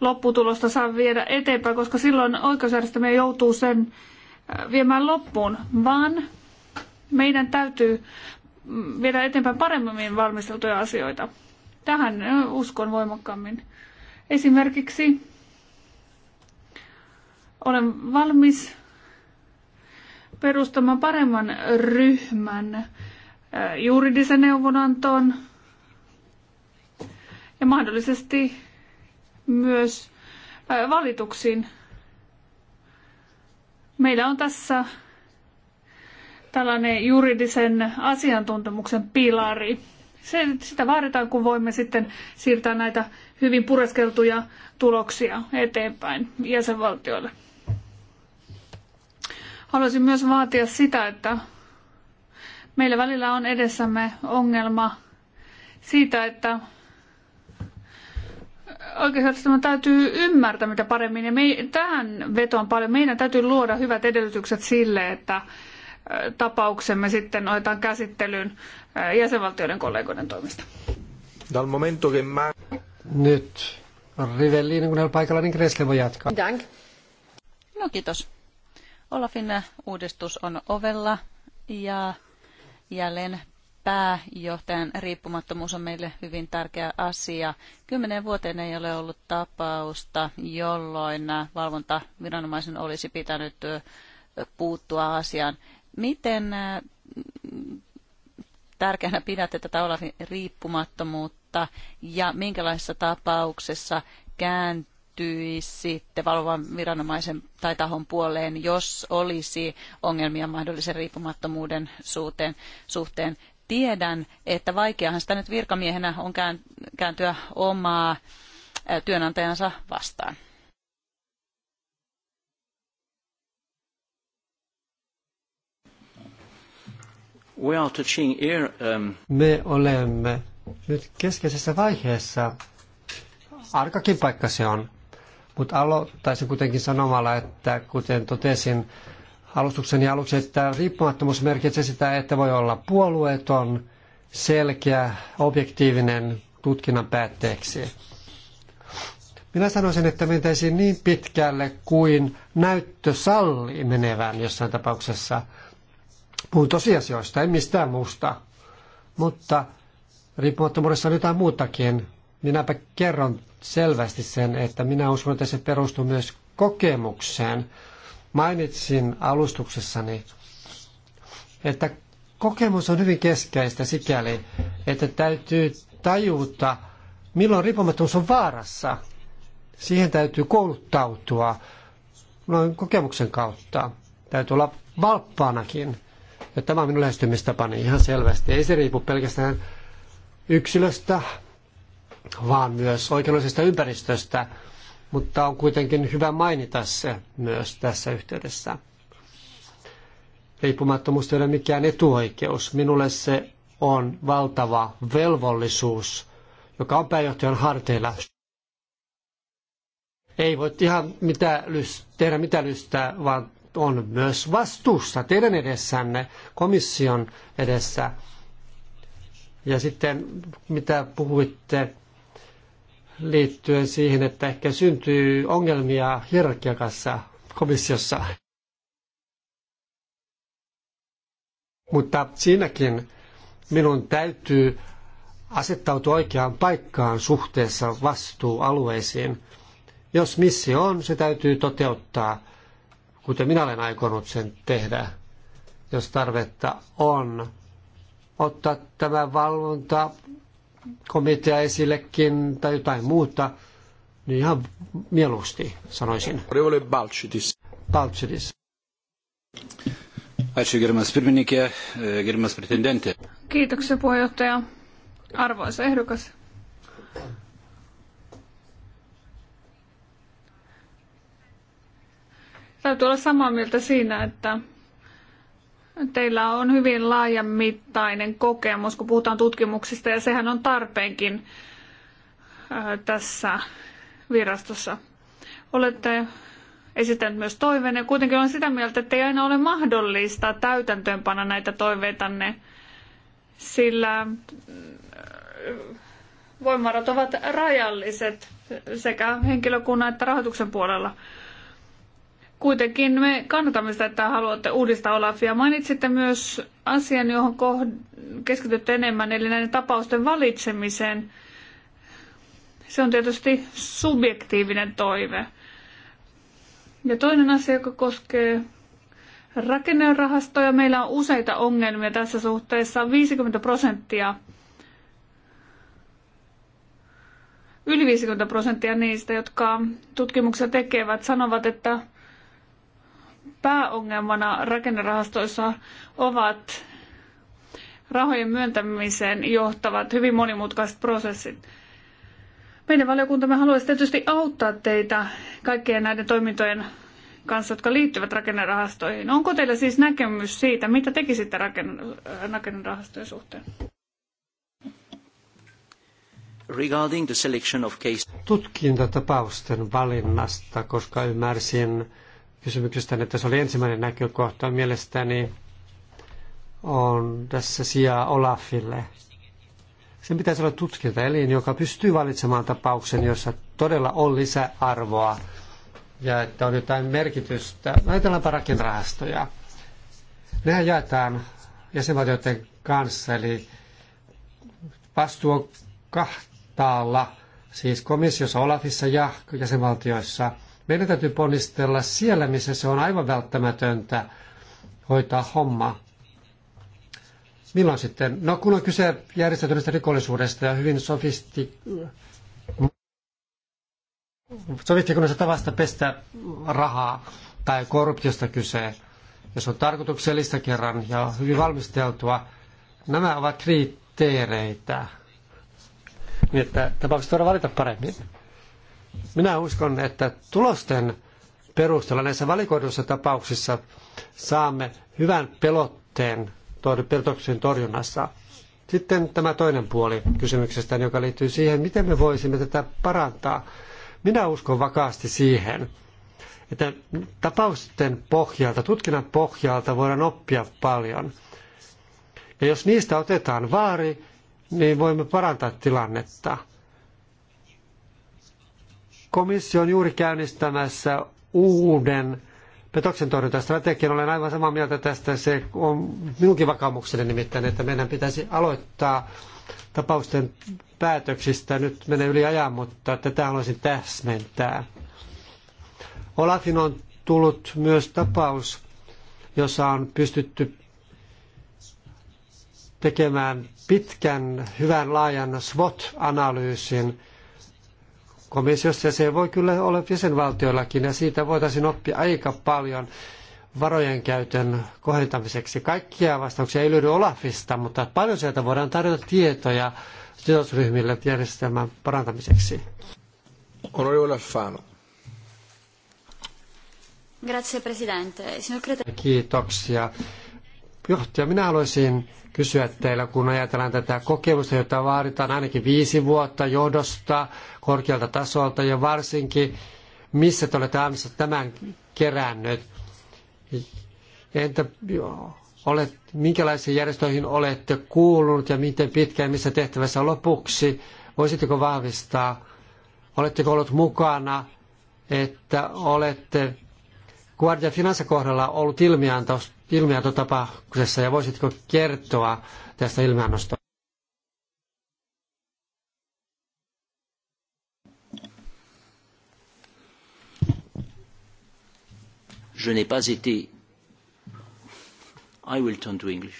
lopputulosta saa viedä eteenpäin, koska silloin oikeusjärjestelmä joutuu sen äh, viemään loppuun, vaan meidän täytyy mm, viedä eteenpäin paremmin valmisteltuja asioita. Tähän äh, uskon voimakkaammin. Esimerkiksi olen valmis perustamaan paremman ryhmän äh, juridisen neuvonantoon ja mahdollisesti myös äh, valituksiin. Meillä on tässä tällainen juridisen asiantuntemuksen pilari. Se, sitä vaaditaan, kun voimme sitten siirtää näitä hyvin pureskeltuja tuloksia eteenpäin jäsenvaltioille. Haluaisin myös vaatia sitä, että meillä välillä on edessämme ongelma siitä, että oikeusjärjestelmän täytyy ymmärtää mitä paremmin. Ja me, tähän vetoan paljon. Meidän täytyy luoda hyvät edellytykset sille, että tapauksemme sitten otetaan käsittelyyn jäsenvaltioiden kollegoiden toimesta. Dal momento che ma... Nyt Rivellin, kun on paikalla, niin voi jatkaa. Dank. No kiitos. Olafin uudistus on ovella ja jälleen pääjohtajan riippumattomuus on meille hyvin tärkeä asia. Kymmenen vuoteen ei ole ollut tapausta, jolloin valvontaviranomaisen olisi pitänyt puuttua asiaan. Miten tärkeänä pidätte tätä Olafin riippumattomuutta ja minkälaisissa tapauksessa kään kääntyisitte valvovan viranomaisen tai tahon puoleen, jos olisi ongelmia mahdollisen riippumattomuuden suhteen suhteen. Tiedän, että vaikeahan sitä nyt virkamiehenä on kääntyä omaa työnantajansa vastaan. Um, Me olemme nyt keskeisessä vaiheessa. Arkakin paikka se on. Mutta aloittaisin kuitenkin sanomalla, että kuten totesin alustukseni aluksi, että riippumattomuus merkitsee sitä, että voi olla puolueeton, selkeä, objektiivinen tutkinnan päätteeksi. Minä sanoisin, että mentäisiin niin pitkälle kuin näyttö sallii menevän jossain tapauksessa. Puhun tosiasioista, ei mistään muusta. Mutta riippumattomuudessa on jotain muutakin minäpä niin kerron selvästi sen, että minä uskon, että se perustuu myös kokemukseen. Mainitsin alustuksessani, että kokemus on hyvin keskeistä sikäli, että täytyy tajuta, milloin riippumattomuus on vaarassa. Siihen täytyy kouluttautua noin kokemuksen kautta. Täytyy olla valppaanakin. Ja tämä on minun lähestymistapani ihan selvästi. Ei se riipu pelkästään yksilöstä, vaan myös oikeudellisesta ympäristöstä, mutta on kuitenkin hyvä mainita se myös tässä yhteydessä. Riippumattomuus ei ole mikään etuoikeus. Minulle se on valtava velvollisuus, joka on pääjohtajan harteilla. Ei voi ihan mitä lyst, tehdä mitä lystää, vaan on myös vastuussa teidän edessänne, komission edessä. Ja sitten mitä puhuitte liittyen siihen, että ehkä syntyy ongelmia hierarkiakassa komissiossa. Mutta siinäkin minun täytyy asettautua oikeaan paikkaan suhteessa vastuualueisiin. Jos missi on, se täytyy toteuttaa, kuten minä olen aikonut sen tehdä, jos tarvetta on. Ottaa tämä valvonta komitea esillekin tai jotain muuta, niin ihan mieluusti sanoisin. Revole Balčitis. Balčitis. Ačiū, e, Kiitoksia puheenjohtaja. Arvoisa ehdokas. Täytyy olla samaa mieltä siinä, että Teillä on hyvin laajamittainen kokemus, kun puhutaan tutkimuksista, ja sehän on tarpeenkin tässä virastossa. Olette esittänyt myös toiveen, ja kuitenkin olen sitä mieltä, että ei aina ole mahdollista täytäntöönpana näitä toiveitanne, sillä voimavarat ovat rajalliset sekä henkilökunnan että rahoituksen puolella. Kuitenkin me kannatamme sitä, että haluatte uudistaa Olafia. Mainitsitte myös asian, johon keskitytte enemmän, eli näiden tapausten valitsemiseen. Se on tietysti subjektiivinen toive. Ja toinen asia, joka koskee rakennerahastoja, meillä on useita ongelmia tässä suhteessa. 50 prosenttia, yli 50 prosenttia niistä, jotka tutkimuksia tekevät, sanovat, että pääongelmana rakennerahastoissa ovat rahojen myöntämiseen johtavat hyvin monimutkaiset prosessit. Meidän valiokuntamme haluaisi tietysti auttaa teitä kaikkien näiden toimintojen kanssa, jotka liittyvät rakennerahastoihin. Onko teillä siis näkemys siitä, mitä tekisitte rakennerahastojen suhteen? Regarding the selection of case... Tutkintatapausten valinnasta, koska ymmärsin, kysymyksestä, että se oli ensimmäinen näkökohta. Mielestäni on tässä sijaa Olafille. Sen pitäisi olla elin, joka pystyy valitsemaan tapauksen, jossa todella on lisäarvoa ja että on jotain merkitystä. No, ajatellaanpa rakentrahastoja. Nehän jaetaan jäsenvaltioiden kanssa, eli vastuu on kahtaalla, siis komissiossa, Olafissa ja jäsenvaltioissa – meidän täytyy ponnistella siellä, missä se on aivan välttämätöntä hoitaa homma. Milloin sitten? No kun on kyse järjestäytyneestä rikollisuudesta ja hyvin sofisti... tavasta pestä rahaa tai korruptiosta kyse, jos on tarkoituksellista kerran ja hyvin valmisteltua, nämä ovat kriteereitä. Niin että tapaukset voidaan valita paremmin. Minä uskon, että tulosten perusteella näissä valikoiduissa tapauksissa saamme hyvän pelotteen petoksen torjunnassa. Sitten tämä toinen puoli kysymyksestä, joka liittyy siihen, miten me voisimme tätä parantaa. Minä uskon vakaasti siihen, että tapausten pohjalta, tutkinnan pohjalta voidaan oppia paljon. Ja jos niistä otetaan vaari, niin voimme parantaa tilannetta. Komissio on juuri käynnistämässä uuden petoksentorjuntastrategian. Olen aivan samaa mieltä tästä. Se on minunkin vakaumukseni nimittäin, että meidän pitäisi aloittaa tapausten päätöksistä. Nyt menee yli ajan, mutta tätä haluaisin täsmentää. Olafin on tullut myös tapaus, jossa on pystytty tekemään pitkän, hyvän, laajan SWOT-analyysin komissiossa ja se voi kyllä olla jäsenvaltioillakin ja siitä voitaisiin oppia aika paljon varojen käytön kohentamiseksi. Kaikkia vastauksia ei löydy Olafista, mutta paljon sieltä voidaan tarjota tietoja sidosryhmille järjestelmän parantamiseksi. Grazie Presidente. Kiitoksia. Johtaja, minä haluaisin kysyä teillä, kun ajatellaan tätä kokemusta, jota vaaditaan ainakin viisi vuotta johdosta korkealta tasolta ja varsinkin, missä te olette aamissa tämän kerännyt. Entä olet, minkälaisiin järjestöihin olette kuulunut ja miten pitkään, missä tehtävässä lopuksi? Voisitteko vahvistaa, oletteko ollut mukana, että olette Guardia Finanssa kohdalla ollut ilmiantausta? ilmiantotapauksessa ja voisitko kertoa tästä ilmiannosta? Je n'ai pas été I will turn to English.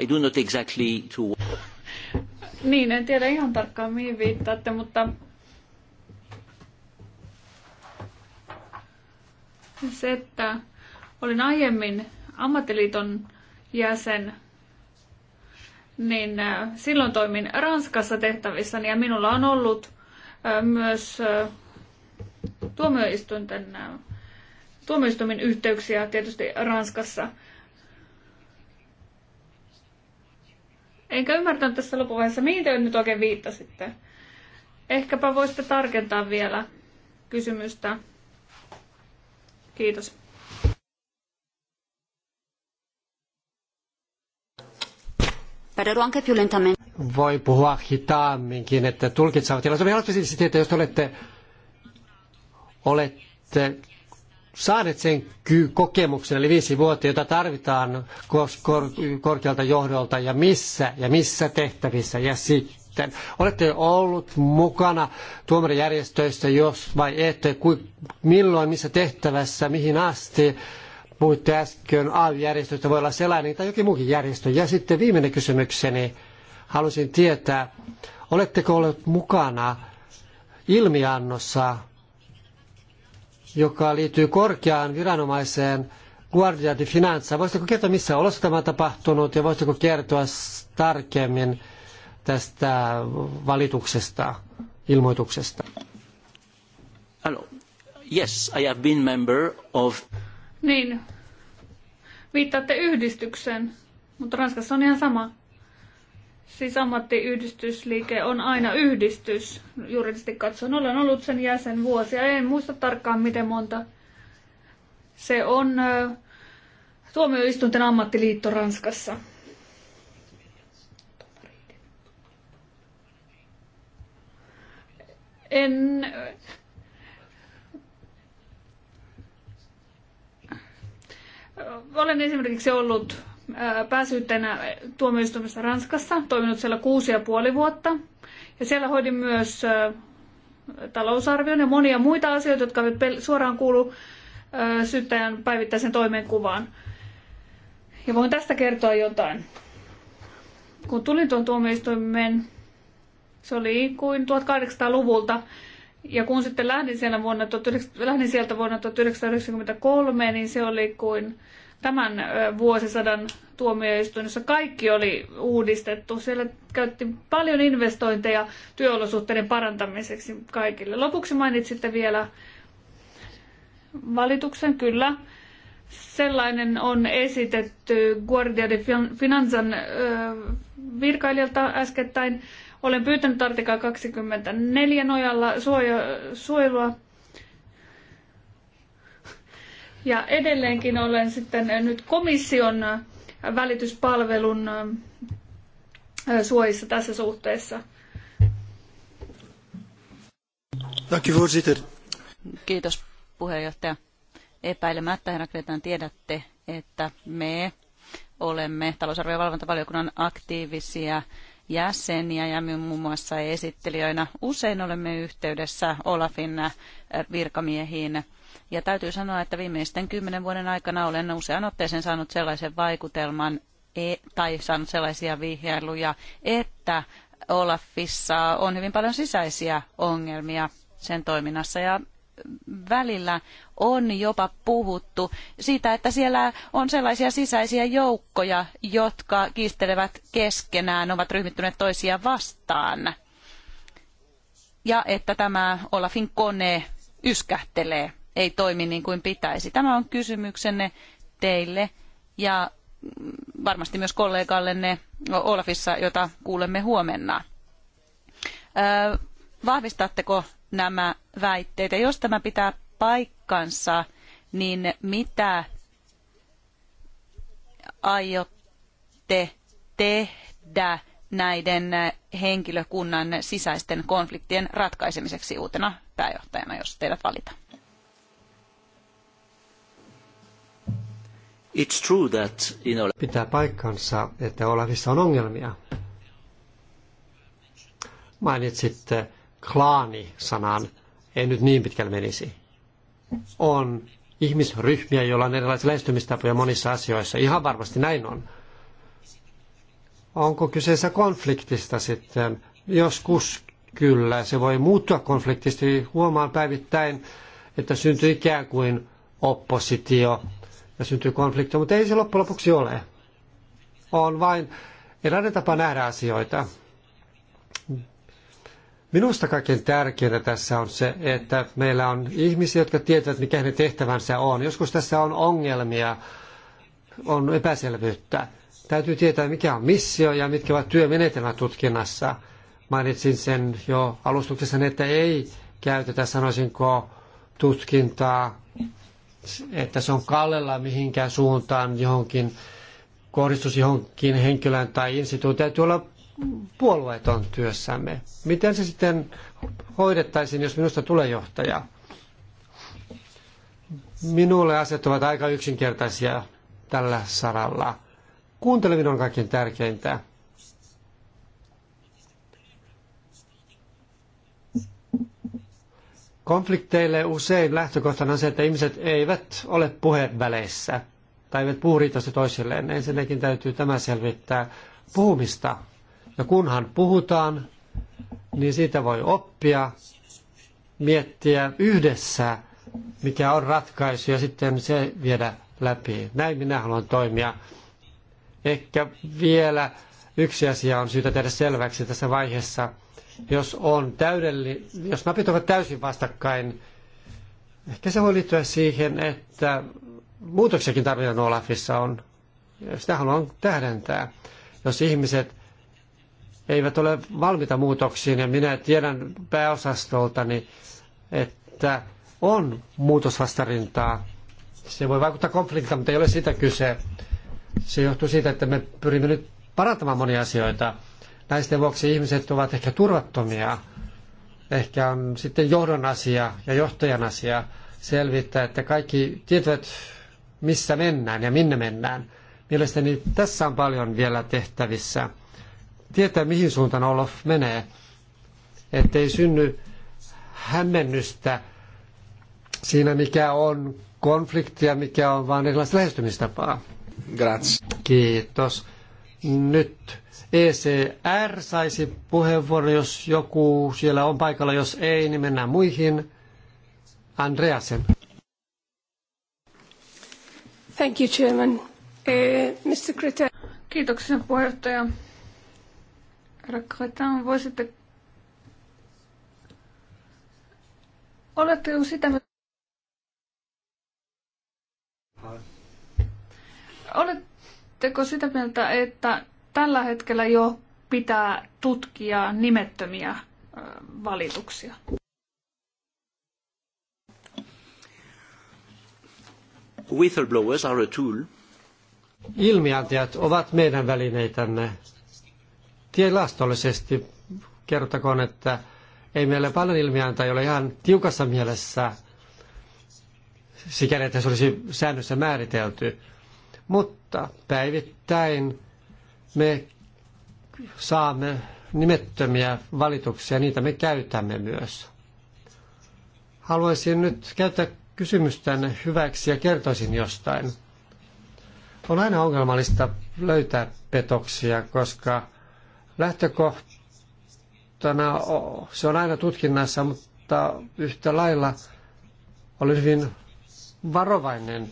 I do not exactly to... Niin, en tiedä ihan tarkkaan mihin viittaatte, mutta se, että Olin aiemmin ammattiliiton jäsen, niin äh, silloin toimin Ranskassa tehtävissä, ja minulla on ollut äh, myös äh, tuomioistuinten, tuomioistuimen yhteyksiä tietysti Ranskassa. Enkä ymmärtänyt tässä loppuvaiheessa, mihin te nyt oikein viittasitte. Ehkäpä voisitte tarkentaa vielä kysymystä. Kiitos. Voi puhua hitaamminkin, että tulkitsevat tilaisuuden. Haluaisin siis tietää, jos olette, olette saaneet sen kokemuksen, eli viisi vuotta, jota tarvitaan korkealta johdolta ja missä ja missä tehtävissä ja sitten. Olette ollut mukana tuomarijärjestöissä, jos vai ette, milloin, missä tehtävässä, mihin asti Puhuitte äsken AY-järjestöstä, voi olla sellainen tai jokin muukin järjestö. Ja sitten viimeinen kysymykseni. Halusin tietää, oletteko olleet mukana ilmiannossa, joka liittyy korkeaan viranomaiseen Guardia di Finanza. Voisitteko kertoa, missä olossa tämä on tapahtunut ja voisitteko kertoa tarkemmin tästä valituksesta, ilmoituksesta? Hello. Yes, I have been member of... Niin, viittaatte yhdistykseen, mutta Ranskassa on ihan sama. Siis ammattiyhdistysliike on aina yhdistys, juridisesti katsoen. Olen ollut sen jäsen vuosia, en muista tarkkaan miten monta. Se on ö, tuomioistuinten ammattiliitto Ranskassa. En Olen esimerkiksi ollut äh, pääsyyttäjänä tuomioistuimessa Ranskassa, toiminut siellä kuusi ja puoli vuotta. Ja siellä hoidin myös äh, talousarvion ja monia muita asioita, jotka suoraan kuulu äh, syyttäjän päivittäisen toimenkuvaan. Ja voin tästä kertoa jotain. Kun tulin tuon tuomioistuimeen, se oli kuin 1800-luvulta ja kun sitten lähdin, siellä vuonna, lähdin sieltä vuonna 1993, niin se oli kuin tämän vuosisadan tuomioistuinnissa kaikki oli uudistettu. Siellä käytti paljon investointeja työolosuhteiden parantamiseksi kaikille. Lopuksi mainitsitte vielä valituksen, kyllä. Sellainen on esitetty Guardia de Finanzan virkailijalta äskettäin. Olen pyytänyt artikaa 24 nojalla suoja, suojelua. Ja edelleenkin olen sitten nyt komission välityspalvelun suojissa tässä suhteessa. Kiitos puheenjohtaja. Epäilemättä, herra Kretan, tiedätte, että me olemme talousarvio- ja valvontavaliokunnan aktiivisia jäseniä ja me muun muassa esittelijöinä usein olemme yhteydessä Olafin äh, virkamiehiin. Ja täytyy sanoa, että viimeisten kymmenen vuoden aikana olen usean otteeseen saanut sellaisen vaikutelman e, tai saanut sellaisia vihjailuja, että Olafissa on hyvin paljon sisäisiä ongelmia sen toiminnassa ja välillä on jopa puhuttu siitä, että siellä on sellaisia sisäisiä joukkoja, jotka kiistelevät keskenään, ovat ryhmittyneet toisia vastaan. Ja että tämä Olafin kone yskähtelee, ei toimi niin kuin pitäisi. Tämä on kysymyksenne teille ja varmasti myös kollegallenne Olafissa, jota kuulemme huomenna Vahvistatteko nämä väitteet? Ja jos tämä pitää paikkansa, niin mitä aiotte tehdä näiden henkilökunnan sisäisten konfliktien ratkaisemiseksi uutena pääjohtajana, jos teidät valitaan? It's true that, you know... Pitää paikkansa, että Olafissa on ongelmia. Mainitsitte klaani-sanaan, en nyt niin pitkälle menisi, on ihmisryhmiä, joilla on erilaisia lähestymistapoja monissa asioissa. Ihan varmasti näin on. Onko kyseessä konfliktista sitten? Joskus kyllä, se voi muuttua konfliktisesti. Huomaan päivittäin, että syntyy ikään kuin oppositio ja syntyy konflikti, mutta ei se loppujen lopuksi ole. On vain eräinen tapa nähdä asioita. Minusta kaikkein tärkeintä tässä on se, että meillä on ihmisiä, jotka tietävät, mikä heidän tehtävänsä on. Joskus tässä on ongelmia, on epäselvyyttä. Täytyy tietää, mikä on missio ja mitkä ovat työmenetelmät tutkinnassa. Mainitsin sen jo alustuksessani, että ei käytetä, sanoisinko, tutkintaa, että se on kallella mihinkään suuntaan johonkin, kohdistus johonkin henkilöön tai instituutioon. Täytyy olla puolueeton työssämme. Miten se sitten hoidettaisiin, jos minusta tulee johtaja? Minulle asiat ovat aika yksinkertaisia tällä saralla. Kuunteleminen on kaikkein tärkeintä. Konflikteille usein lähtökohtana on se, että ihmiset eivät ole puheväleissä tai eivät puhu riittävästi toisilleen. Ensinnäkin täytyy tämä selvittää. Puhumista ja kunhan puhutaan, niin siitä voi oppia, miettiä yhdessä, mikä on ratkaisu ja sitten se viedä läpi. Näin minä haluan toimia. Ehkä vielä yksi asia on syytä tehdä selväksi tässä vaiheessa. Jos, on täydelli, jos napit ovat täysin vastakkain, ehkä se voi liittyä siihen, että muutoksiakin tarvitaan Olafissa on. Sitä haluan tähdentää. Jos ihmiset eivät ole valmiita muutoksiin ja minä tiedän pääosastoltani, että on muutosvastarintaa. Se voi vaikuttaa konfliktilta, mutta ei ole siitä kyse. Se johtuu siitä, että me pyrimme nyt parantamaan monia asioita. Näistä vuoksi ihmiset ovat ehkä turvattomia. Ehkä on sitten johdon asia ja johtajan asia selvittää, että kaikki tietävät, missä mennään ja minne mennään. Mielestäni tässä on paljon vielä tehtävissä tietää, mihin suuntaan Olof menee, ettei synny hämmennystä siinä, mikä on konfliktia, mikä on vaan erilaista lähestymistapaa. Grazie. Kiitos. Nyt ECR saisi puheenvuoron, jos joku siellä on paikalla. Jos ei, niin mennään muihin. Andreasen. Thank you, Chairman. Uh, eh, Mr. Kriter. Kiitoksia puheenjohtaja. Herra Kretan, voisitte... Oletteko sitä... Oletteko sitä mieltä, että tällä hetkellä jo pitää tutkia nimettömiä valituksia? Whistleblowers are a tool. Ilmiantajat ovat meidän välineitämme tilastollisesti kerrottakoon, että ei meillä paljon ilmiantajia ole ihan tiukassa mielessä, sikäli että se olisi säännössä määritelty. Mutta päivittäin me saamme nimettömiä valituksia, niitä me käytämme myös. Haluaisin nyt käyttää kysymystänne hyväksi ja kertoisin jostain. On aina ongelmallista löytää petoksia, koska lähtökohtana se on aina tutkinnassa, mutta yhtä lailla olen hyvin varovainen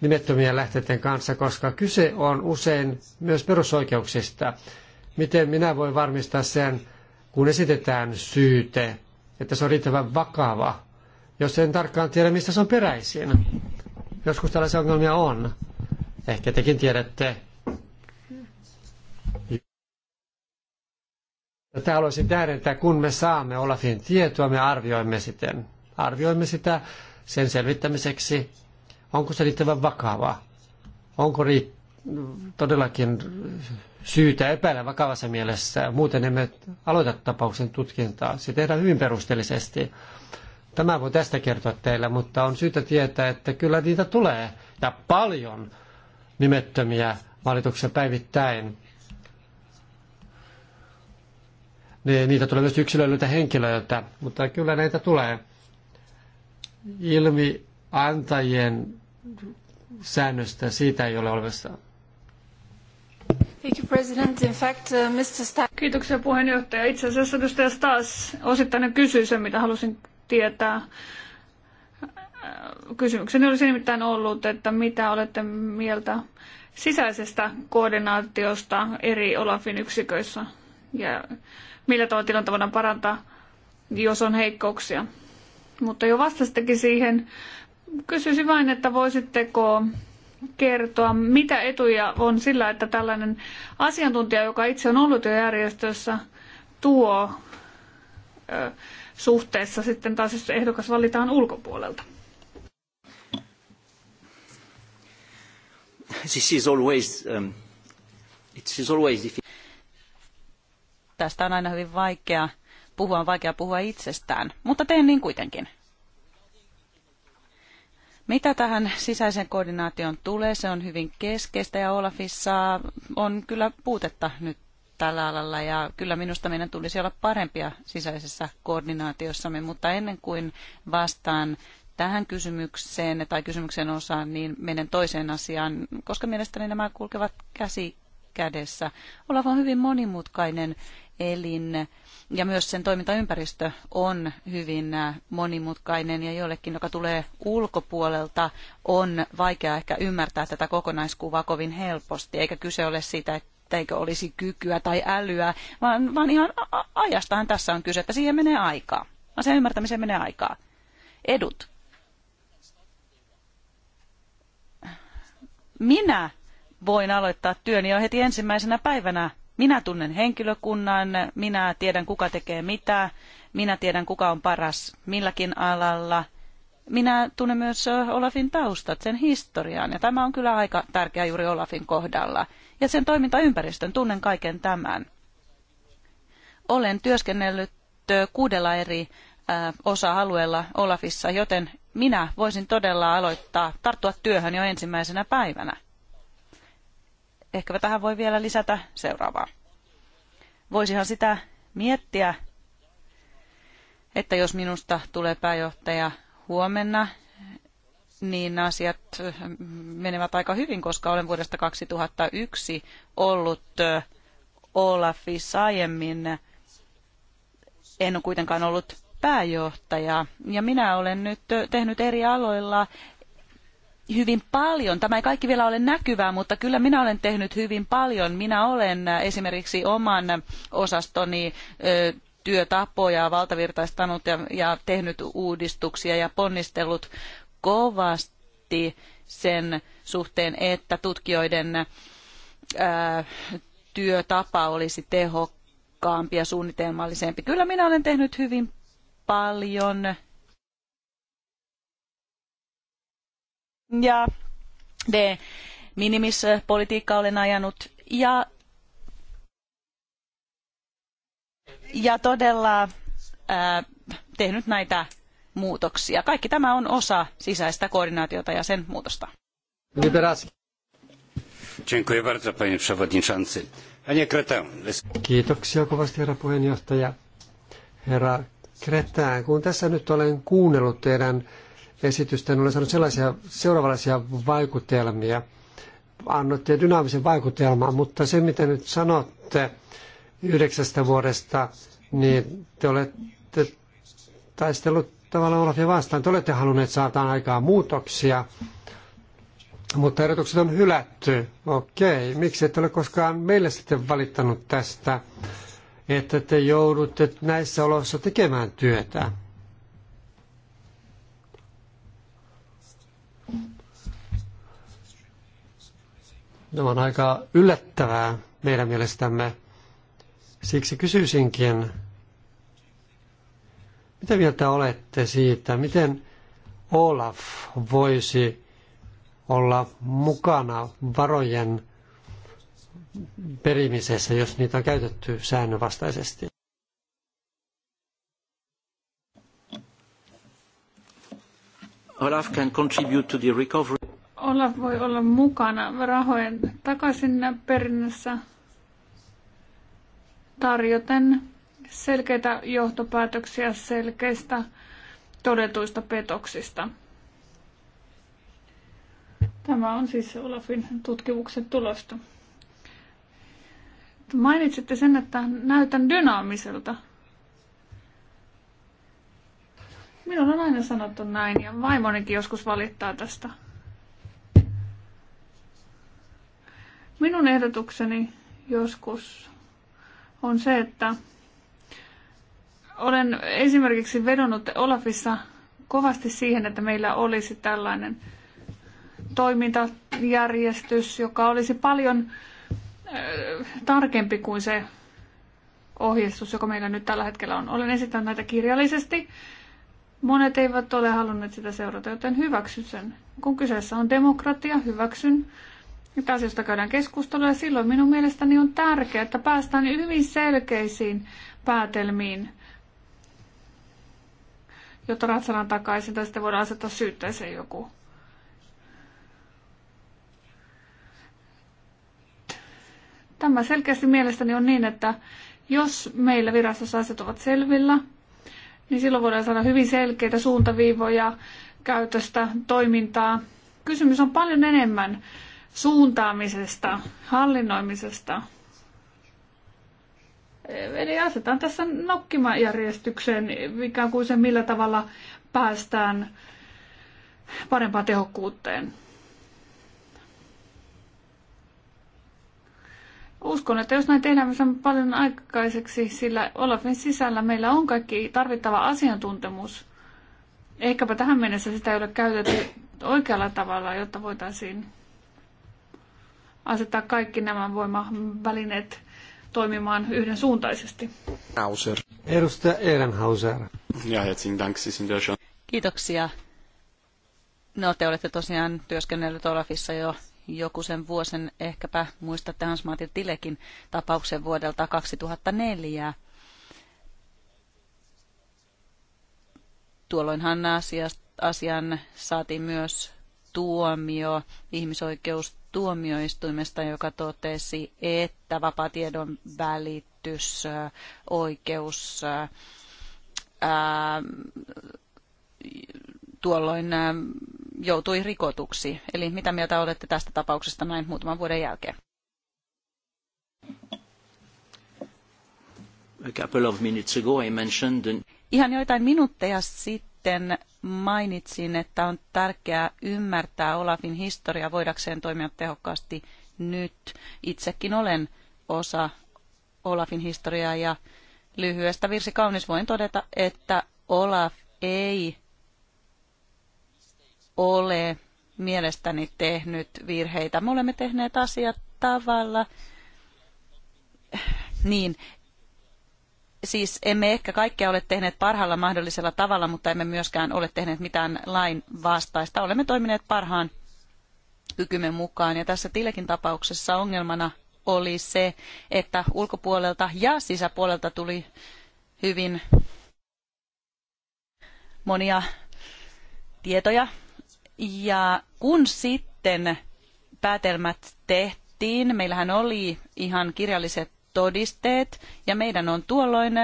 nimettömien lähteiden kanssa, koska kyse on usein myös perusoikeuksista. Miten minä voin varmistaa sen, kun esitetään syyte, että se on riittävän vakava, jos en tarkkaan tiedä, mistä se on peräisin. Joskus tällaisia ongelmia on. Ehkä tekin tiedätte, Tätä haluaisin tähdentää, kun me saamme Olafin tietoa, me arvioimme sitten. Arvioimme sitä sen selvittämiseksi, onko se riittävän vakava, onko riitt- todellakin syytä epäillä vakavassa mielessä, muuten emme aloita tapauksen tutkintaa. Se tehdään hyvin perusteellisesti. Tämä voi tästä kertoa teille, mutta on syytä tietää, että kyllä niitä tulee ja paljon nimettömiä valituksia päivittäin. niin niitä tulee myös yksilöiltä henkilöiltä, mutta kyllä näitä tulee ilmi antajien säännöstä, siitä ei ole olemassa. Thank you, President. In fact, uh, Mr. Stas... Kiitoksia puheenjohtaja. Itse asiassa edustaja Stas osittainen kysyi sen, mitä halusin tietää. Äh, kysymykseni olisi nimittäin ollut, että mitä olette mieltä sisäisestä koordinaatiosta eri Olafin yksiköissä ja millä tavalla tilannetta voidaan parantaa, jos on heikkouksia. Mutta jo vastasittekin siihen. Kysyisin vain, että voisitteko kertoa, mitä etuja on sillä, että tällainen asiantuntija, joka itse on ollut jo järjestössä, tuo ö, suhteessa sitten taas, jos ehdokas valitaan ulkopuolelta? This is always, um, it is always difficult. Tästä on aina hyvin vaikea puhua, on vaikea puhua itsestään, mutta teen niin kuitenkin. Mitä tähän sisäisen koordinaation tulee, se on hyvin keskeistä ja Olafissa on kyllä puutetta nyt tällä alalla ja kyllä minusta meidän tulisi olla parempia sisäisessä koordinaatiossamme, mutta ennen kuin vastaan tähän kysymykseen tai kysymyksen osaan, niin menen toiseen asiaan, koska mielestäni nämä kulkevat käsi kädessä. Olaf on hyvin monimutkainen elin ja myös sen toimintaympäristö on hyvin monimutkainen ja jollekin, joka tulee ulkopuolelta, on vaikea ehkä ymmärtää tätä kokonaiskuvaa kovin helposti, eikä kyse ole siitä, etteikö olisi kykyä tai älyä, vaan, vaan ihan ajastahan tässä on kyse, että siihen menee aikaa. Asian ymmärtämiseen menee aikaa. Edut. Minä voin aloittaa työni jo heti ensimmäisenä päivänä minä tunnen henkilökunnan, minä tiedän kuka tekee mitä, minä tiedän kuka on paras milläkin alalla. Minä tunnen myös Olafin taustat, sen historian, ja tämä on kyllä aika tärkeä juuri Olafin kohdalla. Ja sen toimintaympäristön tunnen kaiken tämän. Olen työskennellyt kuudella eri osa-alueella Olafissa, joten minä voisin todella aloittaa, tarttua työhön jo ensimmäisenä päivänä ehkäpä tähän voi vielä lisätä seuraavaa. Voisihan sitä miettiä, että jos minusta tulee pääjohtaja huomenna, niin asiat mm, menevät aika hyvin, koska olen vuodesta 2001 ollut Olafissa aiemmin. En ole kuitenkaan ollut pääjohtaja ja minä olen nyt tehnyt eri aloilla hyvin paljon. Tämä ei kaikki vielä ole näkyvää, mutta kyllä minä olen tehnyt hyvin paljon. Minä olen esimerkiksi oman osastoni työtapoja valtavirtaistanut ja, tehnyt uudistuksia ja ponnistellut kovasti sen suhteen, että tutkijoiden työtapa olisi tehokkaampi ja suunnitelmallisempi. Kyllä minä olen tehnyt hyvin paljon ja de minimispolitiikkaa eh, olen ajanut ja, ja todella ää, eh, tehnyt näitä muutoksia. Kaikki tämä on osa sisäistä koordinaatiota ja sen muutosta. Kiitoksia kovasti herra puheenjohtaja. Herra Kretään, kun tässä nyt olen kuunnellut teidän esitystä, olen saanut sellaisia seuraavanlaisia vaikutelmia. Annoitte dynaamisen vaikutelman, mutta se mitä nyt sanotte yhdeksästä vuodesta, niin te olette taistellut tavallaan Olafia vastaan. Te olette halunneet saada aikaa muutoksia, mutta erotukset on hylätty. Okei, miksi ette ole koskaan meille sitten valittanut tästä, että te joudutte näissä oloissa tekemään työtä? Ne on aika yllättävää meidän mielestämme. Siksi kysyisinkin, mitä mieltä olette siitä, miten Olaf voisi olla mukana varojen perimisessä, jos niitä on käytetty säännönvastaisesti? Olaf can contribute to the recovery. Olaf voi olla mukana rahojen takaisin perinnässä tarjoten selkeitä johtopäätöksiä selkeistä todetuista petoksista. Tämä on siis Olafin tutkimuksen tulosta. Mainitsitte sen, että näytän dynaamiselta. Minulla on aina sanottu näin ja vaimonikin joskus valittaa tästä. Minun ehdotukseni joskus on se, että olen esimerkiksi vedonnut Olafissa kovasti siihen, että meillä olisi tällainen toimintajärjestys, joka olisi paljon äh, tarkempi kuin se ohjeistus, joka meillä nyt tällä hetkellä on. Olen esittänyt näitä kirjallisesti. Monet eivät ole halunneet sitä seurata, joten hyväksyn sen. Kun kyseessä on demokratia, hyväksyn, nyt asiasta käydään keskustelua ja silloin minun mielestäni on tärkeää, että päästään hyvin selkeisiin päätelmiin, jotta ratsalan takaisin tai sitten voidaan asettaa syytteeseen joku. Tämä selkeästi mielestäni on niin, että jos meillä virastossa asiat ovat selvillä, niin silloin voidaan saada hyvin selkeitä suuntaviivoja, käytöstä, toimintaa. Kysymys on paljon enemmän suuntaamisesta, hallinnoimisesta. Eli asetetaan tässä nokkimajärjestykseen ikään kuin se, millä tavalla päästään parempaan tehokkuuteen. Uskon, että jos näin tehdään, me saamme paljon aikaiseksi, sillä Olafin sisällä meillä on kaikki tarvittava asiantuntemus. Ehkäpä tähän mennessä sitä ei ole käytetty oikealla tavalla, jotta voitaisiin asettaa kaikki nämä voimavälineet toimimaan yhdensuuntaisesti. Hauser. Edustaja Ehrenhauser. Ja herzlichen Dank, Sie sind schon. Kiitoksia. No te olette tosiaan työskennellyt Olafissa jo joku sen vuosen, ehkäpä muistatte hans martin Tilekin tapauksen vuodelta 2004. Tuolloinhan asian saatiin myös tuomio ihmisoikeus tuomioistuimesta, joka totesi, että vapaatiedon välitys, oikeus, ää, tuolloin ää, joutui rikotuksi. Eli mitä mieltä olette tästä tapauksesta näin muutaman vuoden jälkeen? A couple of minutes ago I mentioned... Ihan joitain minuutteja sitten sitten mainitsin, että on tärkeää ymmärtää Olafin historia voidakseen toimia tehokkaasti nyt. Itsekin olen osa Olafin historiaa ja lyhyestä virsi kaunis voin todeta, että Olaf ei ole mielestäni tehnyt virheitä. Me olemme tehneet asiat tavalla niin, siis emme ehkä kaikkea ole tehneet parhaalla mahdollisella tavalla, mutta emme myöskään ole tehneet mitään lain vastaista. Olemme toimineet parhaan kykymme mukaan. Ja tässä Tilekin tapauksessa ongelmana oli se, että ulkopuolelta ja sisäpuolelta tuli hyvin monia tietoja. Ja kun sitten päätelmät tehtiin, meillähän oli ihan kirjalliset todisteet ja meidän on tuolloin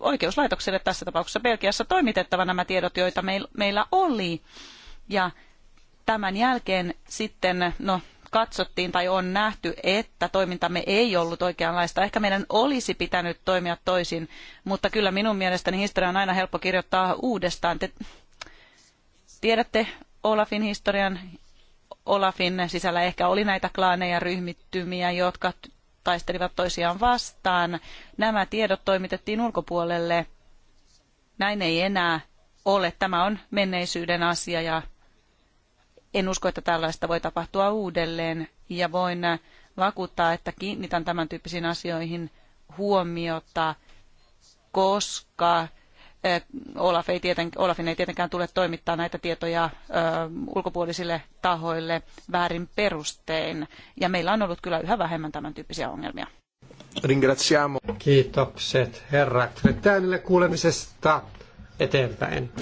oikeuslaitokselle tässä tapauksessa Belgiassa toimitettava nämä tiedot, joita meillä oli. Ja tämän jälkeen sitten no, katsottiin tai on nähty, että toimintamme ei ollut oikeanlaista. Ehkä meidän olisi pitänyt toimia toisin, mutta kyllä minun mielestäni historia on aina helppo kirjoittaa uudestaan. Te tiedätte Olafin historian Olafin sisällä ehkä oli näitä klaaneja, ryhmittymiä, jotka taistelivat toisiaan vastaan. Nämä tiedot toimitettiin ulkopuolelle. Näin ei enää ole. Tämä on menneisyyden asia ja en usko, että tällaista voi tapahtua uudelleen. Ja voin vakuuttaa, että kiinnitän tämän tyyppisiin asioihin huomiota, koska Olaf ei tieten, Olafin ei tietenkään tule toimittaa näitä tietoja ö, ulkopuolisille tahoille väärin perustein. Ja meillä on ollut kyllä yhä vähemmän tämän tyyppisiä ongelmia. Ringraziamo. Kiitokset herra Kretäänille kuulemisesta eteenpäin.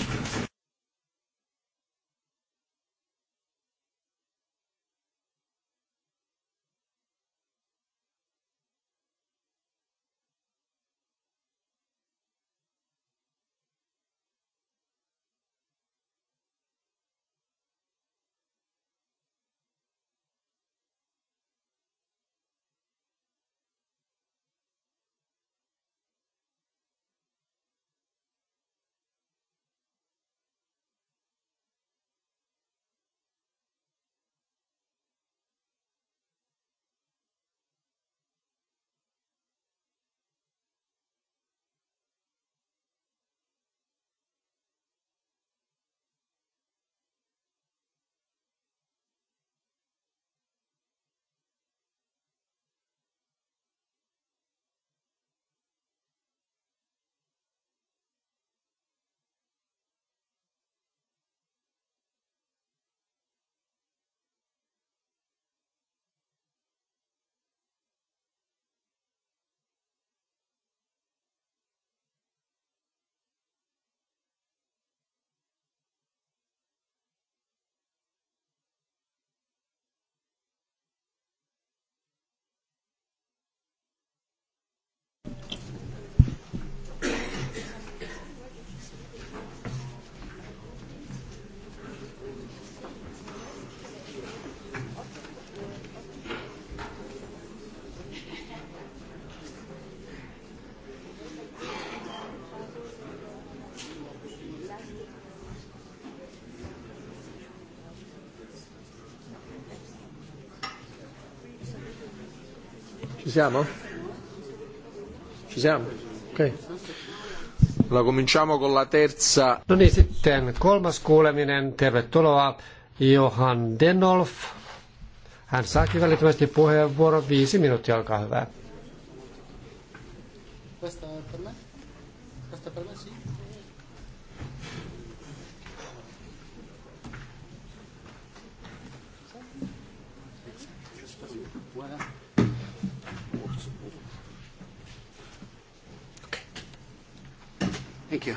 Ci siamo? Ci siamo? Ok. Allora cominciamo con la terza. No niin, sitten kolmas kuuleminen. Tervetuloa Johan Denolf. Hän saakin välittömästi puheenvuoron. Viisi minuuttia, olkaa hyvä. Questa per me? Questa per me, sì. you.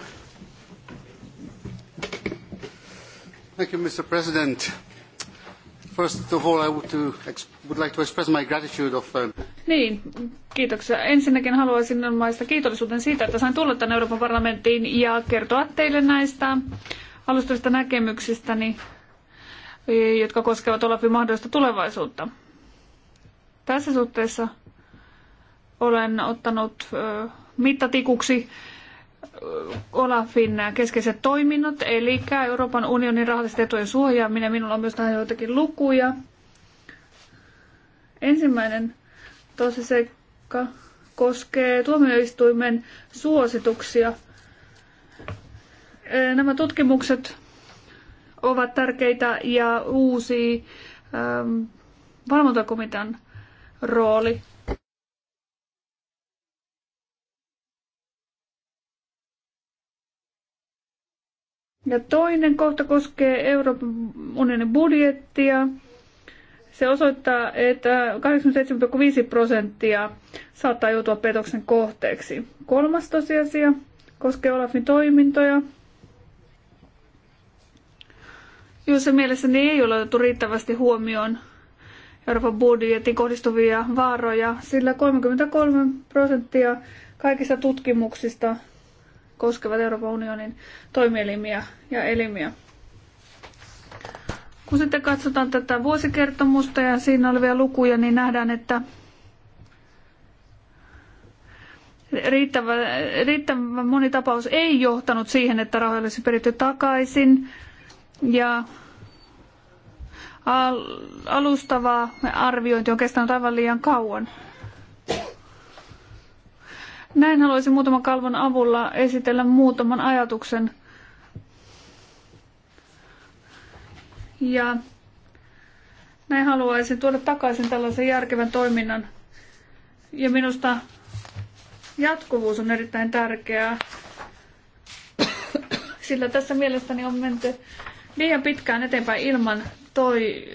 Thank you, Mr. President. First of all, I would, to, would like to express my gratitude of... Uh... Niin, kiitoksia. Ensinnäkin haluaisin maista kiitollisuuden siitä, että sain tulla tänne Euroopan parlamenttiin ja kertoa teille näistä alustavista näkemyksistäni, e, jotka koskevat Olafin mahdollista tulevaisuutta. Tässä suhteessa olen ottanut ö, mittatikuksi Olafin keskeiset toiminnot, eli Euroopan unionin rahallisten etujen suojaaminen. Minulla on myös tähän joitakin lukuja. Ensimmäinen tosi seikka koskee tuomioistuimen suosituksia. Eh, nämä tutkimukset ovat tärkeitä ja uusi ehm, valvontakomitean rooli Ja toinen kohta koskee Euroopan unionin budjettia. Se osoittaa, että 87,5 prosenttia saattaa joutua petoksen kohteeksi. Kolmas tosiasia koskee Olafin toimintoja, se mielessäni ei ole otettu riittävästi huomioon Euroopan budjetin kohdistuvia vaaroja, sillä 33 prosenttia kaikista tutkimuksista koskevat Euroopan unionin toimielimiä ja elimiä. Kun sitten katsotaan tätä vuosikertomusta ja siinä olevia lukuja, niin nähdään, että riittävä, riittävä moni tapaus ei johtanut siihen, että rahoja olisi peritty takaisin. Ja alustavaa arviointi on kestänyt aivan liian kauan. Näin haluaisin muutaman kalvon avulla esitellä muutaman ajatuksen. Ja näin haluaisin tuoda takaisin tällaisen järkevän toiminnan. Ja minusta jatkuvuus on erittäin tärkeää, sillä tässä mielestäni on menty liian pitkään eteenpäin ilman, toi,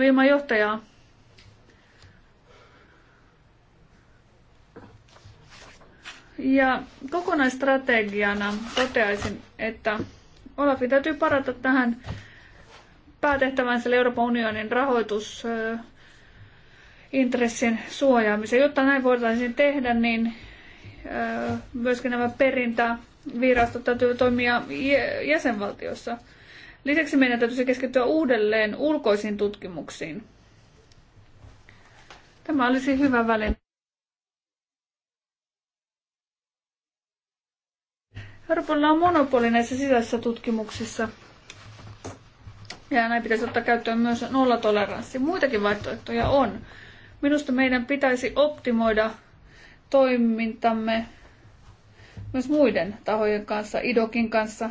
ilman johtajaa. Ja kokonaistrategiana toteaisin, että Olafin täytyy parata tähän päätehtävänsä Euroopan unionin rahoitus intressin suojaamiseen. Jotta näin voitaisiin tehdä, niin myöskin nämä perintävirastot täytyy toimia jäsenvaltiossa. Lisäksi meidän täytyisi keskittyä uudelleen ulkoisiin tutkimuksiin. Tämä olisi hyvä väline. Harpolla on monopoli näissä sisäisissä tutkimuksissa. Ja näin pitäisi ottaa käyttöön myös nollatoleranssi. Muitakin vaihtoehtoja on. Minusta meidän pitäisi optimoida toimintamme myös muiden tahojen kanssa, IDOKin kanssa.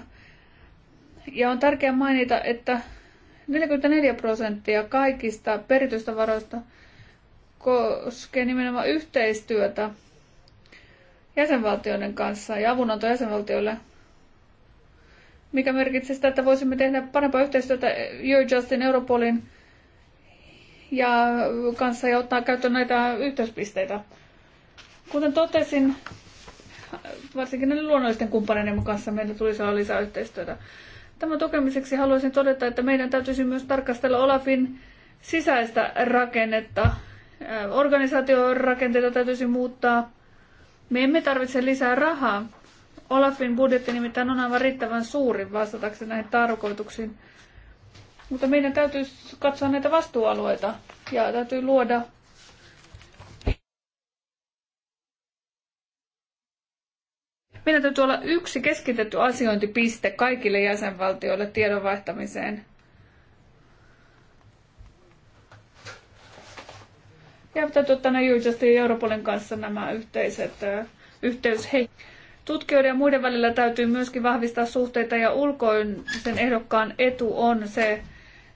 Ja on tärkeää mainita, että 44 prosenttia kaikista peritystä varoista koskee nimenomaan yhteistyötä jäsenvaltioiden kanssa ja avunanto jäsenvaltioille, mikä merkitsee sitä, että voisimme tehdä parempaa yhteistyötä Eurojustin, Europolin ja kanssa ja ottaa käyttöön näitä yhteyspisteitä. Kuten totesin, varsinkin näiden luonnollisten kumppaneiden kanssa meillä tulisi olla lisää yhteistyötä. Tämän tukemiseksi haluaisin todeta, että meidän täytyisi myös tarkastella Olafin sisäistä rakennetta. Organisaatiorakenteita täytyisi muuttaa me emme tarvitse lisää rahaa. Olafin budjetti nimittäin on aivan riittävän suuri vastatakseen näihin tarkoituksiin. Mutta meidän täytyy katsoa näitä vastuualueita ja täytyy luoda Meidän täytyy olla yksi keskitetty asiointipiste kaikille jäsenvaltioille tiedon vaihtamiseen. Ja täytyy ottaa ne no Justin Europolin kanssa nämä yhteiset yhteys. Hei. Tutkijoiden ja muiden välillä täytyy myöskin vahvistaa suhteita ja ulkoin sen ehdokkaan etu on se,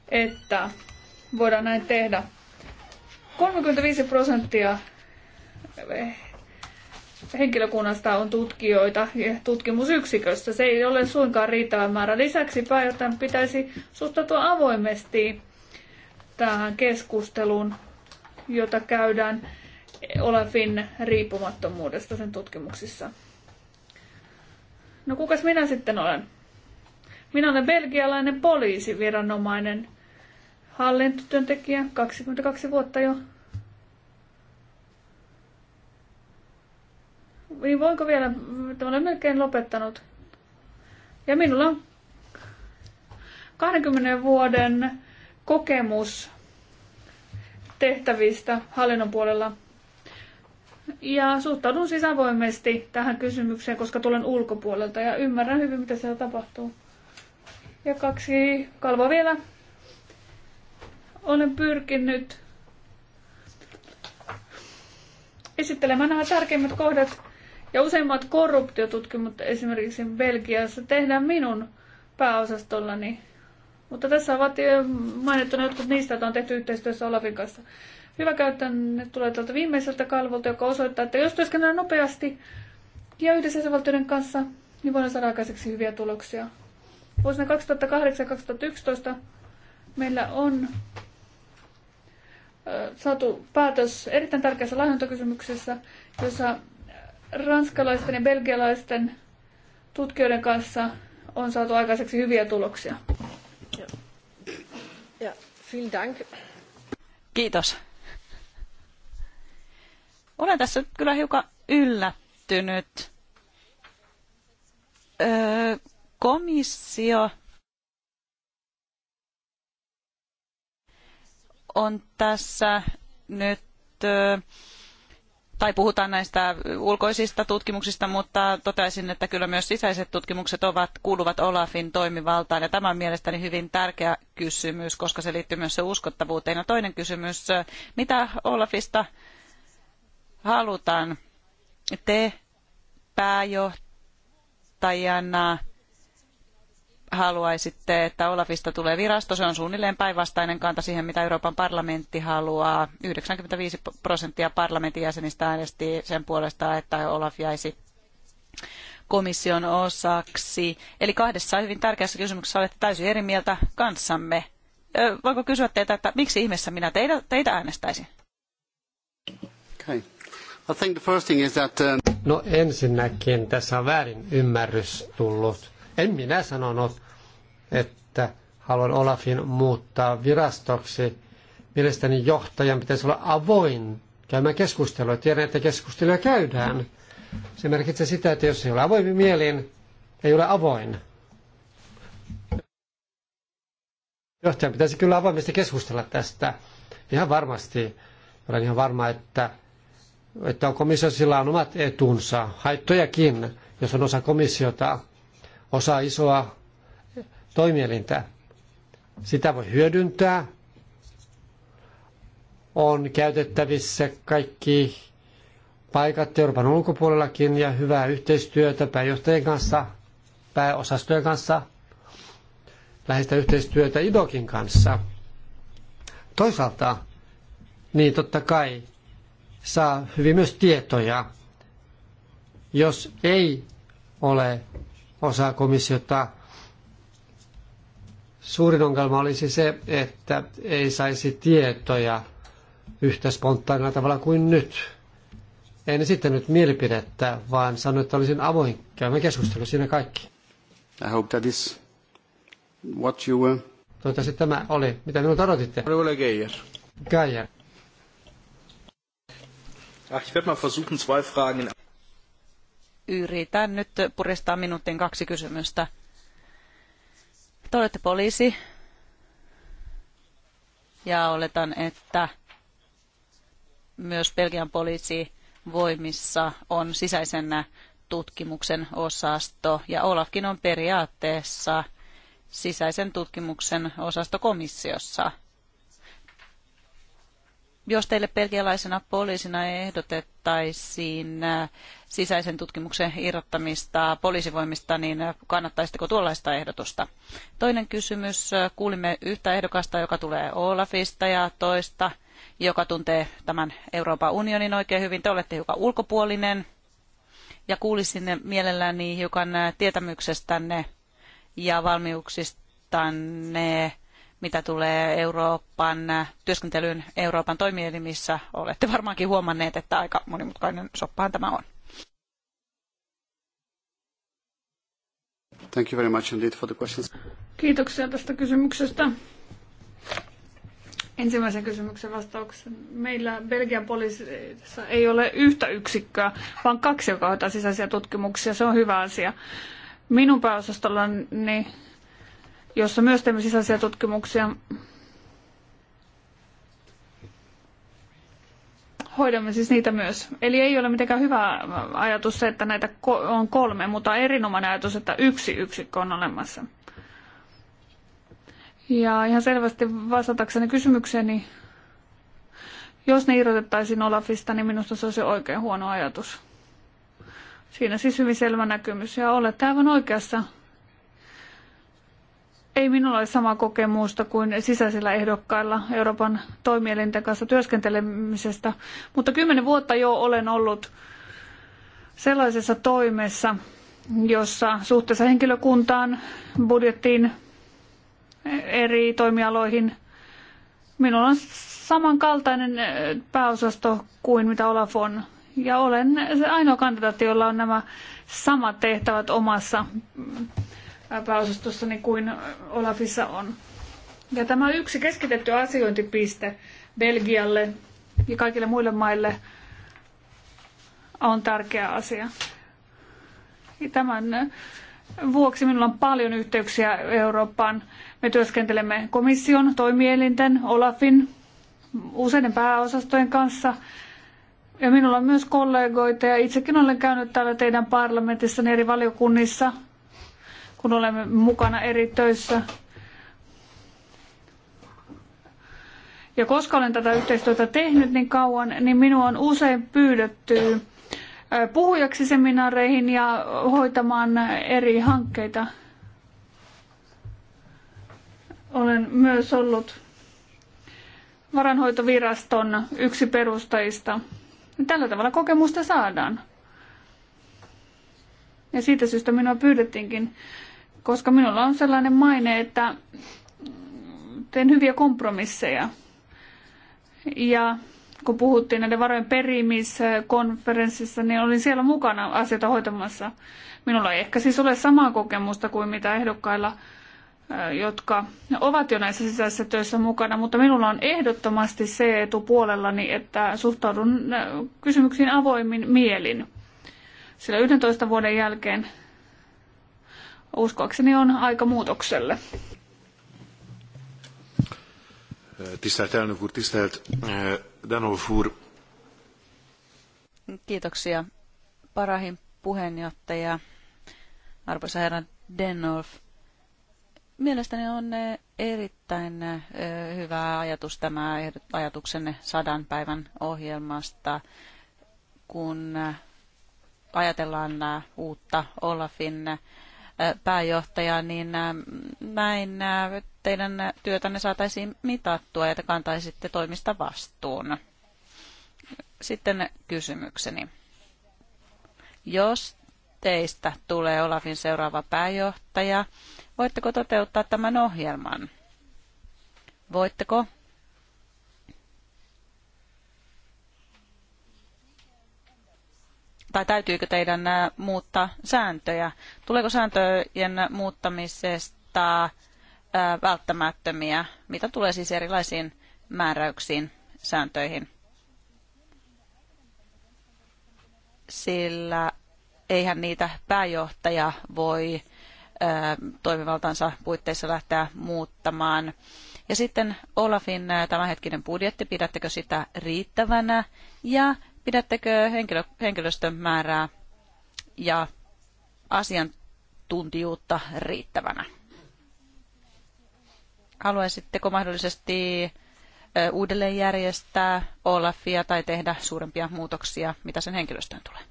että voidaan näin tehdä. 35 prosenttia eh, henkilökunnasta on tutkijoita ja tutkimusyksikössä. Se ei ole suinkaan riittävä määrä. Lisäksi pääjohtajan pitäisi suhtautua avoimesti tähän keskusteluun jota käydään Olafin riippumattomuudesta sen tutkimuksissa. No kukas minä sitten olen? Minä olen belgialainen poliisiviranomainen, hallintotyöntekijä, 22 vuotta jo. Niin voinko vielä, olen melkein lopettanut. Ja minulla on 20 vuoden kokemus tehtävistä hallinnon puolella. Ja suhtaudun sisävoimesti tähän kysymykseen, koska tulen ulkopuolelta ja ymmärrän hyvin, mitä siellä tapahtuu. Ja kaksi kalvoa vielä. Olen pyrkinyt esittelemään nämä tärkeimmät kohdat ja useimmat korruptiotutkimut esimerkiksi Belgiassa tehdään minun pääosastollani. Mutta tässä ovat mainittuna jotkut niistä, joita on tehty yhteistyössä Olavin kanssa. Hyvä käytänne tulee tältä viimeiseltä kalvolta, joka osoittaa, että jos työskennellään nopeasti ja yhdessä jäsenvaltioiden kanssa, niin voidaan saada aikaiseksi hyviä tuloksia. Vuosina 2008-2011 meillä on saatu päätös erittäin tärkeässä lahjontakysymyksessä, jossa ranskalaisten ja belgialaisten tutkijoiden kanssa on saatu aikaiseksi hyviä tuloksia. Kiitos. Olen tässä nyt kyllä hiukan yllättynyt. Öö, komissio on tässä nyt tai puhutaan näistä ulkoisista tutkimuksista, mutta toteaisin, että kyllä myös sisäiset tutkimukset ovat, kuuluvat Olafin toimivaltaan. Ja tämä on mielestäni hyvin tärkeä kysymys, koska se liittyy myös se uskottavuuteen. Ja toinen kysymys, mitä Olafista halutaan? Te pääjohtajana haluaisitte, että Olafista tulee virasto. Se on suunnilleen päinvastainen kanta siihen, mitä Euroopan parlamentti haluaa. 95 prosenttia parlamentin jäsenistä äänesti sen puolesta, että Olaf jäisi komission osaksi. Eli kahdessa hyvin tärkeässä kysymyksessä olette täysin eri mieltä kanssamme. Voinko kysyä teiltä, että miksi ihmeessä minä teitä, teitä äänestäisin? Okay. I think the first thing is that, um, No ensinnäkin tässä on väärin ymmärrys tullut en minä sanonut, että haluan Olafin muuttaa virastoksi. Mielestäni johtajan pitäisi olla avoin käymään keskustelua. Tiedän, että keskustelua käydään. Se merkitsee sitä, että jos ei ole avoin mielin, ei ole avoin. Johtajan pitäisi kyllä avoimesti keskustella tästä. Ihan varmasti. Olen ihan varma, että, että on komissio, sillä on omat etunsa, haittojakin, jos on osa komissiota osa isoa toimielintä. Sitä voi hyödyntää. On käytettävissä kaikki paikat Euroopan ulkopuolellakin ja hyvää yhteistyötä pääjohtajien kanssa, pääosastojen kanssa, läheistä yhteistyötä IDOKin kanssa. Toisaalta, niin totta kai saa hyvin myös tietoja, jos ei ole osa komissiota. Suurin ongelma olisi se, että ei saisi tietoja yhtä spontaanilla tavalla kuin nyt. En esittänyt mielipidettä, vaan sanoin, että olisin avoin käymään keskustelu siinä kaikki. I hope that is what you were. Toivottavasti tämä oli, mitä minulta odotitte. Ole Geier. Geier. Ach, ich werde mal versuchen, zwei Fragen. Yritän nyt puristaa minuutin kaksi kysymystä. Te olette poliisi ja oletan, että myös Belgian poliisivoimissa on sisäisen tutkimuksen osasto ja Olafkin on periaatteessa sisäisen tutkimuksen osasto komissiossa jos teille pelkialaisena poliisina ehdotettaisiin äh, sisäisen tutkimuksen irrottamista poliisivoimista, niin äh, kannattaisitteko tuollaista ehdotusta? Toinen kysymys. Äh, kuulimme yhtä ehdokasta, joka tulee Olafista ja toista, joka tuntee tämän Euroopan unionin oikein hyvin. Te olette hiukan ulkopuolinen ja kuulisin mielelläni hiukan tietämyksestänne ja valmiuksistanne mitä tulee Euroopan työskentelyyn Euroopan toimielimissä. Olette varmaankin huomanneet, että aika monimutkainen soppahan tämä on. Thank you very much indeed for the questions. Kiitoksia tästä kysymyksestä. Ensimmäisen kysymyksen vastauksen. Meillä Belgian poliisissa ei ole yhtä yksikköä, vaan kaksi, joka hoitaa sisäisiä tutkimuksia. Se on hyvä asia. Minun pääosastollani jossa myös teemme sisäisiä tutkimuksia. Hoidamme siis niitä myös. Eli ei ole mitenkään hyvä ajatus se, että näitä on kolme, mutta on erinomainen ajatus, että yksi yksikkö on olemassa. Ja ihan selvästi vastatakseni kysymykseeni, jos ne irrotettaisiin Olafista, niin minusta se olisi oikein huono ajatus. Siinä siis hyvin selvä näkymys ja olet aivan oikeassa. Ei minulla ole samaa kokemusta kuin sisäisillä ehdokkailla Euroopan toimielinten kanssa työskentelemisestä, mutta kymmenen vuotta jo olen ollut sellaisessa toimessa, jossa suhteessa henkilökuntaan, budjettiin, eri toimialoihin, minulla on samankaltainen eh, pääosasto kuin mitä Olaf on. Ja olen ainoa kandidaatti, jolla on nämä samat tehtävät omassa niin kuin Olafissa on. Ja tämä on yksi keskitetty asiointipiste Belgialle ja kaikille muille maille on tärkeä asia. Ja tämän vuoksi minulla on paljon yhteyksiä Eurooppaan. Me työskentelemme komission, toimielinten, Olafin, useiden pääosastojen kanssa. Ja minulla on myös kollegoita ja itsekin olen käynyt täällä teidän parlamentissa eri valiokunnissa – kun olemme mukana eri töissä. Ja koska olen tätä yhteistyötä tehnyt niin kauan, niin minua on usein pyydetty puhujaksi seminaareihin ja hoitamaan eri hankkeita. Olen myös ollut varanhoitoviraston yksi perustajista. Tällä tavalla kokemusta saadaan. Ja siitä syystä minua pyydettiinkin koska minulla on sellainen maine, että teen hyviä kompromisseja. Ja kun puhuttiin näiden varojen perimiskonferenssissa, niin olin siellä mukana asioita hoitamassa. Minulla ei ehkä siis ole samaa kokemusta kuin mitä ehdokkailla, jotka ovat jo näissä sisäisissä töissä mukana, mutta minulla on ehdottomasti se puolellani, että suhtaudun kysymyksiin avoimin mielin. Sillä 11 vuoden jälkeen uskoakseni on aika muutokselle. Tisztelt elnök úr, tisztelt eh, Danov úr. Kiitoksia Parahin puheenjohtaja, arvoisa herra Denolf. Mielestäni on eh, erittäin eh, hyvä ajatus tämä ajatuksenne sadan päivän ohjelmasta, kun ajatellaan uutta Olafin pääjohtaja, niin näin teidän työtänne saataisiin mitattua ja te kantaisitte toimista vastuun. Sitten kysymykseni. Jos teistä tulee Olafin seuraava pääjohtaja, voitteko toteuttaa tämän ohjelman? Voitteko tai täytyykö teidän muuttaa sääntöjä? Tuleeko sääntöjen muuttamisesta välttämättömiä, mitä tulee siis erilaisiin määräyksiin, sääntöihin? Sillä eihän niitä pääjohtaja voi toimivaltansa puitteissa lähteä muuttamaan. Ja sitten Olafin tämänhetkinen budjetti, pidättekö sitä riittävänä? Ja Pidättekö henkilö, henkilöstön määrää ja asiantuntijuutta riittävänä? Haluaisitteko mahdollisesti uudelleen järjestää Olafia tai tehdä suurempia muutoksia, mitä sen henkilöstöön tulee?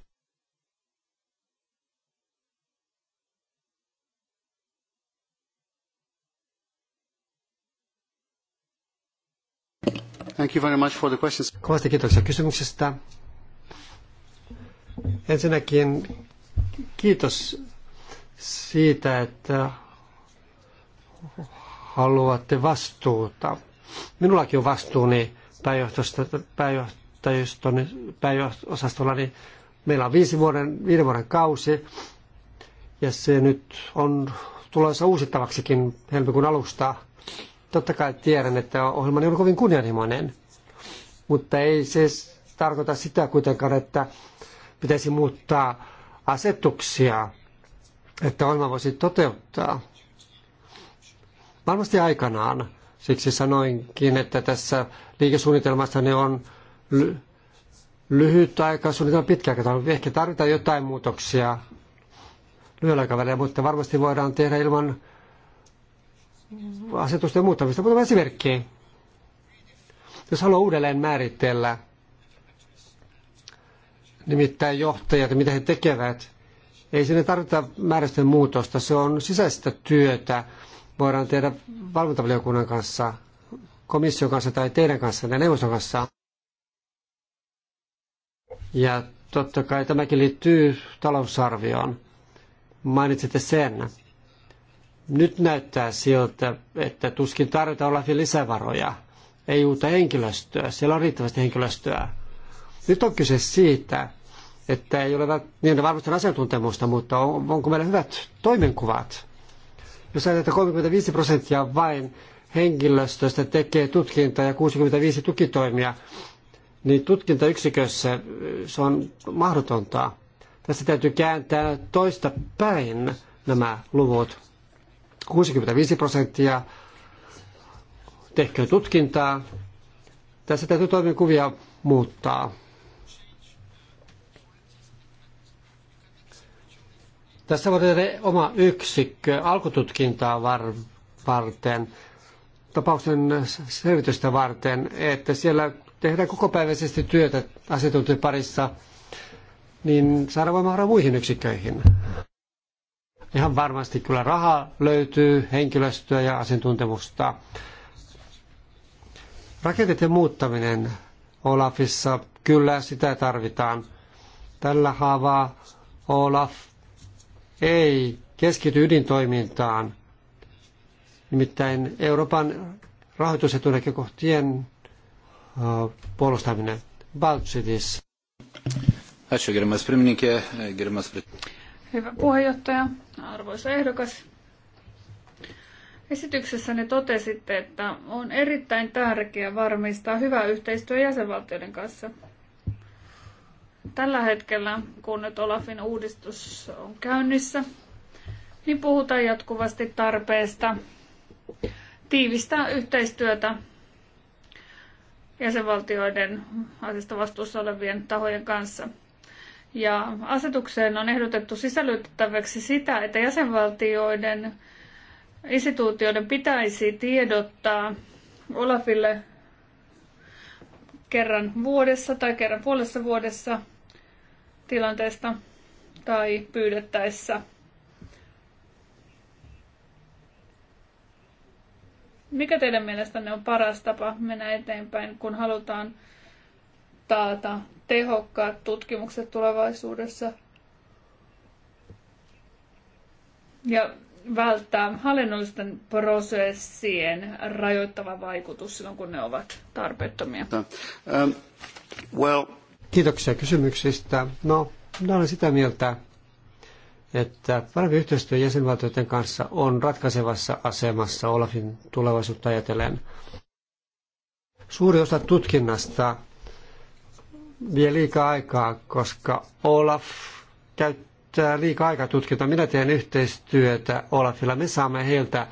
Thank you very much for the questions. Kovasti kiitoksia kysymyksestä. Ensinnäkin kiitos siitä, että haluatte vastuuta. Minullakin on vastuuni pääjohtajuusosastolla, niin meillä on viisi vuoden, viiden vuoden kausi, ja se nyt on tulossa uusittavaksikin helmikuun alusta. Totta kai tiedän, että ohjelma on kovin kunnianhimoinen, mutta ei se tarkoita sitä kuitenkaan, että pitäisi muuttaa asetuksia, että ohjelma voisi toteuttaa. Varmasti aikanaan, siksi sanoinkin, että tässä liikesuunnitelmassa ne on ly- lyhyt aika, suunnitelma pitkä aika. Ehkä tarvitaan jotain muutoksia lyhyellä aikavälillä, mutta varmasti voidaan tehdä ilman asetusten muuttamista. Mutta esimerkki. Jos haluaa uudelleen määritellä nimittäin johtajat ja mitä he tekevät. Ei sinne tarvita määräisten muutosta, se on sisäistä työtä. Voidaan tehdä valvontavaliokunnan kanssa, komission kanssa tai teidän kanssa tai neuvoston kanssa. Ja totta kai tämäkin liittyy talousarvioon. Mainitsitte sen. Nyt näyttää siltä, että tuskin tarvitaan Olafin lisävaroja. Ei uutta henkilöstöä. Siellä on riittävästi henkilöstöä. Nyt on kyse siitä, että ei ole niin varmasti asiantuntemusta, mutta on, onko meillä hyvät toimenkuvat? Jos ajatellaan, että 35 prosenttia vain henkilöstöstä tekee tutkintaa ja 65 tukitoimia, niin tutkintayksikössä se on mahdotonta. Tässä täytyy kääntää toista päin nämä luvut. 65 prosenttia tehköön tutkintaa. Tässä täytyy toimenkuvia muuttaa. Tässä voidaan tehdä oma yksikkö alkututkintaa varten, tapauksen selvitystä varten, että siellä tehdään kokopäiväisesti työtä asiantuntijan parissa, niin saada voimaa muihin yksikköihin. Ihan varmasti kyllä raha löytyy, henkilöstöä ja asiantuntemusta. Rakenteiden muuttaminen Olafissa, kyllä sitä tarvitaan. Tällä haavaa Olaf ei keskity ydintoimintaan, nimittäin Euroopan rahoitusetunäkökohtien puolustaminen. Baltsidis. Hyvä puheenjohtaja, arvoisa ehdokas. Esityksessäni totesitte, että on erittäin tärkeää varmistaa hyvä yhteistyö jäsenvaltioiden kanssa – Tällä hetkellä, kun nyt Olafin uudistus on käynnissä, niin puhutaan jatkuvasti tarpeesta tiivistää yhteistyötä jäsenvaltioiden asiasta vastuussa olevien tahojen kanssa. Ja asetukseen on ehdotettu sisällytettäväksi sitä, että jäsenvaltioiden instituutioiden pitäisi tiedottaa Olafille kerran vuodessa tai kerran puolessa vuodessa tilanteesta tai pyydettäessä. Mikä teidän mielestänne on paras tapa mennä eteenpäin, kun halutaan taata tehokkaat tutkimukset tulevaisuudessa ja välttää hallinnollisten prosessien rajoittava vaikutus silloin, kun ne ovat tarpeettomia? well, Kiitoksia kysymyksistä. No, minä olen sitä mieltä, että parempi yhteistyö jäsenvaltioiden kanssa on ratkaisevassa asemassa Olafin tulevaisuutta ajatellen. Suuri osa tutkinnasta vie liikaa aikaa, koska Olaf käyttää liikaa aikaa tutkinta. Minä teen yhteistyötä Olafilla. Me saamme heiltä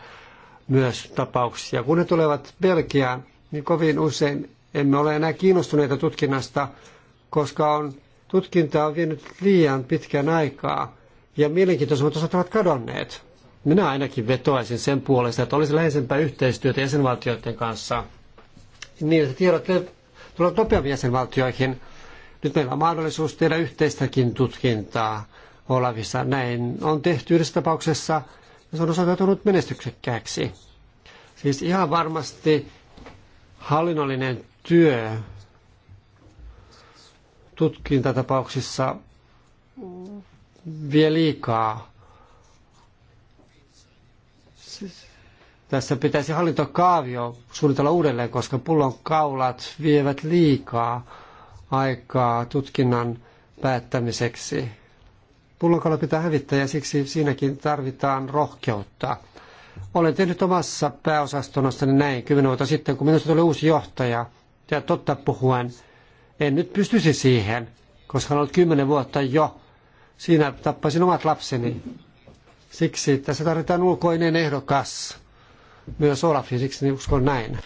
myös tapauksia. Kun ne tulevat Belgiaan, niin kovin usein emme ole enää kiinnostuneita tutkinnasta, koska on, tutkinta on vienyt liian pitkän aikaa ja osat ovat kadonneet. Minä ainakin vetoaisin sen puolesta, että olisi läheisempää yhteistyötä jäsenvaltioiden kanssa niin, että tiedot tulevat nopeammin jäsenvaltioihin. Nyt meillä on mahdollisuus tehdä yhteistäkin tutkintaa Olavissa. Näin on tehty yhdessä tapauksessa ja se on osoitettu menestyksekkääksi. Siis ihan varmasti hallinnollinen työ tutkintatapauksissa vie liikaa. tässä pitäisi hallintokaavio suunnitella uudelleen, koska pullon kaulat vievät liikaa aikaa tutkinnan päättämiseksi. Pullonkaula pitää hävittää ja siksi siinäkin tarvitaan rohkeutta. Olen tehnyt omassa pääosastonossani näin kymmenen vuotta sitten, kun minusta tuli uusi johtaja. Ja totta puhuen, en nyt pystyisi siihen, koska olen ollut kymmenen vuotta jo. Siinä tappasin omat lapseni. Siksi tässä tarvitaan ulkoinen ehdokas. Myös Olafin, siksi niin uskon näin.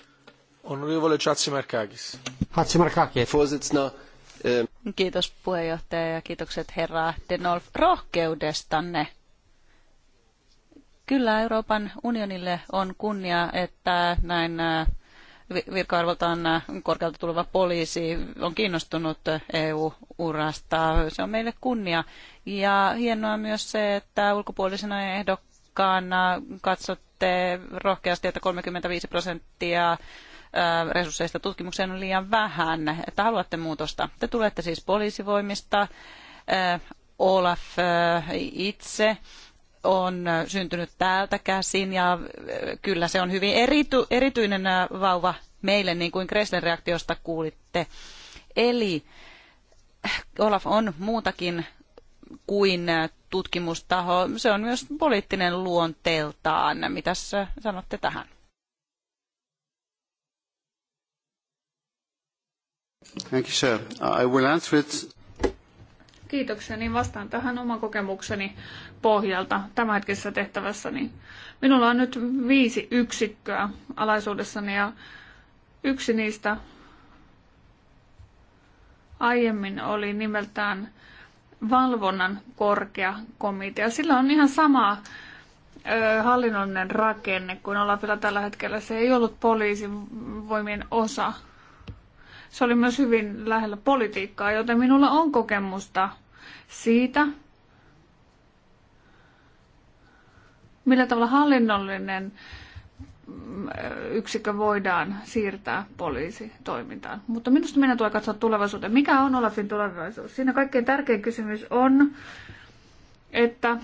Honorable Chatsimarkakis. Chatsimarkakis. Eh, Kiitos puheenjohtaja ja kiitokset herra Denolf rohkeudestanne. Kyllä Euroopan unionille on kunnia, että näin eh, virka-arvoltaan äh, korkealta tuleva poliisi on kiinnostunut äh, EU-urasta. Se on meille kunnia. Ja hienoa myös se, että ulkopuolisena ehdokkaana katsotte rohkeasti, että 35 prosenttia äh, resursseista tutkimukseen on liian vähän, että haluatte muutosta. Te tulette siis poliisivoimista, Olaf itse on syntynyt täältä käsin ja äh, kyllä se on hyvin erity, erityinen äh, vauva meille, niin kuin Kreslen reaktiosta kuulitte. Eli äh, Olaf on muutakin kuin tutkimustaho, se on myös poliittinen luonteeltaan. Mitä sanotte tähän? Thank you, sir. I will answer it. Kiitoksia, niin vastaan tähän oman kokemukseni pohjalta tämänhetkisessä tehtävässäni. Minulla on nyt viisi yksikköä alaisuudessani ja yksi niistä aiemmin oli nimeltään valvonnan korkea komitea. Sillä on ihan sama ö, hallinnollinen rakenne kuin vielä tällä hetkellä. Se ei ollut poliisin voimien osa. Se oli myös hyvin lähellä politiikkaa, joten minulla on kokemusta siitä, millä tavalla hallinnollinen mm, yksikkö voidaan siirtää poliisitoimintaan. Mutta minusta meidän tulee katsoa tulevaisuuteen. Mikä on Olafin tulevaisuus? Siinä kaikkein tärkein kysymys on, että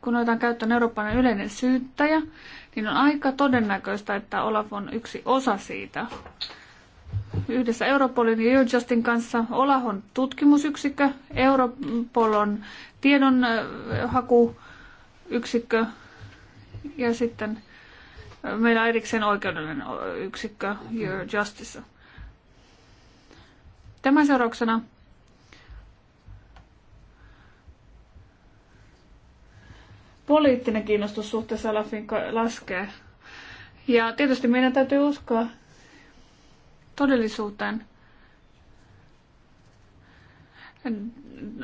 kun otetaan käyttöön Euroopan yleinen syyttäjä, niin on aika todennäköistä, että Olaf on yksi osa siitä yhdessä Europolin ja Eurojustin kanssa. Olahon tutkimusyksikkö, Europolon tiedonhakuyksikkö ja sitten meillä erikseen oikeudellinen yksikkö Eurojustissa. Tämän seurauksena poliittinen kiinnostus suhteessa Alafiin laskee. Ja tietysti meidän täytyy uskoa todellisuuteen.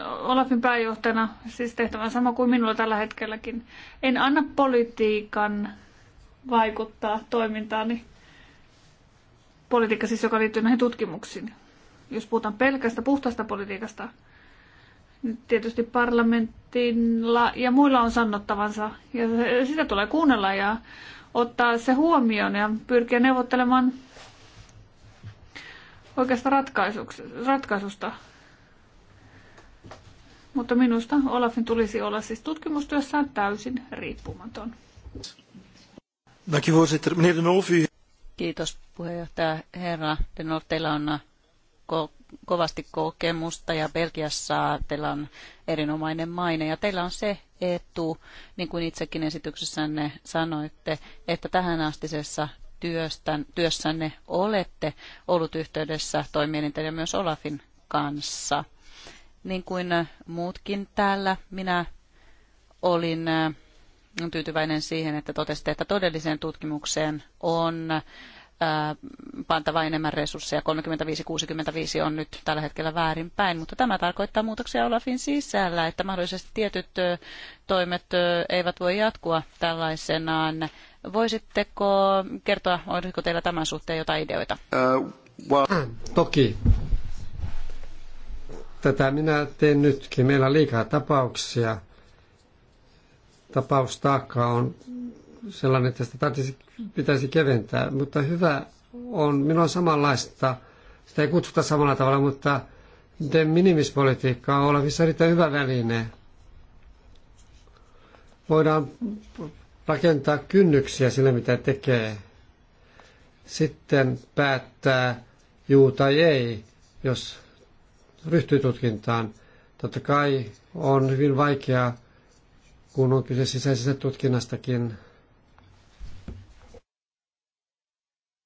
Olafin pääjohtajana, siis tehtävä sama kuin minulla tällä hetkelläkin. En anna politiikan vaikuttaa toimintaani. Politiikka siis, joka liittyy näihin tutkimuksiin. Jos puhutaan pelkästä puhtaasta politiikasta, niin tietysti parlamentilla ja muilla on sanottavansa. Ja sitä tulee kuunnella ja ottaa se huomioon ja pyrkiä neuvottelemaan oikeasta ratkaisusta. Mutta minusta Olafin tulisi olla siis tutkimustyössään täysin riippumaton. Kiitos puheenjohtaja herra De teillä on ko- kovasti kokemusta ja Belgiassa teillä on erinomainen maine ja teillä on se etu, niin kuin itsekin esityksessänne sanoitte, että tähän astisessa työstän, työssänne olette ollut yhteydessä toimielinten ja myös Olafin kanssa. Niin kuin muutkin täällä, minä olin äh, tyytyväinen siihen, että totesitte, että todelliseen tutkimukseen on pantava enemmän resursseja. 35-65 on nyt tällä hetkellä väärinpäin, mutta tämä tarkoittaa muutoksia Olafin sisällä, että mahdollisesti tietyt toimet eivät voi jatkua tällaisenaan. Voisitteko kertoa, olisiko teillä tämän suhteen jotain ideoita? Uh, well... Äh, toki. Tätä minä teen nytkin. Meillä on liikaa tapauksia. Tapaustaakka on sellainen, että sitä tarvitsisi, pitäisi keventää, mutta hyvä on, minulla on samanlaista, sitä ei kutsuta samalla tavalla, mutta de minimispolitiikka on olevissa erittäin hyvä väline. Voidaan rakentaa kynnyksiä sille, mitä tekee. Sitten päättää juu tai ei, jos ryhtyy tutkintaan. Totta kai on hyvin vaikeaa, kun on kyse sisäisestä tutkinnastakin,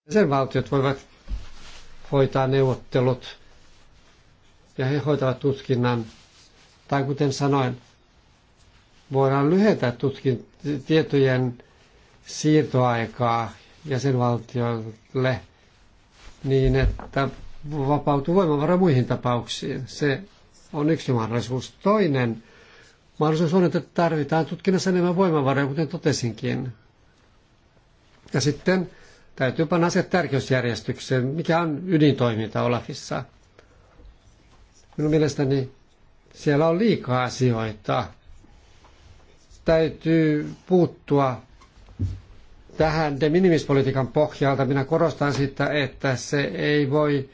Jäsenvaltiot voivat hoitaa neuvottelut ja he hoitavat tutkinnan. Tai kuten sanoin, voidaan lyhentää tutkin, tietojen siirtoaikaa jäsenvaltioille niin, että vapautuu voimavara muihin tapauksiin. Se on yksi mahdollisuus. Toinen mahdollisuus on, että tarvitaan tutkinnassa enemmän voimavaroja, kuten totesinkin. Ja sitten Täytyy panna asiat tärkeysjärjestykseen, mikä on ydintoiminta Olafissa. Minun mielestäni siellä on liikaa asioita. Täytyy puuttua tähän de minimispolitiikan pohjalta. Minä korostan sitä, että se ei voi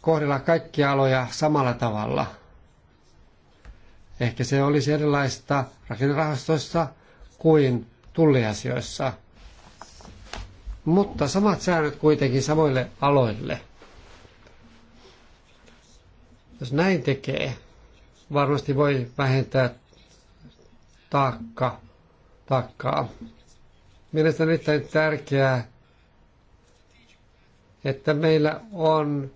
kohdella kaikkia aloja samalla tavalla. Ehkä se olisi erilaista rakennerahastoissa kuin tulliasioissa – mutta samat säännöt kuitenkin samoille aloille. Jos näin tekee, varmasti voi vähentää taakka, taakkaa. Mielestäni on erittäin tärkeää, että meillä on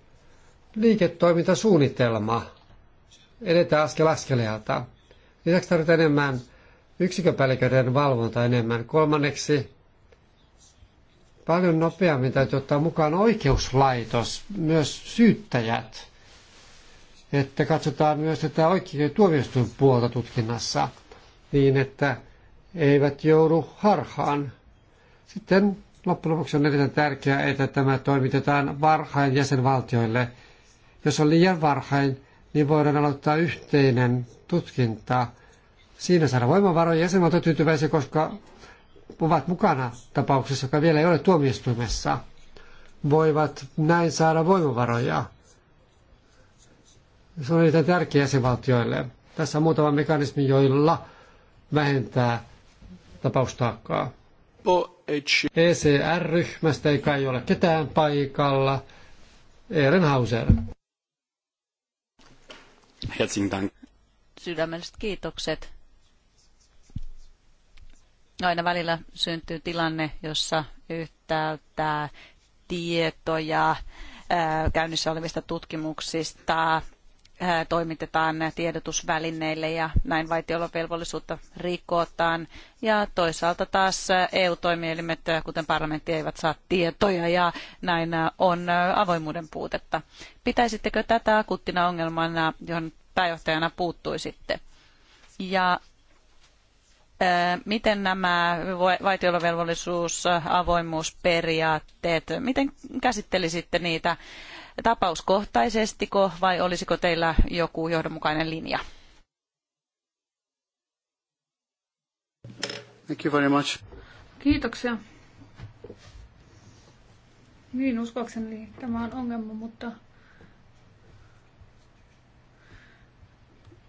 liiketoimintasuunnitelma. Edetään askel askeleelta. Lisäksi tarvitaan enemmän yksiköpäälliköiden valvonta enemmän. Kolmanneksi Paljon nopeammin täytyy ottaa mukaan oikeuslaitos, myös syyttäjät, että katsotaan myös tätä oikeuden tuomioistuin puolta tutkinnassa niin, että eivät joudu harhaan. Sitten loppujen lopuksi on erittäin tärkeää, että tämä toimitetaan varhain jäsenvaltioille. Jos on liian varhain, niin voidaan aloittaa yhteinen tutkinta. Siinä saadaan voimavaroja jäsenvaltio tyytyväisiä, koska ovat mukana tapauksessa, joka vielä ei ole tuomioistuimessa, voivat näin saada voimavaroja. Se on erittäin tärkeä jäsenvaltioille. Tässä on muutama mekanismi, joilla vähentää tapaustaakkaa. ECR-ryhmästä ei kai ole ketään paikalla. Ehrenhauser. Herzlichen Dank. Sydämelliset kiitokset aina välillä syntyy tilanne, jossa yhtäältä tietoja käynnissä olevista tutkimuksista toimitetaan tiedotusvälineille ja näin vaitiolovelvollisuutta rikotaan. Ja toisaalta taas EU-toimielimet, kuten parlamentti, eivät saa tietoja ja näin on avoimuuden puutetta. Pitäisittekö tätä akuuttina ongelmana, johon pääjohtajana puuttuisitte? Ja miten nämä vaitiolovelvollisuus, avoimuusperiaatteet, miten käsittelisitte niitä tapauskohtaisestiko vai olisiko teillä joku johdonmukainen linja? Thank you very much. Kiitoksia. Niin, uskoakseni tämä on ongelma, mutta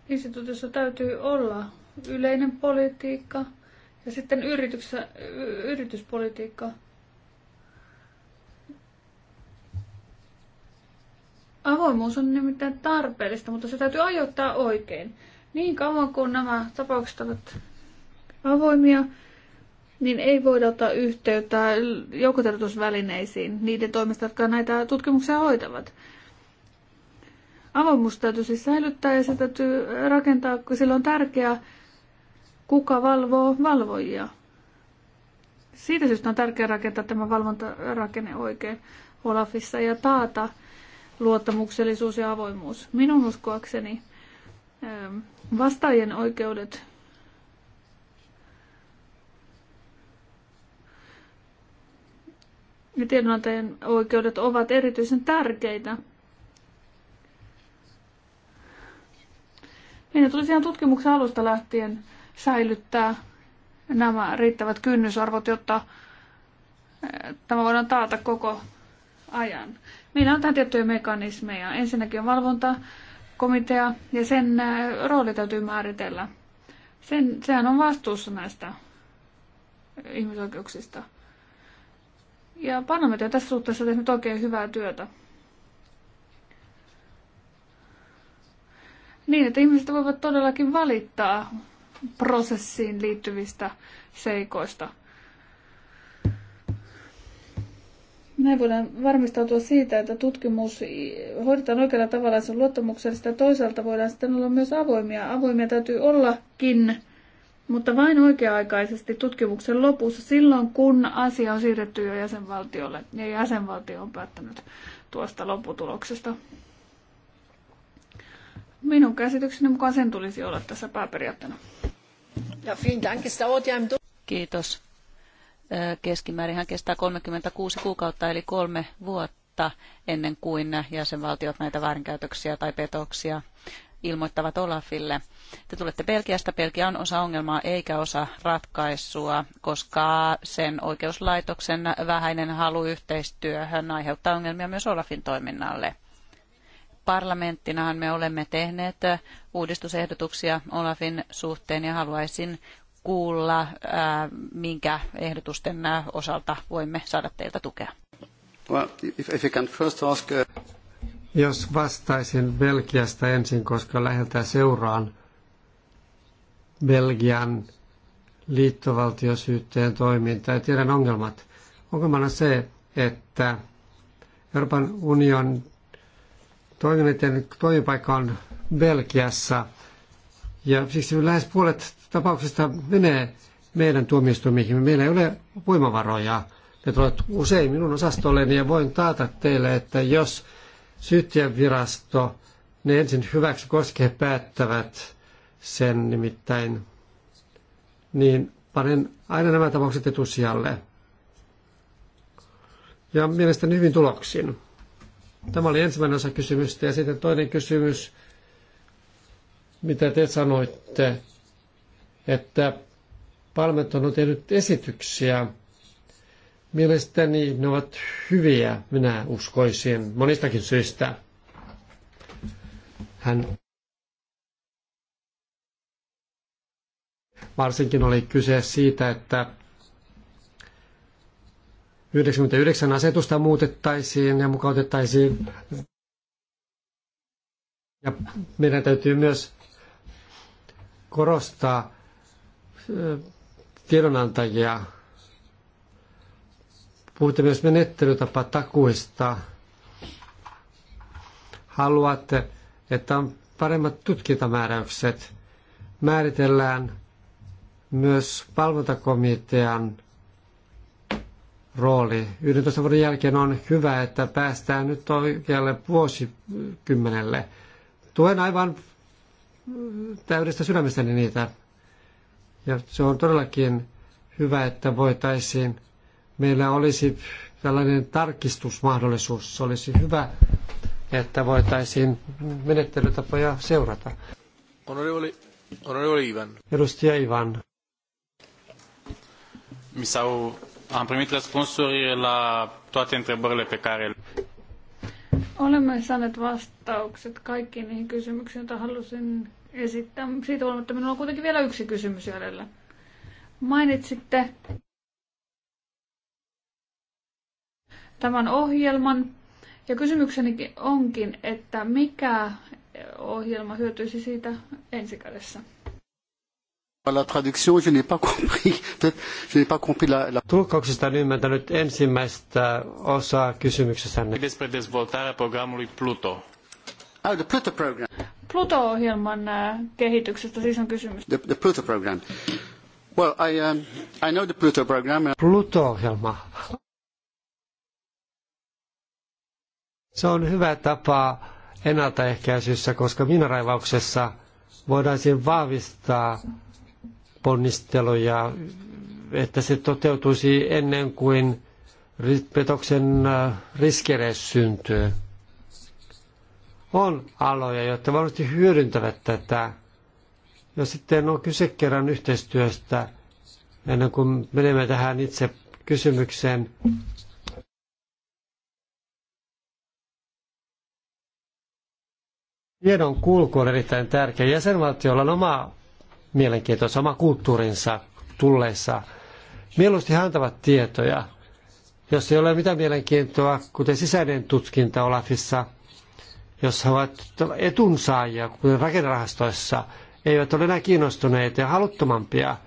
instituutiossa täytyy olla yleinen politiikka ja sitten yrityksessä, yrityspolitiikka. Avoimuus on nimittäin tarpeellista, mutta se täytyy ajoittaa oikein. Niin kauan kuin nämä tapaukset ovat avoimia, niin ei voida ottaa yhteyttä joukkoterveysvälineisiin niiden toimesta, jotka näitä tutkimuksia hoitavat. Avoimuus täytyy siis säilyttää ja se täytyy rakentaa, kun sillä on tärkeää kuka valvoo valvojia. Siitä syystä on tärkeää rakentaa tämä valvontarakenne oikein Olafissa ja taata luottamuksellisuus ja avoimuus. Minun uskoakseni ähm, vastaajien oikeudet ja tiedonantajien oikeudet ovat erityisen tärkeitä. Meidän tulisi ihan tutkimuksen alusta lähtien säilyttää nämä riittävät kynnysarvot, jotta eh, tämä voidaan taata koko ajan. Meillä on tähän tiettyjä mekanismeja. Ensinnäkin on valvontakomitea ja sen eh, rooli täytyy määritellä. Sen, sehän on vastuussa näistä ihmisoikeuksista. Ja parlamentti on tässä suhteessa tehnyt oikein hyvää työtä. Niin, että ihmiset voivat todellakin valittaa prosessiin liittyvistä seikoista. Näin voidaan varmistautua siitä, että tutkimus hoidetaan oikealla tavalla, se on luottamuksellista toisaalta voidaan sitten olla myös avoimia. Avoimia täytyy ollakin, mutta vain oikea-aikaisesti tutkimuksen lopussa, silloin kun asia on siirretty jo jäsenvaltiolle ja jäsenvaltio on päättänyt tuosta lopputuloksesta. Minun käsitykseni mukaan sen tulisi olla tässä pääperiaatteena. Kiitos. Keskimäärinhän kestää 36 kuukautta eli kolme vuotta ennen kuin jäsenvaltiot näitä väärinkäytöksiä tai petoksia ilmoittavat Olafille. Te tulette Belgiasta. Belgia on osa ongelmaa eikä osa ratkaisua, koska sen oikeuslaitoksen vähäinen halu yhteistyöhön aiheuttaa ongelmia myös Olafin toiminnalle. Parlamenttinahan me olemme tehneet äh, uudistusehdotuksia Olafin suhteen ja haluaisin kuulla, äh, minkä ehdotusten äh, osalta voimme saada teiltä tukea. Well, if, if ask... Uh, Jos vastaisin Belgiasta ensin, koska läheltä seuraan Belgian liittovaltiosyytteen toimintaa ja tiedän ongelmat. Ongelmana se, että Euroopan unionin toimijoiden toimipaikka on Belgiassa. Ja siksi lähes puolet tapauksista menee meidän tuomioistuimiimme. Meillä ei ole voimavaroja. Ne tulevat usein minun osastolleni ja voin taata teille, että jos syyttäjävirasto ne ensin hyväksi koskee päättävät sen nimittäin, niin panen aina nämä tapaukset etusijalle. Ja mielestäni hyvin tuloksin. Tämä oli ensimmäinen osa kysymystä. Ja sitten toinen kysymys, mitä te sanoitte, että palmet on tehnyt esityksiä. Mielestäni ne ovat hyviä, minä uskoisin, monistakin syistä. Hän varsinkin oli kyse siitä, että 99 asetusta muutettaisiin ja mukautettaisiin. Ja meidän täytyy myös korostaa tiedonantajia. Puhutte myös menettelytapa takuista. Haluatte, että on paremmat tutkintamääräykset. Määritellään myös palvontakomitean rooli. 11 vuoden jälkeen on hyvä, että päästään nyt oikealle vuosikymmenelle. Tuen aivan täydestä sydämestäni niitä. Ja se on todellakin hyvä, että voitaisiin, meillä olisi tällainen tarkistusmahdollisuus. Se olisi hyvä, että voitaisiin menettelytapoja seurata. Honorevoli, honorevoli Ivan. Edustaja Ivan. Misau Am primit răspunsuri la toate întrebările pe care... Olemme saaneet vastaukset kaikkiin niihin kysymyksiin, joita halusin esittää. Siitä huolimatta minulla on kuitenkin vielä yksi kysymys jäljellä. Mainitsitte tämän ohjelman. Ja kysymykseni onkin, että mikä ohjelma hyötyisi siitä ensikädessä? La traduction, je n'ai pas compris. Je n'ai pas compris la, la... Tulkauksesta en ymmärtänyt ensimmäistä osaa kysymyksessänne. Despre dezvoltarea programului Pluto. Oh, the Pluto program. Pluto-ohjelman äh, kehityksestä siis on kysymys. The, the Pluto program. Well, I, um, I know the Pluto program. Pluto-ohjelma. Se on hyvä tapa ennaltaehkäisyssä, koska miinaraivauksessa voidaan vahvistaa ponnisteluja, että se toteutuisi ennen kuin petoksen äh, riskere syntyy. On aloja, jotka varmasti hyödyntävät tätä. Ja sitten on kyse kerran yhteistyöstä, ennen kuin menemme tähän itse kysymykseen. Tiedon kulku on erittäin tärkeä. Jäsenvaltiolla on oma mielenkiintoista oma kulttuurinsa tulleissa. Mieluusti he antavat tietoja. Jos ei ole mitään mielenkiintoa, kuten sisäinen tutkinta Olafissa, jos he ovat etunsaajia, kuten rakennerahastoissa, eivät ole enää kiinnostuneita ja haluttomampia,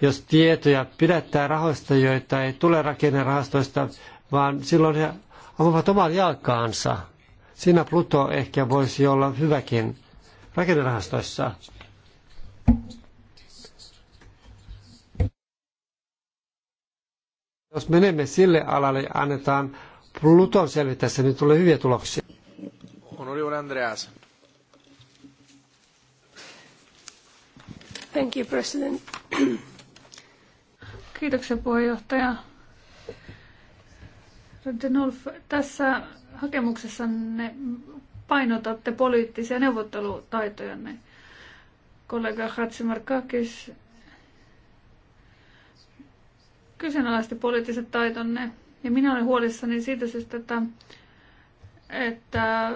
jos tietoja pidättää rahoista, joita ei tule rakennerahastoista, vaan silloin he ovat oman jalkaansa. Siinä Pluto ehkä voisi olla hyväkin rakennerahastoissa. Jos menemme sille alalle ja annetaan Pluton selvittäessä, niin tulee hyviä tuloksia. Honorable Andreas. Thank you, President. Kiitoksia puheenjohtaja. Denolf, tässä hakemuksessanne painotatte poliittisia neuvottelutaitojanne. Kollega Hatsimarkakis kyseenalaisti poliittiset taitonne. Ja minä olen huolissani siitä syystä, että, että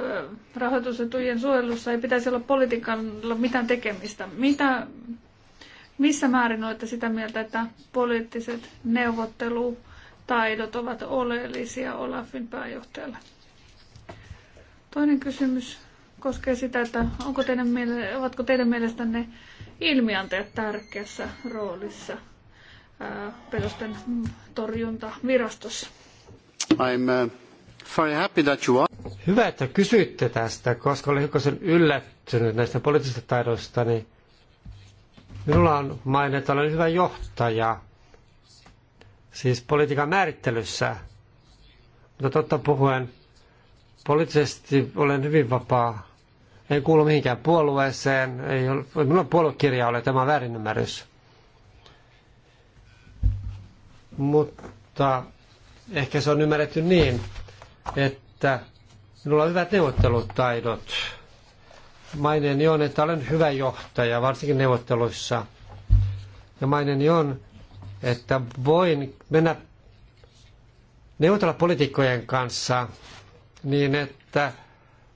rahoitusetujen suojelussa ei pitäisi olla politiikalla mitään tekemistä. Mitä, missä määrin olette sitä mieltä, että poliittiset neuvottelutaidot ovat oleellisia Olafin pääjohtajalle? Toinen kysymys koskee sitä, että onko teidän ovatko teidän mielestänne ilmiantajat tärkeässä roolissa – Äh, petosten torjunta virastossa. I'm äh, very happy that you are. Hyvä, että kysyitte tästä, koska olin hiukan yllättynyt näistä poliittisista taidoista, niin minulla on maine, että olen hyvä johtaja, siis politiikan määrittelyssä. Mutta totta puhuen, poliittisesti olen hyvin vapaa. En kuulu mihinkään puolueeseen, ei ole, minulla puoluekirja ole, tämä on väärinymmärrys mutta ehkä se on ymmärretty niin, että minulla on hyvät neuvottelutaidot. Maineeni on, että olen hyvä johtaja, varsinkin neuvotteluissa. Ja maineeni on, että voin mennä neuvotella poliitikkojen kanssa niin, että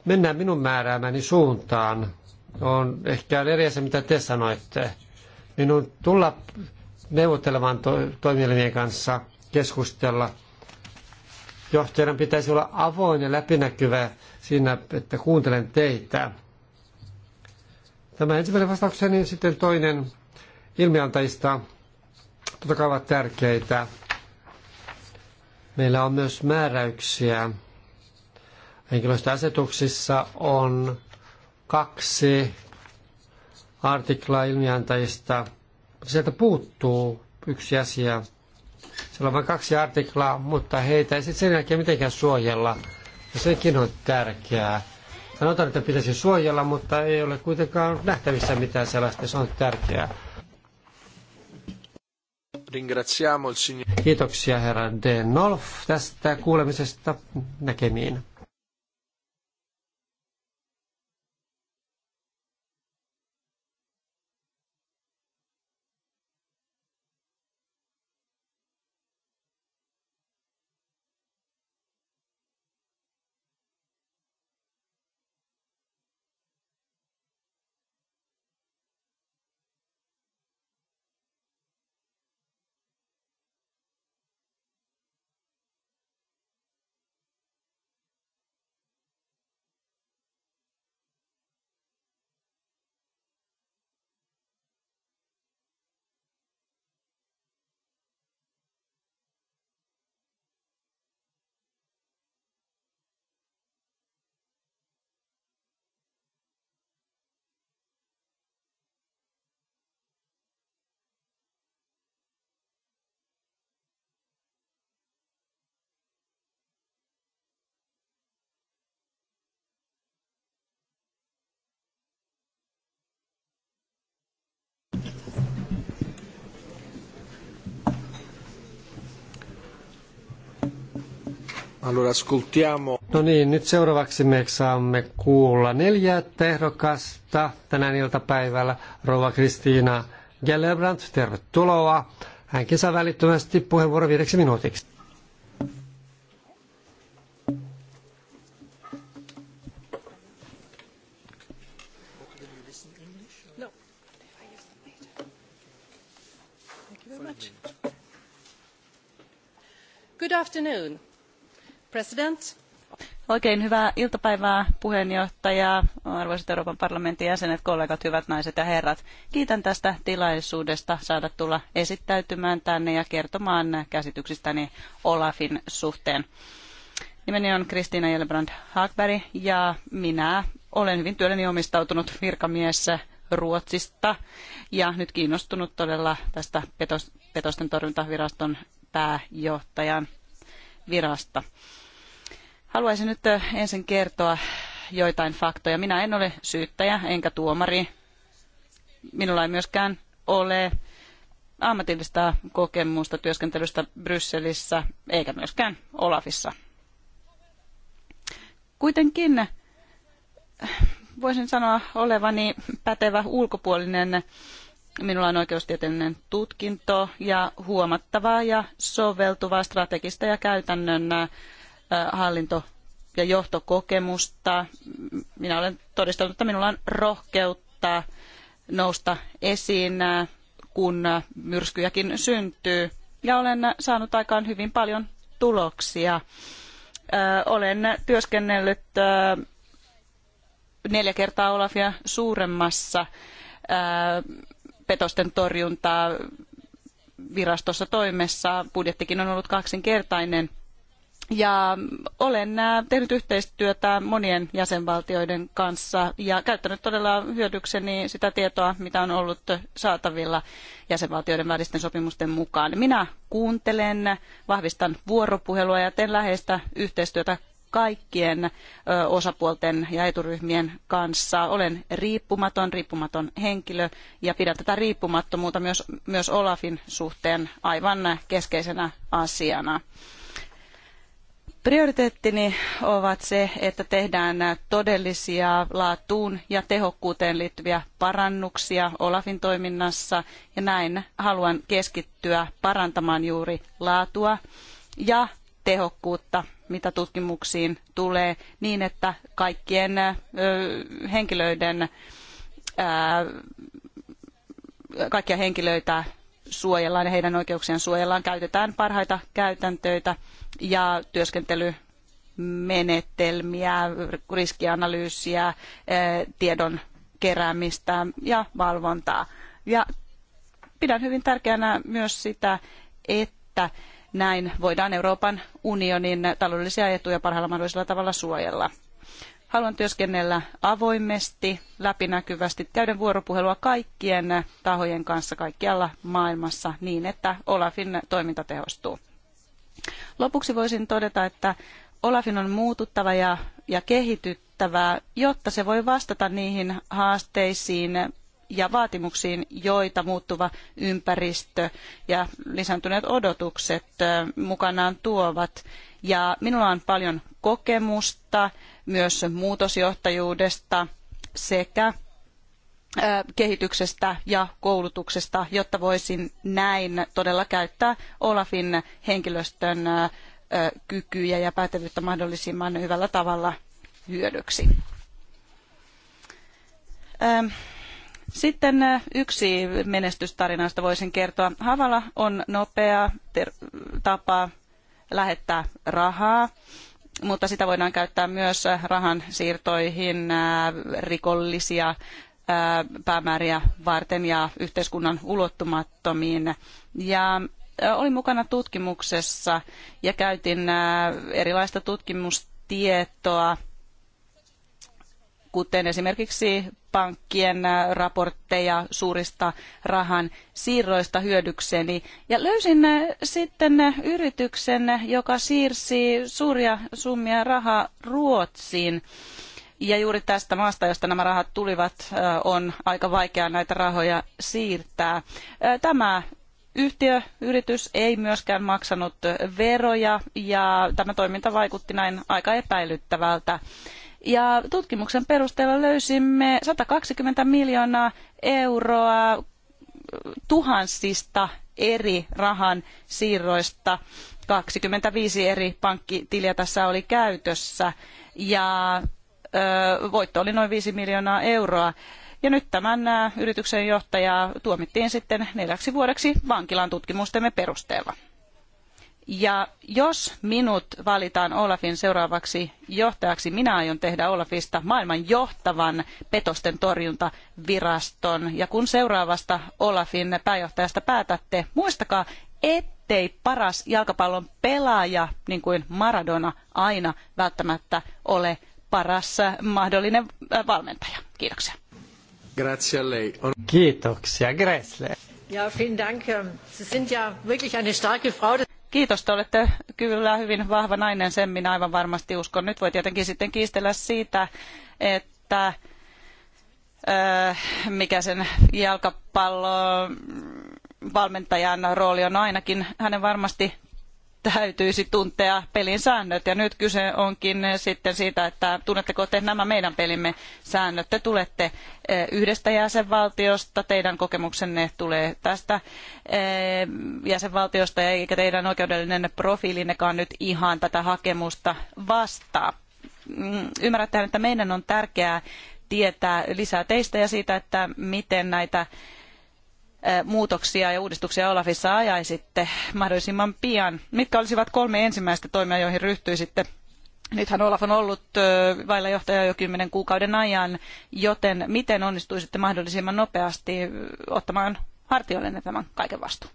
mennään minun määräämäni suuntaan. On ehkä eri asia, mitä te sanoitte. Minun tulla neuvottelemaan to- toimielimien kanssa, keskustella. Johtajan pitäisi olla avoin ja läpinäkyvä siinä, että kuuntelen teitä. Tämä ensimmäinen vastaukseni, sitten toinen ilmiantajista, totta kai ovat tärkeitä. Meillä on myös määräyksiä. Henkilöstöasetuksissa on kaksi artiklaa ilmiantajista – sieltä puuttuu yksi asia. Siellä on vain kaksi artiklaa, mutta heitä ei sitten sen jälkeen mitenkään suojella. Ja sekin on tärkeää. Sanotaan, että pitäisi suojella, mutta ei ole kuitenkaan nähtävissä mitään sellaista. Se on tärkeää. Kiitoksia herra De Nolf tästä kuulemisesta näkemiin. Allora, ascoltiamo. No niin, nyt seuraavaksi me saamme kuulla neljä ehdokasta tänään iltapäivällä. Rova Kristiina Gellerbrandt, tervetuloa. Hänkin saa välittömästi puheenvuoro viideksi minuutiksi. Good afternoon. President. Oikein hyvää iltapäivää puheenjohtaja, arvoisat Euroopan parlamentin jäsenet, kollegat, hyvät naiset ja herrat. Kiitän tästä tilaisuudesta saada tulla esittäytymään tänne ja kertomaan käsityksistäni Olafin suhteen. Nimeni on Kristiina Jelbrand Haagberg ja minä olen hyvin työlleni omistautunut virkamies Ruotsista ja nyt kiinnostunut todella tästä petosten torjuntaviraston pääjohtajan virasta. Haluaisin nyt ensin kertoa joitain faktoja. Minä en ole syyttäjä enkä tuomari. Minulla ei myöskään ole ammatillista kokemusta työskentelystä Brysselissä eikä myöskään Olafissa. Kuitenkin voisin sanoa olevani pätevä ulkopuolinen. Minulla on oikeustieteellinen tutkinto ja huomattavaa ja soveltuvaa strategista ja käytännön hallinto- ja johtokokemusta. Minä olen todistanut, että minulla on rohkeutta nousta esiin, kun myrskyjäkin syntyy. Ja olen saanut aikaan hyvin paljon tuloksia. Olen työskennellyt neljä kertaa Olafia suuremmassa petosten torjuntaa virastossa toimessa. Budjettikin on ollut kaksinkertainen – ja olen äh, tehnyt yhteistyötä monien jäsenvaltioiden kanssa ja käyttänyt todella hyödykseni sitä tietoa, mitä on ollut saatavilla jäsenvaltioiden välisten sopimusten mukaan. Minä kuuntelen, vahvistan vuoropuhelua ja teen läheistä yhteistyötä kaikkien osapuolten ja eturyhmien kanssa. Olen riippumaton, riippumaton henkilö ja pidän tätä riippumattomuutta myös, myös Olafin suhteen aivan keskeisenä asiana. Prioriteettini ovat se, että tehdään todellisia laatuun ja tehokkuuteen liittyviä parannuksia Olafin toiminnassa ja näin haluan keskittyä parantamaan juuri laatua ja tehokkuutta, mitä tutkimuksiin tulee, niin että kaikkien henkilöiden kaikkia henkilöitä suojellaan ja heidän oikeuksiaan suojellaan. Käytetään parhaita käytäntöitä ja työskentelymenetelmiä, riskianalyysiä, eh, tiedon keräämistä ja valvontaa. Ja pidän hyvin tärkeänä myös sitä, että näin voidaan Euroopan unionin taloudellisia etuja parhaalla mahdollisella tavalla suojella. Haluan työskennellä avoimesti, läpinäkyvästi, käydä vuoropuhelua kaikkien tahojen kanssa kaikkialla maailmassa niin, että Olafin toiminta tehostuu. Lopuksi voisin todeta, että Olafin on muututtava ja, ja kehityttävä, jotta se voi vastata niihin haasteisiin ja vaatimuksiin, joita muuttuva ympäristö ja lisääntyneet odotukset mukanaan tuovat ja minulla on paljon kokemusta myös muutosjohtajuudesta sekä kehityksestä ja koulutuksesta, jotta voisin näin todella käyttää Olafin henkilöstön kykyjä ja pätevyyttä mahdollisimman hyvällä tavalla hyödyksi. Sitten yksi menestystarina, voisin kertoa. Havala on nopea tapa lähettää rahaa, mutta sitä voidaan käyttää myös äh, rahan siirtoihin äh, rikollisia äh, päämääriä varten ja yhteiskunnan ulottumattomiin. Ja olin mukana tutkimuksessa ja käytin erilaista tutkimustietoa kuten esimerkiksi pankkien raportteja suurista rahan siirroista hyödykseni. Ja löysin sitten yrityksen, joka siirsi suuria summia rahaa Ruotsiin. Ja juuri tästä maasta, josta nämä rahat tulivat, on aika vaikea näitä rahoja siirtää. Tämä yhtiö, yritys ei myöskään maksanut veroja ja tämä toiminta vaikutti näin aika epäilyttävältä. Ja tutkimuksen perusteella löysimme 120 miljoonaa euroa tuhansista eri rahan siirroista. 25 eri pankkitiliä tässä oli käytössä ja voitto oli noin 5 miljoonaa euroa. Ja nyt tämän yrityksen johtaja tuomittiin sitten neljäksi vuodeksi vankilan tutkimustemme perusteella. Ja jos minut valitaan Olafin seuraavaksi johtajaksi, minä aion tehdä Olafista maailman johtavan petosten torjuntaviraston. Ja kun seuraavasta Olafin pääjohtajasta päätätte, muistakaa, ettei paras jalkapallon pelaaja, niin kuin Maradona, aina välttämättä ole paras mahdollinen äh, valmentaja. Kiitoksia. Kiitoksia, Gressle. Ja, vielen Dank. Ähm, Sie sind ja wirklich eine starke Frau. Kiitos, te olette kyllä hyvin vahva nainen, sen minä aivan varmasti uskon. Nyt voi tietenkin sitten kiistellä siitä, että äh, mikä sen jalkapallon valmentajan rooli on no, ainakin. Hänen varmasti täytyisi tuntea pelin säännöt. Ja nyt kyse onkin eh, sitten siitä, että tunnetteko te nämä meidän pelimme säännöt. Te tulette eh, yhdestä jäsenvaltiosta, teidän kokemuksenne tulee tästä eh, jäsenvaltiosta, eikä teidän oikeudellinen profiilinnekaan nyt ihan tätä hakemusta vastaa. Mm, ymmärrättehän, että meidän on tärkeää tietää lisää teistä ja siitä, että miten näitä muutoksia ja uudistuksia Olafissa ajaisitte mahdollisimman pian? Mitkä olisivat kolme ensimmäistä toimia, joihin ryhtyisitte? Nythän Olaf on ollut vailla johtajaa jo kymmenen kuukauden ajan, joten miten onnistuisitte mahdollisimman nopeasti ottamaan hartioillenne tämän kaiken vastuun?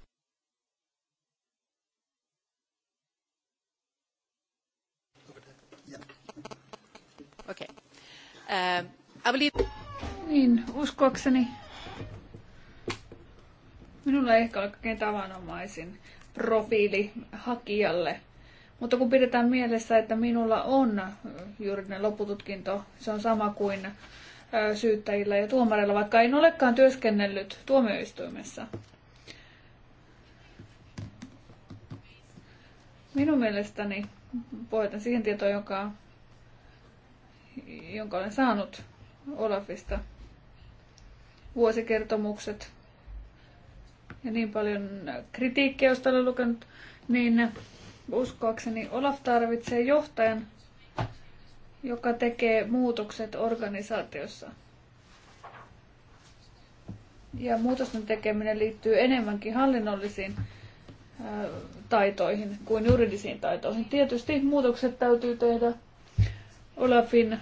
Okay. Uh, I believe... Niin, uskoakseni Minulla ei ehkä ole kaikkein tavanomaisin profiili hakijalle. Mutta kun pidetään mielessä, että minulla on juridinen lopututkinto, se on sama kuin syyttäjillä ja tuomareilla, vaikka en olekaan työskennellyt tuomioistuimessa. Minun mielestäni pohjataan siihen tietoon, jonka, jonka olen saanut Olafista. Vuosikertomukset, ja niin paljon kritiikkiä, josta olen lukenut, niin uskoakseni Olaf tarvitsee johtajan, joka tekee muutokset organisaatiossa. Ja muutosten tekeminen liittyy enemmänkin hallinnollisiin taitoihin kuin juridisiin taitoihin. Tietysti muutokset täytyy tehdä Olafin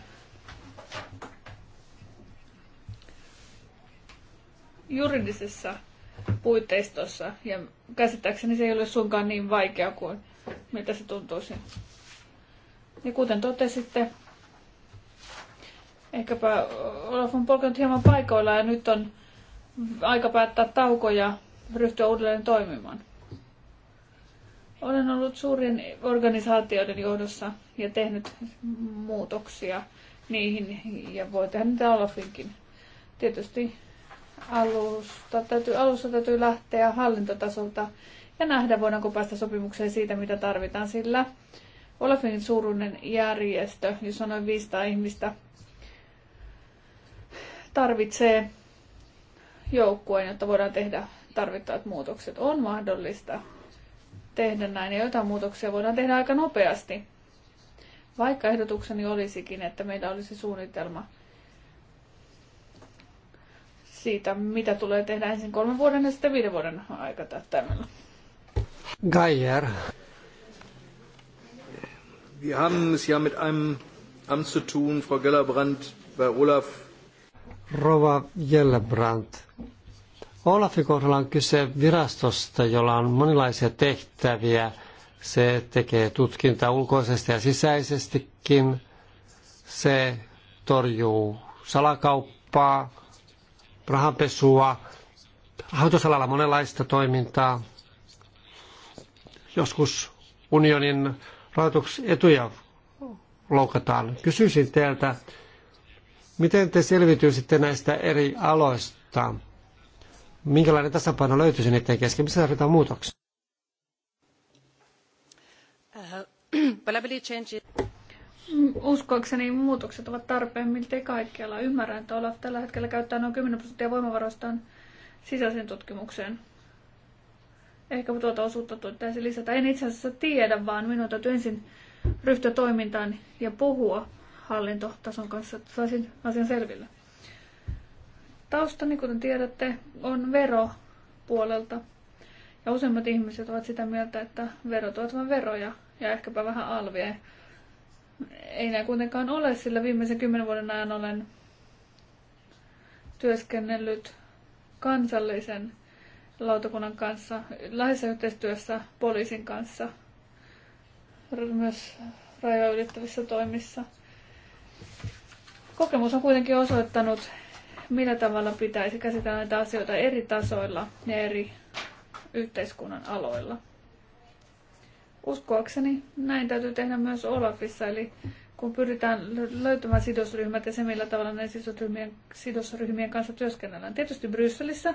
juridisessa puitteistossa. Ja käsittääkseni se ei ole suinkaan niin vaikea kuin miltä se tuntuisi. Ja kuten totesitte, ehkäpä Olaf on polkenut hieman paikoilla ja nyt on aika päättää tauko ja ryhtyä uudelleen toimimaan. Olen ollut suurin organisaatioiden johdossa ja tehnyt muutoksia niihin ja voi tehdä niitä Olafinkin. Tietysti alusta täytyy, alussa täytyy lähteä hallintotasolta ja nähdä, voidaanko päästä sopimukseen siitä, mitä tarvitaan, sillä Olafin suuruinen järjestö, jossa on noin 500 ihmistä, tarvitsee joukkueen, jotta voidaan tehdä tarvittavat muutokset. On mahdollista tehdä näin ja jotain muutoksia voidaan tehdä aika nopeasti. Vaikka ehdotukseni olisikin, että meillä olisi suunnitelma siitä, mitä tulee tehdä ensin kolmen vuoden ja sitten viiden vuoden aikataulun. Geier. Wir haben es ja mit einem Amt zu tun, Frau Gellerbrand, bei Olaf. Rova Gellerbrand. Olafin kohdalla on kyse virastosta, jolla on monilaisia tehtäviä. Se tekee tutkintaa ulkoisesti ja sisäisestikin. Se torjuu salakauppaa, rahanpesua, rahoitusalalla monenlaista toimintaa. Joskus unionin rahoitusetuja loukataan. Kysyisin teiltä, miten te selviytyisitte näistä eri aloista? Minkälainen tasapaino löytyisi niiden kesken? Missä tarvitaan muutoksia? Äh, Uskoakseni muutokset ovat tarpeen miltei kaikkialla. Ymmärrän, että Olaf tällä hetkellä käyttää noin 10 prosenttia voimavaroistaan sisäiseen tutkimukseen. Ehkä tuota osuutta tuottaisi lisätä. En itse asiassa tiedä, vaan minun täytyy ensin ryhtyä toimintaan ja puhua hallintotason kanssa, että saisin asian selville. Taustani, kuten tiedätte, on veropuolelta. Ja useimmat ihmiset ovat sitä mieltä, että verot ovat vain veroja ja ehkäpä vähän alvia. Ei näin kuitenkaan ole, sillä viimeisen kymmenen vuoden ajan olen työskennellyt kansallisen lautakunnan kanssa, läheisessä yhteistyössä poliisin kanssa, myös rajoja ylittävissä toimissa. Kokemus on kuitenkin osoittanut, millä tavalla pitäisi käsitellä näitä asioita eri tasoilla ja eri yhteiskunnan aloilla. Uskoakseni näin täytyy tehdä myös Olafissa, eli kun pyritään löytämään sidosryhmät ja se, millä tavalla ne sidosryhmien, sidosryhmien kanssa työskennellään. Tietysti Brysselissä,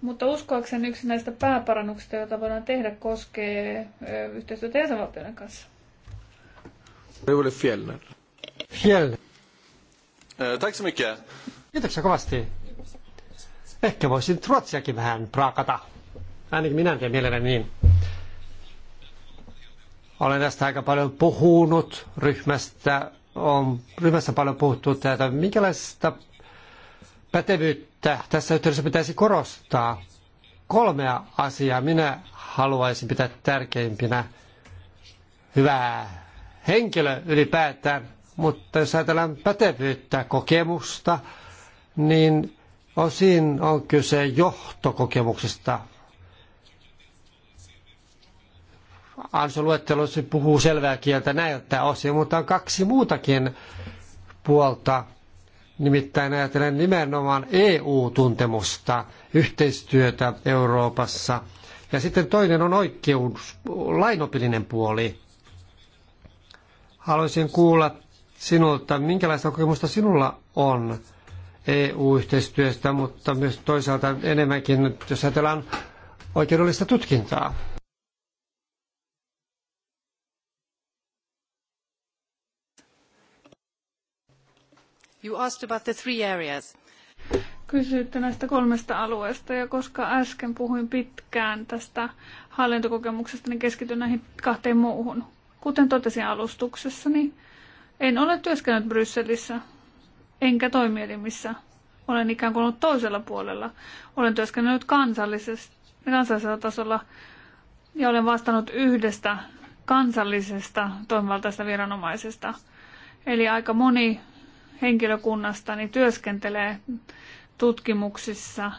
mutta uskoakseni yksi näistä pääparannuksista, joita voidaan tehdä, koskee yhteistyötä jäsenvaltioiden kanssa. Rivoli Fjellner. Fjell. Tack så mycket. Kiitoksia kovasti. Ehkä voisin ruotsiakin vähän praakata. Ainakin minä teen mielelläni niin. Olen tästä aika paljon puhunut ryhmästä, on ryhmässä paljon puhuttu tätä, minkälaista pätevyyttä tässä yhteydessä pitäisi korostaa. Kolmea asiaa minä haluaisin pitää tärkeimpinä. Hyvää henkilö ylipäätään, mutta jos ajatellaan pätevyyttä, kokemusta, niin osin on kyse johtokokemuksesta, ansioluettelossa puhuu selvää kieltä näiltä osin, mutta on kaksi muutakin puolta. Nimittäin ajatellen nimenomaan EU-tuntemusta, yhteistyötä Euroopassa. Ja sitten toinen on oikeus, lainopillinen puoli. Haluaisin kuulla sinulta, minkälaista kokemusta sinulla on EU-yhteistyöstä, mutta myös toisaalta enemmänkin, jos ajatellaan oikeudellista tutkintaa. You asked about the three areas. Kysyitte näistä kolmesta alueesta ja koska äsken puhuin pitkään tästä hallintokokemuksesta, niin keskityn näihin kahteen muuhun. Kuten totesin alustuksessa, niin en ole työskennellyt Brysselissä enkä toimielimissä. Olen ikään kuin ollut toisella puolella. Olen työskennellyt kansallisella tasolla ja olen vastannut yhdestä kansallisesta toimivaltaista viranomaisesta. Eli aika moni henkilökunnastani niin työskentelee tutkimuksissa,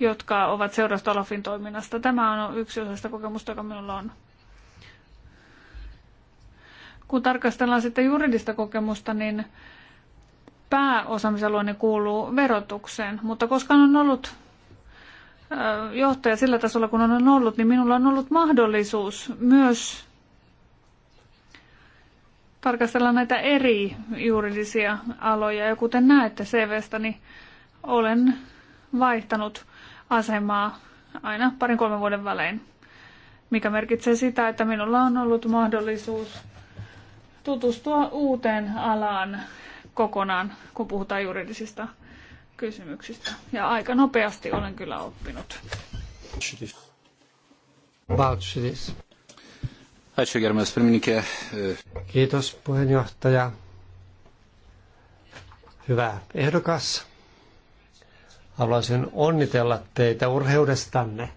jotka ovat seurausta Olafin toiminnasta. Tämä on yksi osa sitä kokemusta, joka minulla on. Kun tarkastellaan sitten juridista kokemusta, niin pääosaamisalueeni kuuluu verotukseen, mutta koska on ollut johtaja sillä tasolla, kun on ollut, niin minulla on ollut mahdollisuus myös tarkastella näitä eri juridisia aloja. Ja kuten näette CVstä, niin olen vaihtanut asemaa aina parin kolmen vuoden välein, mikä merkitsee sitä, että minulla on ollut mahdollisuus tutustua uuteen alaan kokonaan, kun puhutaan juridisista kysymyksistä. Ja aika nopeasti olen kyllä oppinut. Ačiū, Kiitos, puheenjohtaja. Hyvä ehdokas. Haluaisin onnitella teitä urheudestanne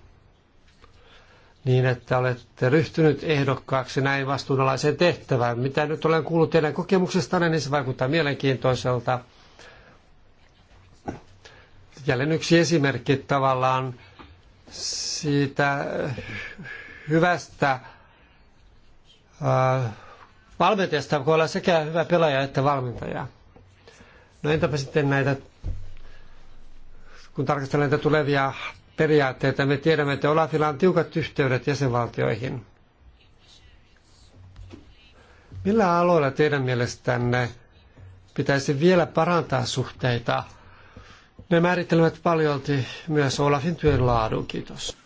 niin, että olette ryhtynyt ehdokkaaksi näin vastuunalaiseen tehtävään. Mitä nyt olen kuullut teidän kokemuksestanne, niin se vaikuttaa mielenkiintoiselta. Jälleen yksi esimerkki tavallaan siitä hyvästä Äh, valmentajasta voi olla sekä hyvä pelaaja että valmentaja. No entäpä sitten näitä, kun tarkastellaan näitä tulevia periaatteita, me tiedämme, että Olafilla on tiukat yhteydet jäsenvaltioihin. Millä aloilla teidän mielestänne pitäisi vielä parantaa suhteita? Ne määrittelevät paljolti myös Olafin työn laadun. Kiitos.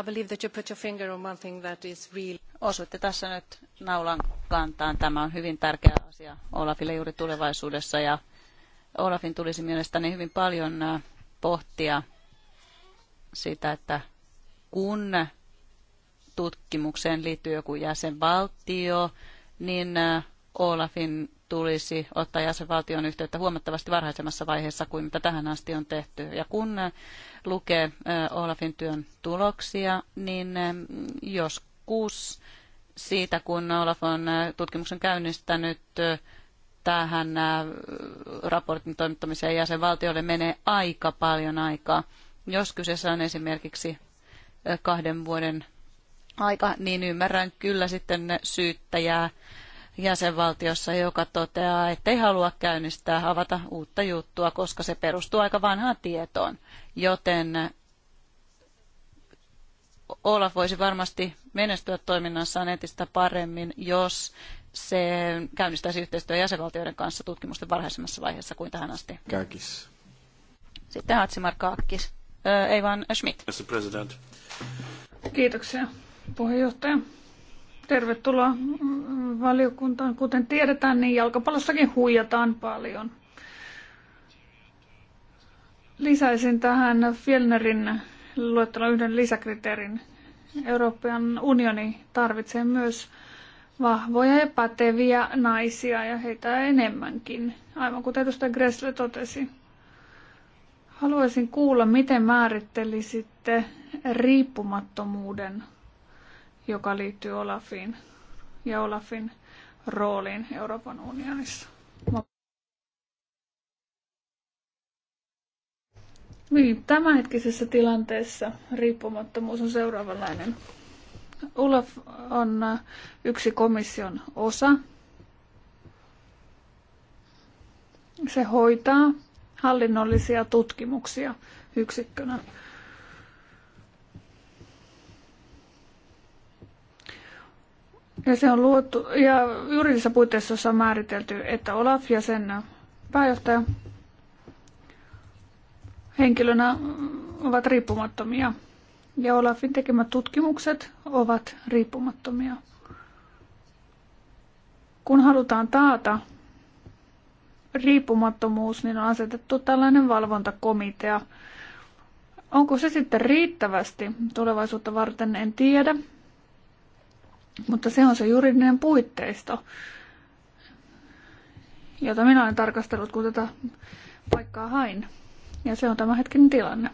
I believe that you put your finger on one thing that is real. Osuitte tässä nyt naulan kantaan. Tämä on hyvin tärkeä asia Olafille juuri tulevaisuudessa ja Olafin tulisi mielestäni hyvin paljon pohtia sitä, että kun tutkimukseen liittyy joku jäsenvaltio, niin Olafin tulisi ottaa jäsenvaltion yhteyttä huomattavasti varhaisemmassa vaiheessa kuin mitä tähän asti on tehty. Ja kun äh, lukee äh, Olafin työn tuloksia, niin äh, joskus siitä, kun Olaf on tutkimuksen käynnistänyt, tähän raportin toimittamiseen jäsenvaltiolle menee aika paljon aikaa. Jos kyseessä on esimerkiksi kahden vuoden aika, niin ymmärrän kyllä sitten syyttäjää jäsenvaltiossa, joka toteaa, ei halua käynnistää, avata uutta juttua, koska se perustuu aika vanhaan tietoon. Joten Olaf voisi varmasti menestyä toiminnassaan entistä paremmin, jos se käynnistäisi yhteistyö jäsenvaltioiden kanssa tutkimusten varhaisemmassa vaiheessa kuin tähän asti. Kaikis. Sitten Hatsimar Kaakkis. ei vaan Schmidt. Mr. President. Kiitoksia, puheenjohtaja. Tervetuloa valiokuntaan. Kuten tiedetään, niin jalkapallossakin huijataan paljon. Lisäisin tähän Fjellnerin luettelon yhden lisäkriteerin. Euroopan unioni tarvitsee myös vahvoja ja päteviä naisia ja heitä enemmänkin, aivan kuten edustaja Gressle totesi. Haluaisin kuulla, miten määrittelisitte riippumattomuuden joka liittyy Olafiin ja Olafin rooliin Euroopan unionissa. Niin, tämänhetkisessä tilanteessa riippumattomuus on seuraavanlainen. Olaf on äh, yksi komission osa. Se hoitaa hallinnollisia tutkimuksia yksikkönä. Ja se on luotu, ja juridisessa puitteissa on määritelty, että Olaf ja sen pääjohtaja henkilönä ovat riippumattomia. Ja Olafin tekemät tutkimukset ovat riippumattomia. Kun halutaan taata riippumattomuus, niin on asetettu tällainen valvontakomitea. Onko se sitten riittävästi tulevaisuutta varten, en tiedä. Mutta se on se juridinen puitteisto, jota minä olen tarkastellut, kun tätä paikkaa hain. Ja se on tämä hetken tilanne.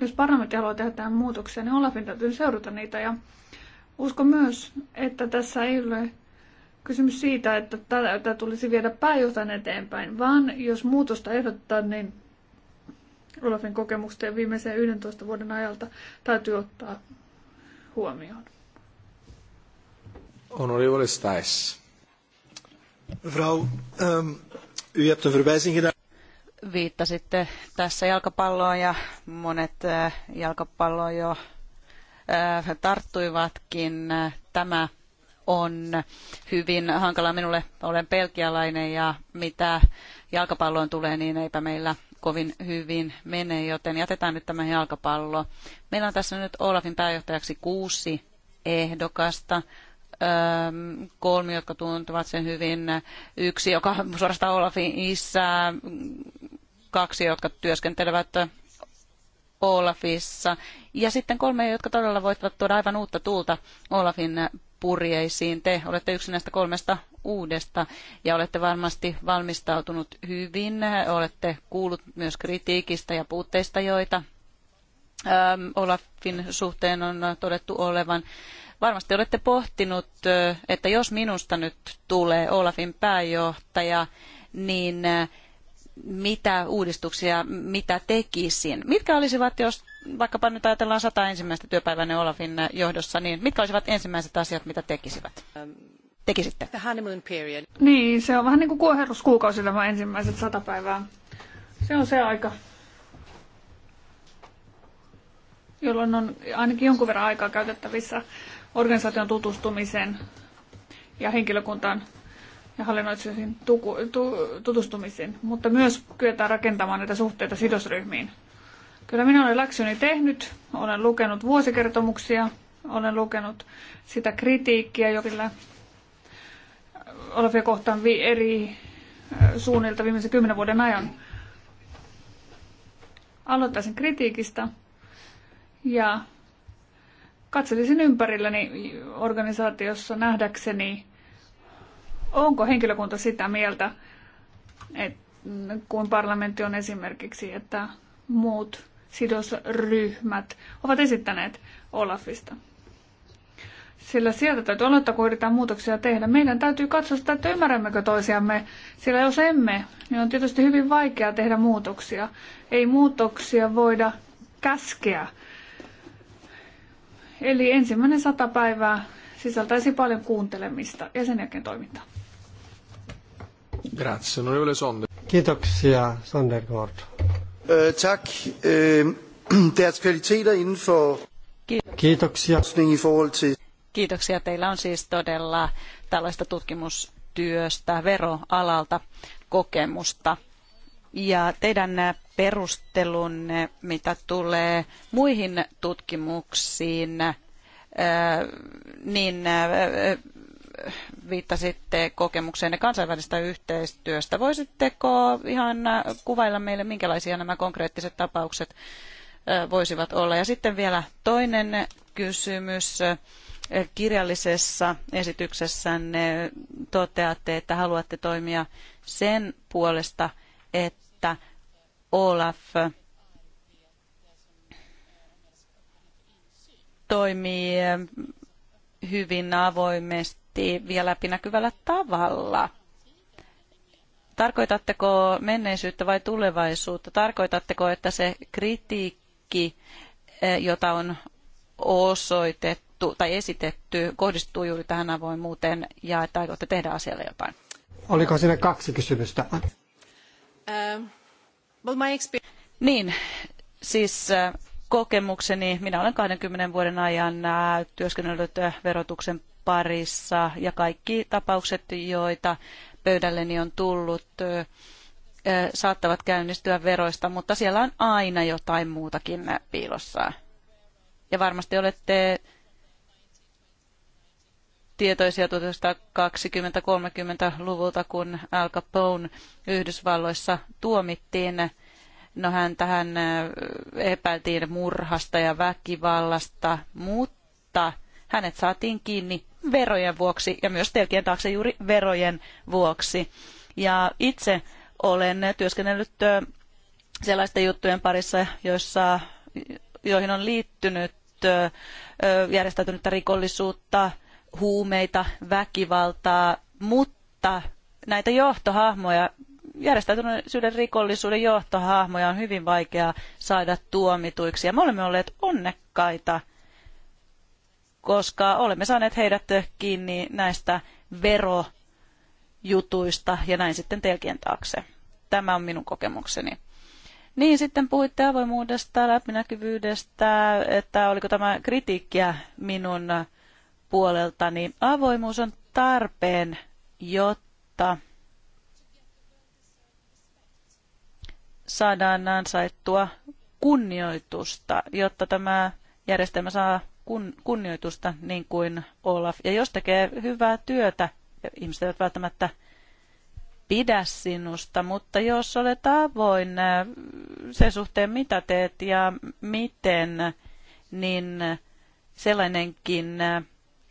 Jos parlamentti haluaa tehdä tähän muutoksia, niin Olafin täytyy seurata niitä. Ja uskon myös, että tässä ei ole kysymys siitä, että tätä tulisi viedä pääjohtajan eteenpäin, vaan jos muutosta ehdotetaan, niin Olafin kokemusta ja viimeisen 11 vuoden ajalta täytyy ottaa huomioon. Honorable Stais. Mevrouw, um, u hebt een verwijzing gedaan. Viittasitte tässä jalkapalloon ja monet äh, jalkapalloon jo äh, tarttuivatkin. Tämä on hyvin hankala minulle. Olen pelkialainen ja mitä jalkapalloon tulee, niin eipä meillä kovin hyvin mene, joten jätetään nyt tämä jalkapallo. Meillä on tässä nyt Olafin pääjohtajaksi kuusi ehdokasta, kolme, jotka tuntuvat sen hyvin, yksi, joka suorastaan Olafin isä, kaksi, jotka työskentelevät Olafissa. Ja sitten kolme, jotka todella voivat tuoda aivan uutta tuulta Olafin purjeisiin. Te olette yksi näistä kolmesta uudesta ja olette varmasti valmistautunut hyvin. Olette kuullut myös kritiikistä ja puutteista, joita ähm, Olafin suhteen on todettu olevan. Varmasti olette pohtinut, äh, että jos minusta nyt tulee Olafin pääjohtaja, niin äh, mitä uudistuksia, mitä tekisin. Mitkä olisivat, jos vaikkapa nyt ajatellaan sata ensimmäistä työpäivänä Olafin johdossa, niin mitkä olisivat ensimmäiset asiat, mitä tekisivät? Ähm, tekisitte? Niin, se on vähän niin kuin kuoherruskuukausi nämä ensimmäiset sata päivää. Se on se aika, jolloin on ainakin jonkun verran aikaa käytettävissä organisaation tutustumiseen ja henkilökuntaan ja hallinnoitsijoihin tuku, tu, mutta myös kyetään rakentamaan näitä suhteita sidosryhmiin. Kyllä minä olen läksyni tehnyt, olen lukenut vuosikertomuksia, olen lukenut sitä kritiikkiä, jokilla Olafia kohtaan eri äh, suunnilta viimeisen kymmenen vuoden ajan. Aloittaisin kritiikistä ja katselisin ympärilläni organisaatiossa nähdäkseni, onko henkilökunta sitä mieltä, että kun parlamentti on esimerkiksi, että muut sidosryhmät ovat esittäneet Olafista. Sillä sieltä täytyy aloittaa, kun yritetään muutoksia tehdä. Meidän täytyy katsoa sitä, että ymmärrämmekö toisiamme, sillä jos emme, niin on tietysti hyvin vaikeaa tehdä muutoksia. Ei muutoksia voida käskeä. Eli ensimmäinen sata päivää sisältäisi paljon kuuntelemista ja sen jälkeen toimintaa. Grazie, onorevole Sonde. Kiitoksia, Sondergaard. Kiitoksia, eh, tak. Eh, er kvaliteter for Kiitoksia. i Kiitoksia. Teillä on siis todella tällaista tutkimustyöstä veroalalta kokemusta. Ja teidän perustelunne, mitä tulee muihin tutkimuksiin, niin viittasitte kokemukseenne kansainvälisestä yhteistyöstä. Voisitteko ihan kuvailla meille, minkälaisia nämä konkreettiset tapaukset voisivat olla? Ja sitten vielä toinen kysymys kirjallisessa esityksessänne toteatte, että haluatte toimia sen puolesta, että Olaf toimii hyvin avoimesti ja läpinäkyvällä tavalla. Tarkoitatteko menneisyyttä vai tulevaisuutta? Tarkoitatteko, että se kritiikki, jota on osoitettu, puhuttu tai esitetty kohdistuu juuri tähän avoimuuteen ja että aiotte tehdä asialle jotain? Oliko sinne kaksi kysymystä? Uh, my niin, siis äh, kokemukseni, minä olen 20 vuoden ajan äh, työskennellyt äh, verotuksen parissa ja kaikki tapaukset, joita pöydälleni on tullut, saattavat käynnistyä veroista, mutta siellä on aina jotain muutakin piilossa. Ja varmasti olette tietoisia 1920-30-luvulta, kun Al Capone Yhdysvalloissa tuomittiin. No hän tähän epäiltiin murhasta ja väkivallasta, mutta hänet saatiin kiinni verojen vuoksi ja myös telkien taakse juuri verojen vuoksi. Ja itse olen työskennellyt sellaisten juttujen parissa, joissa, joihin on liittynyt järjestäytynyttä rikollisuutta, huumeita, väkivaltaa, mutta näitä johtohahmoja, järjestäytyneisyyden rikollisuuden johtohahmoja on hyvin vaikea saada tuomituiksi. Ja me olemme olleet onnekkaita, koska olemme saaneet heidät kiinni näistä verojutuista ja näin sitten telkien taakse. Tämä on minun kokemukseni. Niin, sitten puhuitte avoimuudesta, läpinäkyvyydestä, että oliko tämä kritiikkiä minun puolelta, niin avoimuus on tarpeen, jotta saadaan ansaittua kunnioitusta, jotta tämä järjestelmä saa kun, kunnioitusta niin kuin Olaf. Ja jos tekee hyvää työtä, ihmiset eivät välttämättä pidä sinusta, mutta jos olet avoin äh, sen suhteen, mitä teet ja miten, niin äh, sellainenkin äh,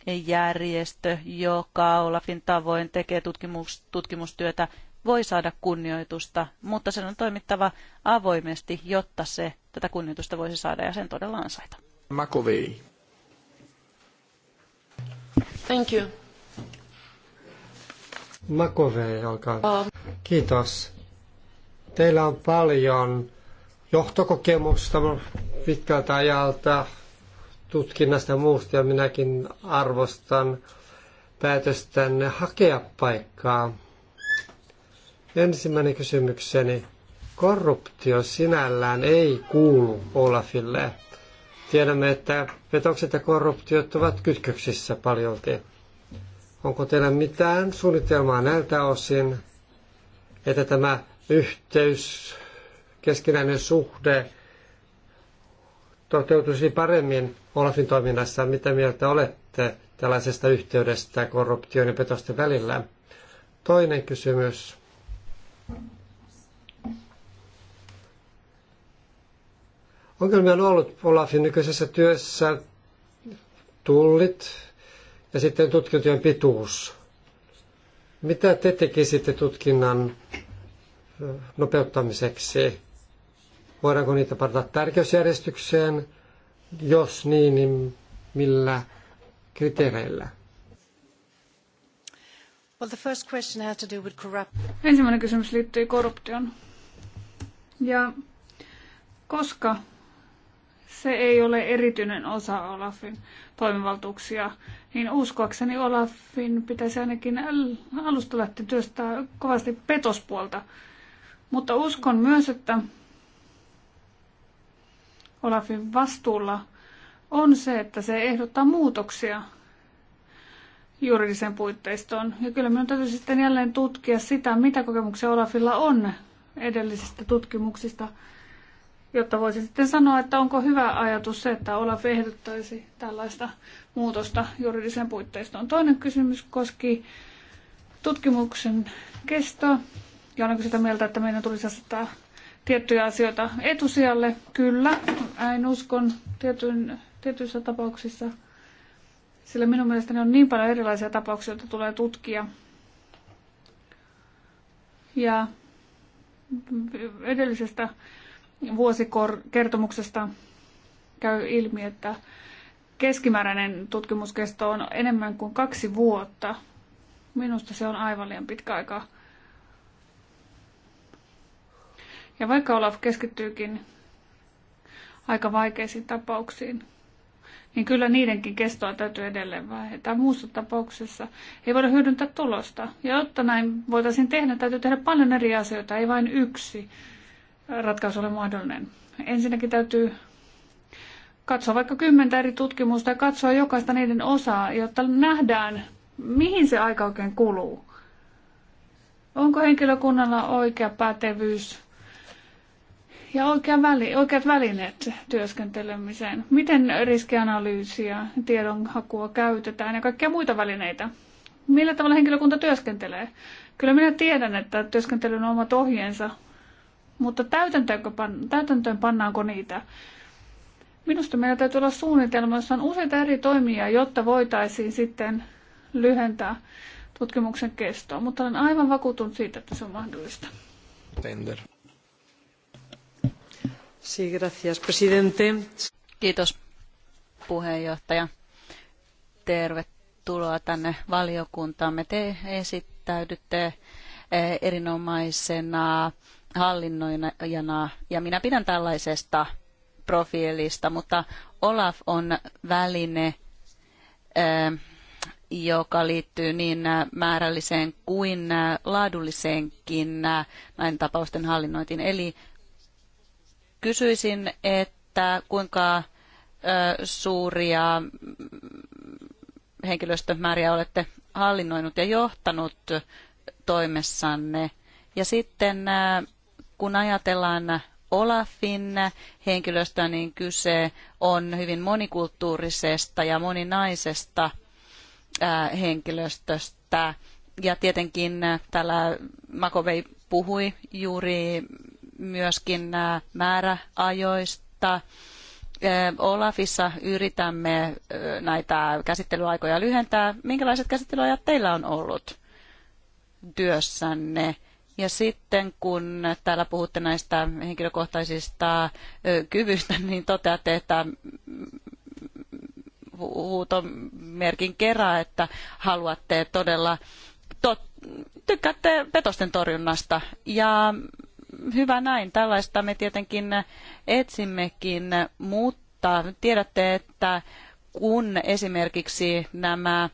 järjestö, joka Olafin tavoin tekee tutkimus, tutkimustyötä, voi saada kunnioitusta, mutta sen on toimittava avoimesti, jotta se tätä kunnioitusta voisi saada ja sen todella ansaita. Makovei. Thank you. Makovei, olkaa um. Kiitos. Teillä on paljon johtokokemusta pitkältä ajalta tutkinnasta muusta ja minäkin arvostan päätöstänne hakea paikkaa. Ensimmäinen kysymykseni. Korruptio sinällään ei kuulu Olafille. Tiedämme, että petokset ja korruptiot ovat kytköksissä paljolti. Onko teillä mitään suunnitelmaa näiltä osin, että tämä yhteys, keskinäinen suhde toteutuisi paremmin Olafin toiminnassa. Mitä mieltä olette tällaisesta yhteydestä korruption ja petosten välillä? Toinen kysymys. Ongelmia on ollut Olafin nykyisessä työssä tullit ja sitten tutkintojen pituus. Mitä te tekisitte tutkinnan nopeuttamiseksi? Voidaanko niitä parata tärkeysjärjestykseen? Jos niin, niin millä kriteereillä? Well, the first question has to do with corrupt... Ensimmäinen kysymys liittyy korruptioon. Ja koska se ei ole erityinen osa Olafin toimivaltuuksia, niin uskoakseni Olafin pitäisi ainakin alusta lähteä työstää kovasti petospuolta. Mutta uskon myös, että Olafin vastuulla on se, että se ehdottaa muutoksia juridisen puitteistoon. Ja kyllä minun täytyy sitten jälleen tutkia sitä, mitä kokemuksia Olafilla on edellisistä tutkimuksista, jotta voisin sitten sanoa, että onko hyvä ajatus se, että Olaf ehdottaisi tällaista muutosta juridisen puitteistoon. Toinen kysymys koski tutkimuksen kestoa. Ja olenko sitä mieltä, että meidän tulisi asettaa tiettyjä asioita etusijalle? Kyllä, näin uskon tietyn, tietyissä tapauksissa, sillä minun mielestäni on niin paljon erilaisia tapauksia, joita tulee tutkia. Ja edellisestä vuosikertomuksesta käy ilmi, että keskimääräinen tutkimuskesto on enemmän kuin kaksi vuotta. Minusta se on aivan liian pitkä aika. Ja vaikka Olaf keskittyykin aika vaikeisiin tapauksiin, niin kyllä niidenkin kestoa täytyy edelleen vähentää. Muussa tapauksessa ei voida hyödyntää tulosta. Ja jotta näin voitaisiin tehdä, täytyy tehdä paljon eri asioita, ei vain yksi ratkaisu ole mahdollinen. Ensinnäkin täytyy katsoa vaikka kymmentä eri tutkimusta ja katsoa jokaista niiden osaa, jotta nähdään, mihin se aika oikein kuluu. Onko henkilökunnalla oikea pätevyys ja oikea väli, oikeat välineet työskentelemiseen. Miten riskianalyysiä, tiedonhakua käytetään ja kaikkia muita välineitä. Millä tavalla henkilökunta työskentelee? Kyllä minä tiedän, että työskentelyn on omat ohjeensa, mutta täytäntöön pannaanko niitä? Minusta meillä täytyy olla suunnitelma, jossa on useita eri toimia, jotta voitaisiin sitten lyhentää tutkimuksen kestoa, mutta olen aivan vakuutunut siitä, että se on mahdollista. Tender. Sí, gracias, Kiitos puheenjohtaja. Tervetuloa tänne valiokuntaamme. Te esittäydytte eh, erinomaisena hallinnoijana ja minä pidän tällaisesta profiilista, mutta Olaf on väline, eh, joka liittyy niin määrälliseen kuin laadulliseenkin eh, näin tapausten hallinnointiin. Eli Kysyisin, että kuinka suuria henkilöstömääriä olette hallinnoinut ja johtanut toimessanne. Ja sitten kun ajatellaan Olafin henkilöstöä, niin kyse on hyvin monikulttuurisesta ja moninaisesta henkilöstöstä. Ja tietenkin täällä Makovei puhui juuri myöskin määräajoista. Olafissa yritämme näitä käsittelyaikoja lyhentää. Minkälaiset käsittelyajat teillä on ollut työssänne? Ja sitten kun täällä puhutte näistä henkilökohtaisista kyvyistä, niin toteatte, että huutomerkin kerran, että haluatte todella tot, tykkäätte petosten torjunnasta. Ja hyvä näin, tällaista me tietenkin etsimmekin, mutta tiedätte, että kun esimerkiksi nämä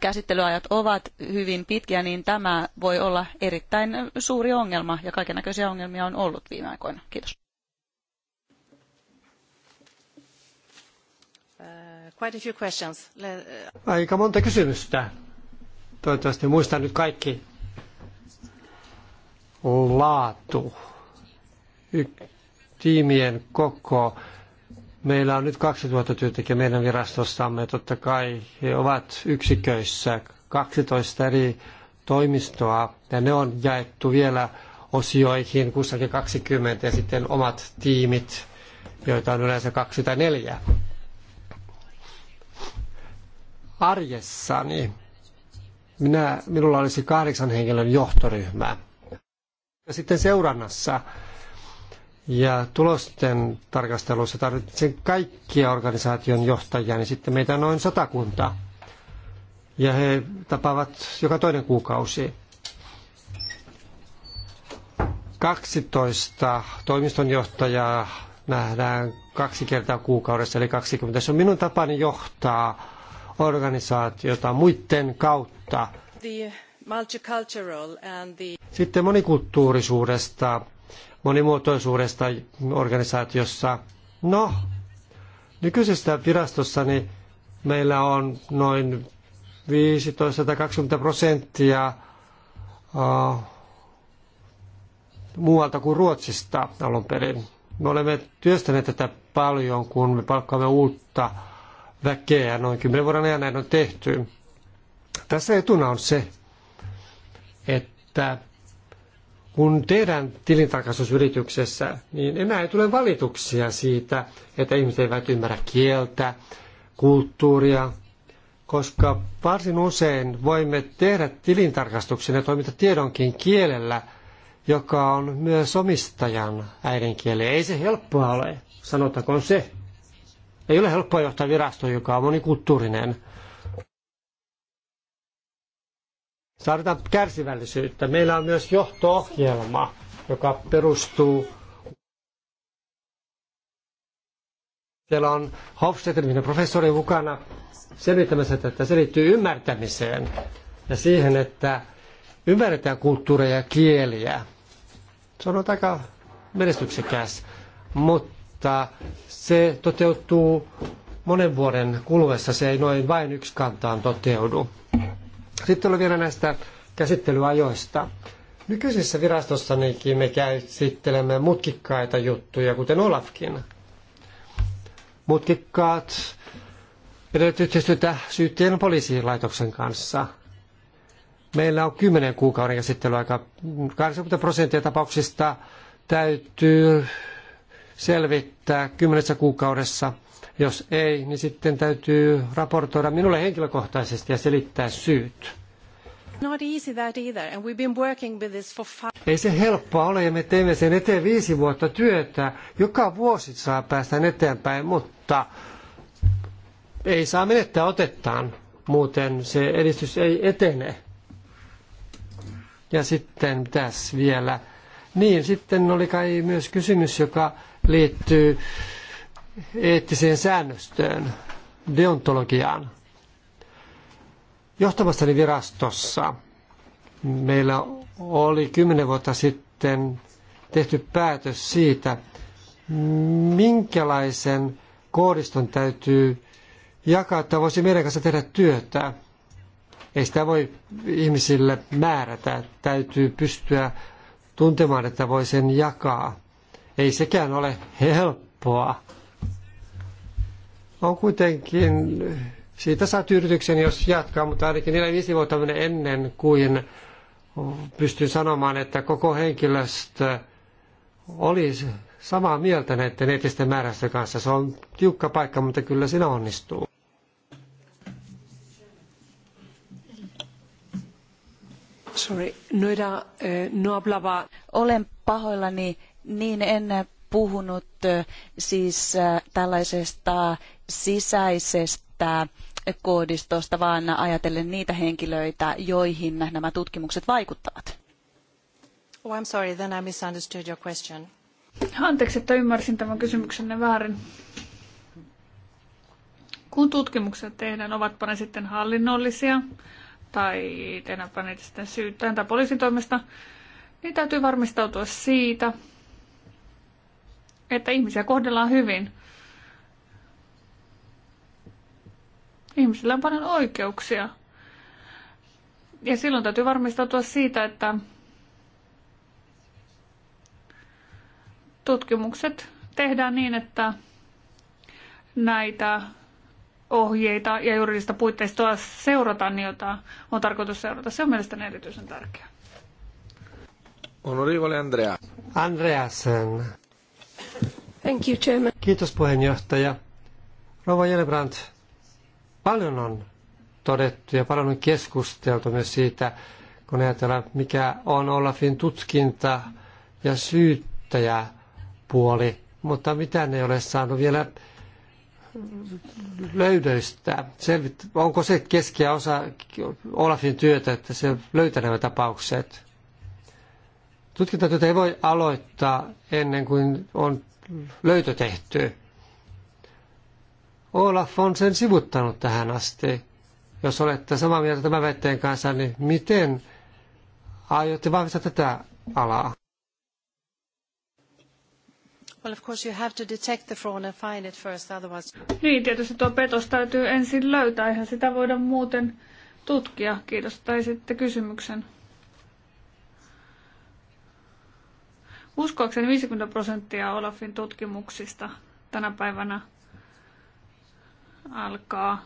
käsittelyajat ovat hyvin pitkiä, niin tämä voi olla erittäin suuri ongelma ja kaikenlaisia ongelmia on ollut viime aikoina. Kiitos. Uh, quite a few questions. Uh, Aika monta kysymystä. Toivottavasti muistan nyt kaikki laatu, y- tiimien koko. Meillä on nyt 2000 työntekijää meidän virastossamme. Totta kai he ovat yksiköissä 12 eri toimistoa ja ne on jaettu vielä osioihin kussakin 20 ja sitten omat tiimit, joita on yleensä 24. Arjessani minä, minulla olisi kahdeksan henkilön johtoryhmä sitten seurannassa ja tulosten tarkastelussa tarvitsen kaikkia organisaation johtajia, niin sitten meitä on noin satakunta. Ja he tapaavat joka toinen kuukausi. 12 toimistonjohtajaa nähdään kaksi kertaa kuukaudessa, eli 20. Se on minun tapani johtaa organisaatiota muiden kautta. The sitten monikulttuurisuudesta, monimuotoisuudesta organisaatiossa. No, nykyisessä virastossani niin meillä on noin 15-20 prosenttia uh, muualta kuin Ruotsista alun perin. Me olemme työstäneet tätä paljon, kun me palkkaamme uutta väkeä. Noin 10 vuoden ajan näin on tehty. Tässä etuna on se, että kun tehdään tilintarkastusyrityksessä, niin enää ei tule valituksia siitä, että ihmiset eivät ymmärrä kieltä, kulttuuria, koska varsin usein voimme tehdä tilintarkastuksen ja toimintatiedonkin kielellä, joka on myös omistajan äidinkieli. Ei se helppoa ole, sanotakoon se. Ei ole helppoa johtaa virasto, joka on monikulttuurinen – saada kärsivällisyyttä. Meillä on myös johto-ohjelma, joka perustuu Siellä on Hofstedtin professori mukana selittämässä että Se liittyy ymmärtämiseen ja siihen, että ymmärretään kulttuureja ja kieliä. Se on aika menestyksekäs, mutta se toteutuu monen vuoden kuluessa. Se ei noin vain yksi kantaan toteudu. Sitten oli vielä näistä käsittelyajoista. Nykyisessä virastossa me käsittelemme mutkikkaita juttuja, kuten Olafkin. Mutkikkaat edellyttävät yhteistyötä syyttäjän poliisilaitoksen kanssa. Meillä on 10 kuukauden käsittelyaika. 80 prosenttia tapauksista täytyy selvittää 10 kuukaudessa – jos ei, niin sitten täytyy raportoida minulle henkilökohtaisesti ja selittää syyt. Ei se helppoa ole ja me teemme sen eteen viisi vuotta työtä. Joka vuosi saa päästä eteenpäin, mutta ei saa menettää otettaan, muuten se edistys ei etene. Ja sitten tässä vielä. Niin, sitten oli kai myös kysymys, joka liittyy eettiseen säännöstöön, deontologiaan. Johtamassani virastossa meillä oli kymmenen vuotta sitten tehty päätös siitä, minkälaisen koodiston täytyy jakaa, että voisi meidän kanssa tehdä työtä. Ei sitä voi ihmisille määrätä, täytyy pystyä tuntemaan, että voi sen jakaa. Ei sekään ole helppoa on kuitenkin, siitä saa tyydytyksen, jos jatkaa, mutta ainakin 4-5 vuotta menee ennen kuin pystyn sanomaan, että koko henkilöstö oli samaa mieltä näiden etisten määrästä kanssa. Se on tiukka paikka, mutta kyllä siinä onnistuu. Sorry, no, era, eh, no hablaba... Olen pahoillani, niin en puhunut siis tällaisesta sisäisestä koodistosta, vaan ajatellen niitä henkilöitä, joihin nämä tutkimukset vaikuttavat. Oh, I'm sorry, then I misunderstood your question. Anteeksi, että ymmärsin tämän kysymyksenne väärin. Kun tutkimukset tehdään, ovatpa ne sitten hallinnollisia tai tehdäänpä niitä sitten syyttäjän tai poliisin toimesta, niin täytyy varmistautua siitä, että ihmisiä kohdellaan hyvin. Ihmisillä on paljon oikeuksia. Ja silloin täytyy varmistautua siitä, että tutkimukset tehdään niin, että näitä ohjeita ja juridista puitteistoa seurataan, niin jota on tarkoitus seurata. Se on mielestäni erityisen tärkeää. Onorevole Andreas. Andreasen. Thank you, Chairman. Kiitos puheenjohtaja. Rova Jelbrand, paljon on todettu ja paljon on keskusteltu myös siitä, kun ajatellaan, mikä on Olafin tutkinta ja syyttäjäpuoli, mutta mitään ei ole saanut vielä löydöistä. onko se keskiä osa Olafin työtä, että se löytää nämä tapaukset? Tutkintatyötä ei voi aloittaa ennen kuin on löytö tehty. Olaf on sen sivuttanut tähän asti. Jos olette samaa mieltä tämän väitteen kanssa, niin miten aiotte vahvistaa tätä alaa? Well, of course you have to detect the fraud and find it first, otherwise... Niin, tietysti tuo petos täytyy ensin löytää, eihän sitä voida muuten tutkia. Kiitos, tai sitten kysymyksen. Uskoakseni 50 prosenttia Olafin tutkimuksista tänä päivänä alkaa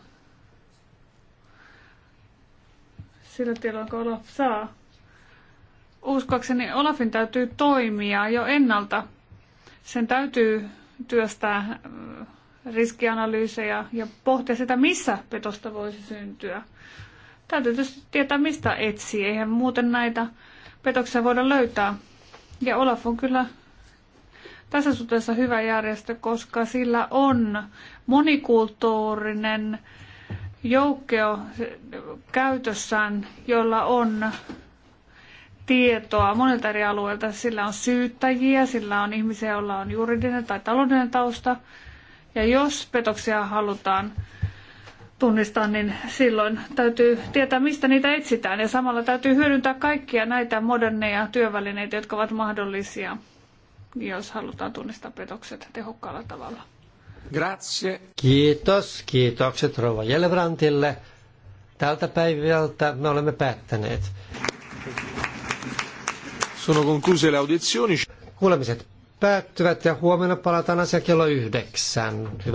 sillä tiellä, kun Olaf saa. Uskoakseni Olafin täytyy toimia jo ennalta. Sen täytyy työstää riskianalyysejä ja pohtia sitä, missä petosta voisi syntyä. Täytyy tietysti tietää, mistä etsii. Eihän muuten näitä petoksia voida löytää. Ja Olaf on kyllä tässä suhteessa hyvä järjestö, koska sillä on monikulttuurinen joukko käytössään, jolla on tietoa monilta eri alueilta. Sillä on syyttäjiä, sillä on ihmisiä, joilla on juridinen tai taloudellinen tausta. Ja jos petoksia halutaan tunnistaa, niin silloin täytyy tietää, mistä niitä etsitään. Ja samalla täytyy hyödyntää kaikkia näitä moderneja työvälineitä, jotka ovat mahdollisia, jos halutaan tunnistaa petokset tehokkaalla tavalla. Grazie. Kiitos, kiitokset Rova Jelbrantille. Tältä päivältä me olemme päättäneet. Sono concluse le audizioni. Kuulemiset päättyvät ja huomenna palataan asia kello yhdeksän. Hyvä.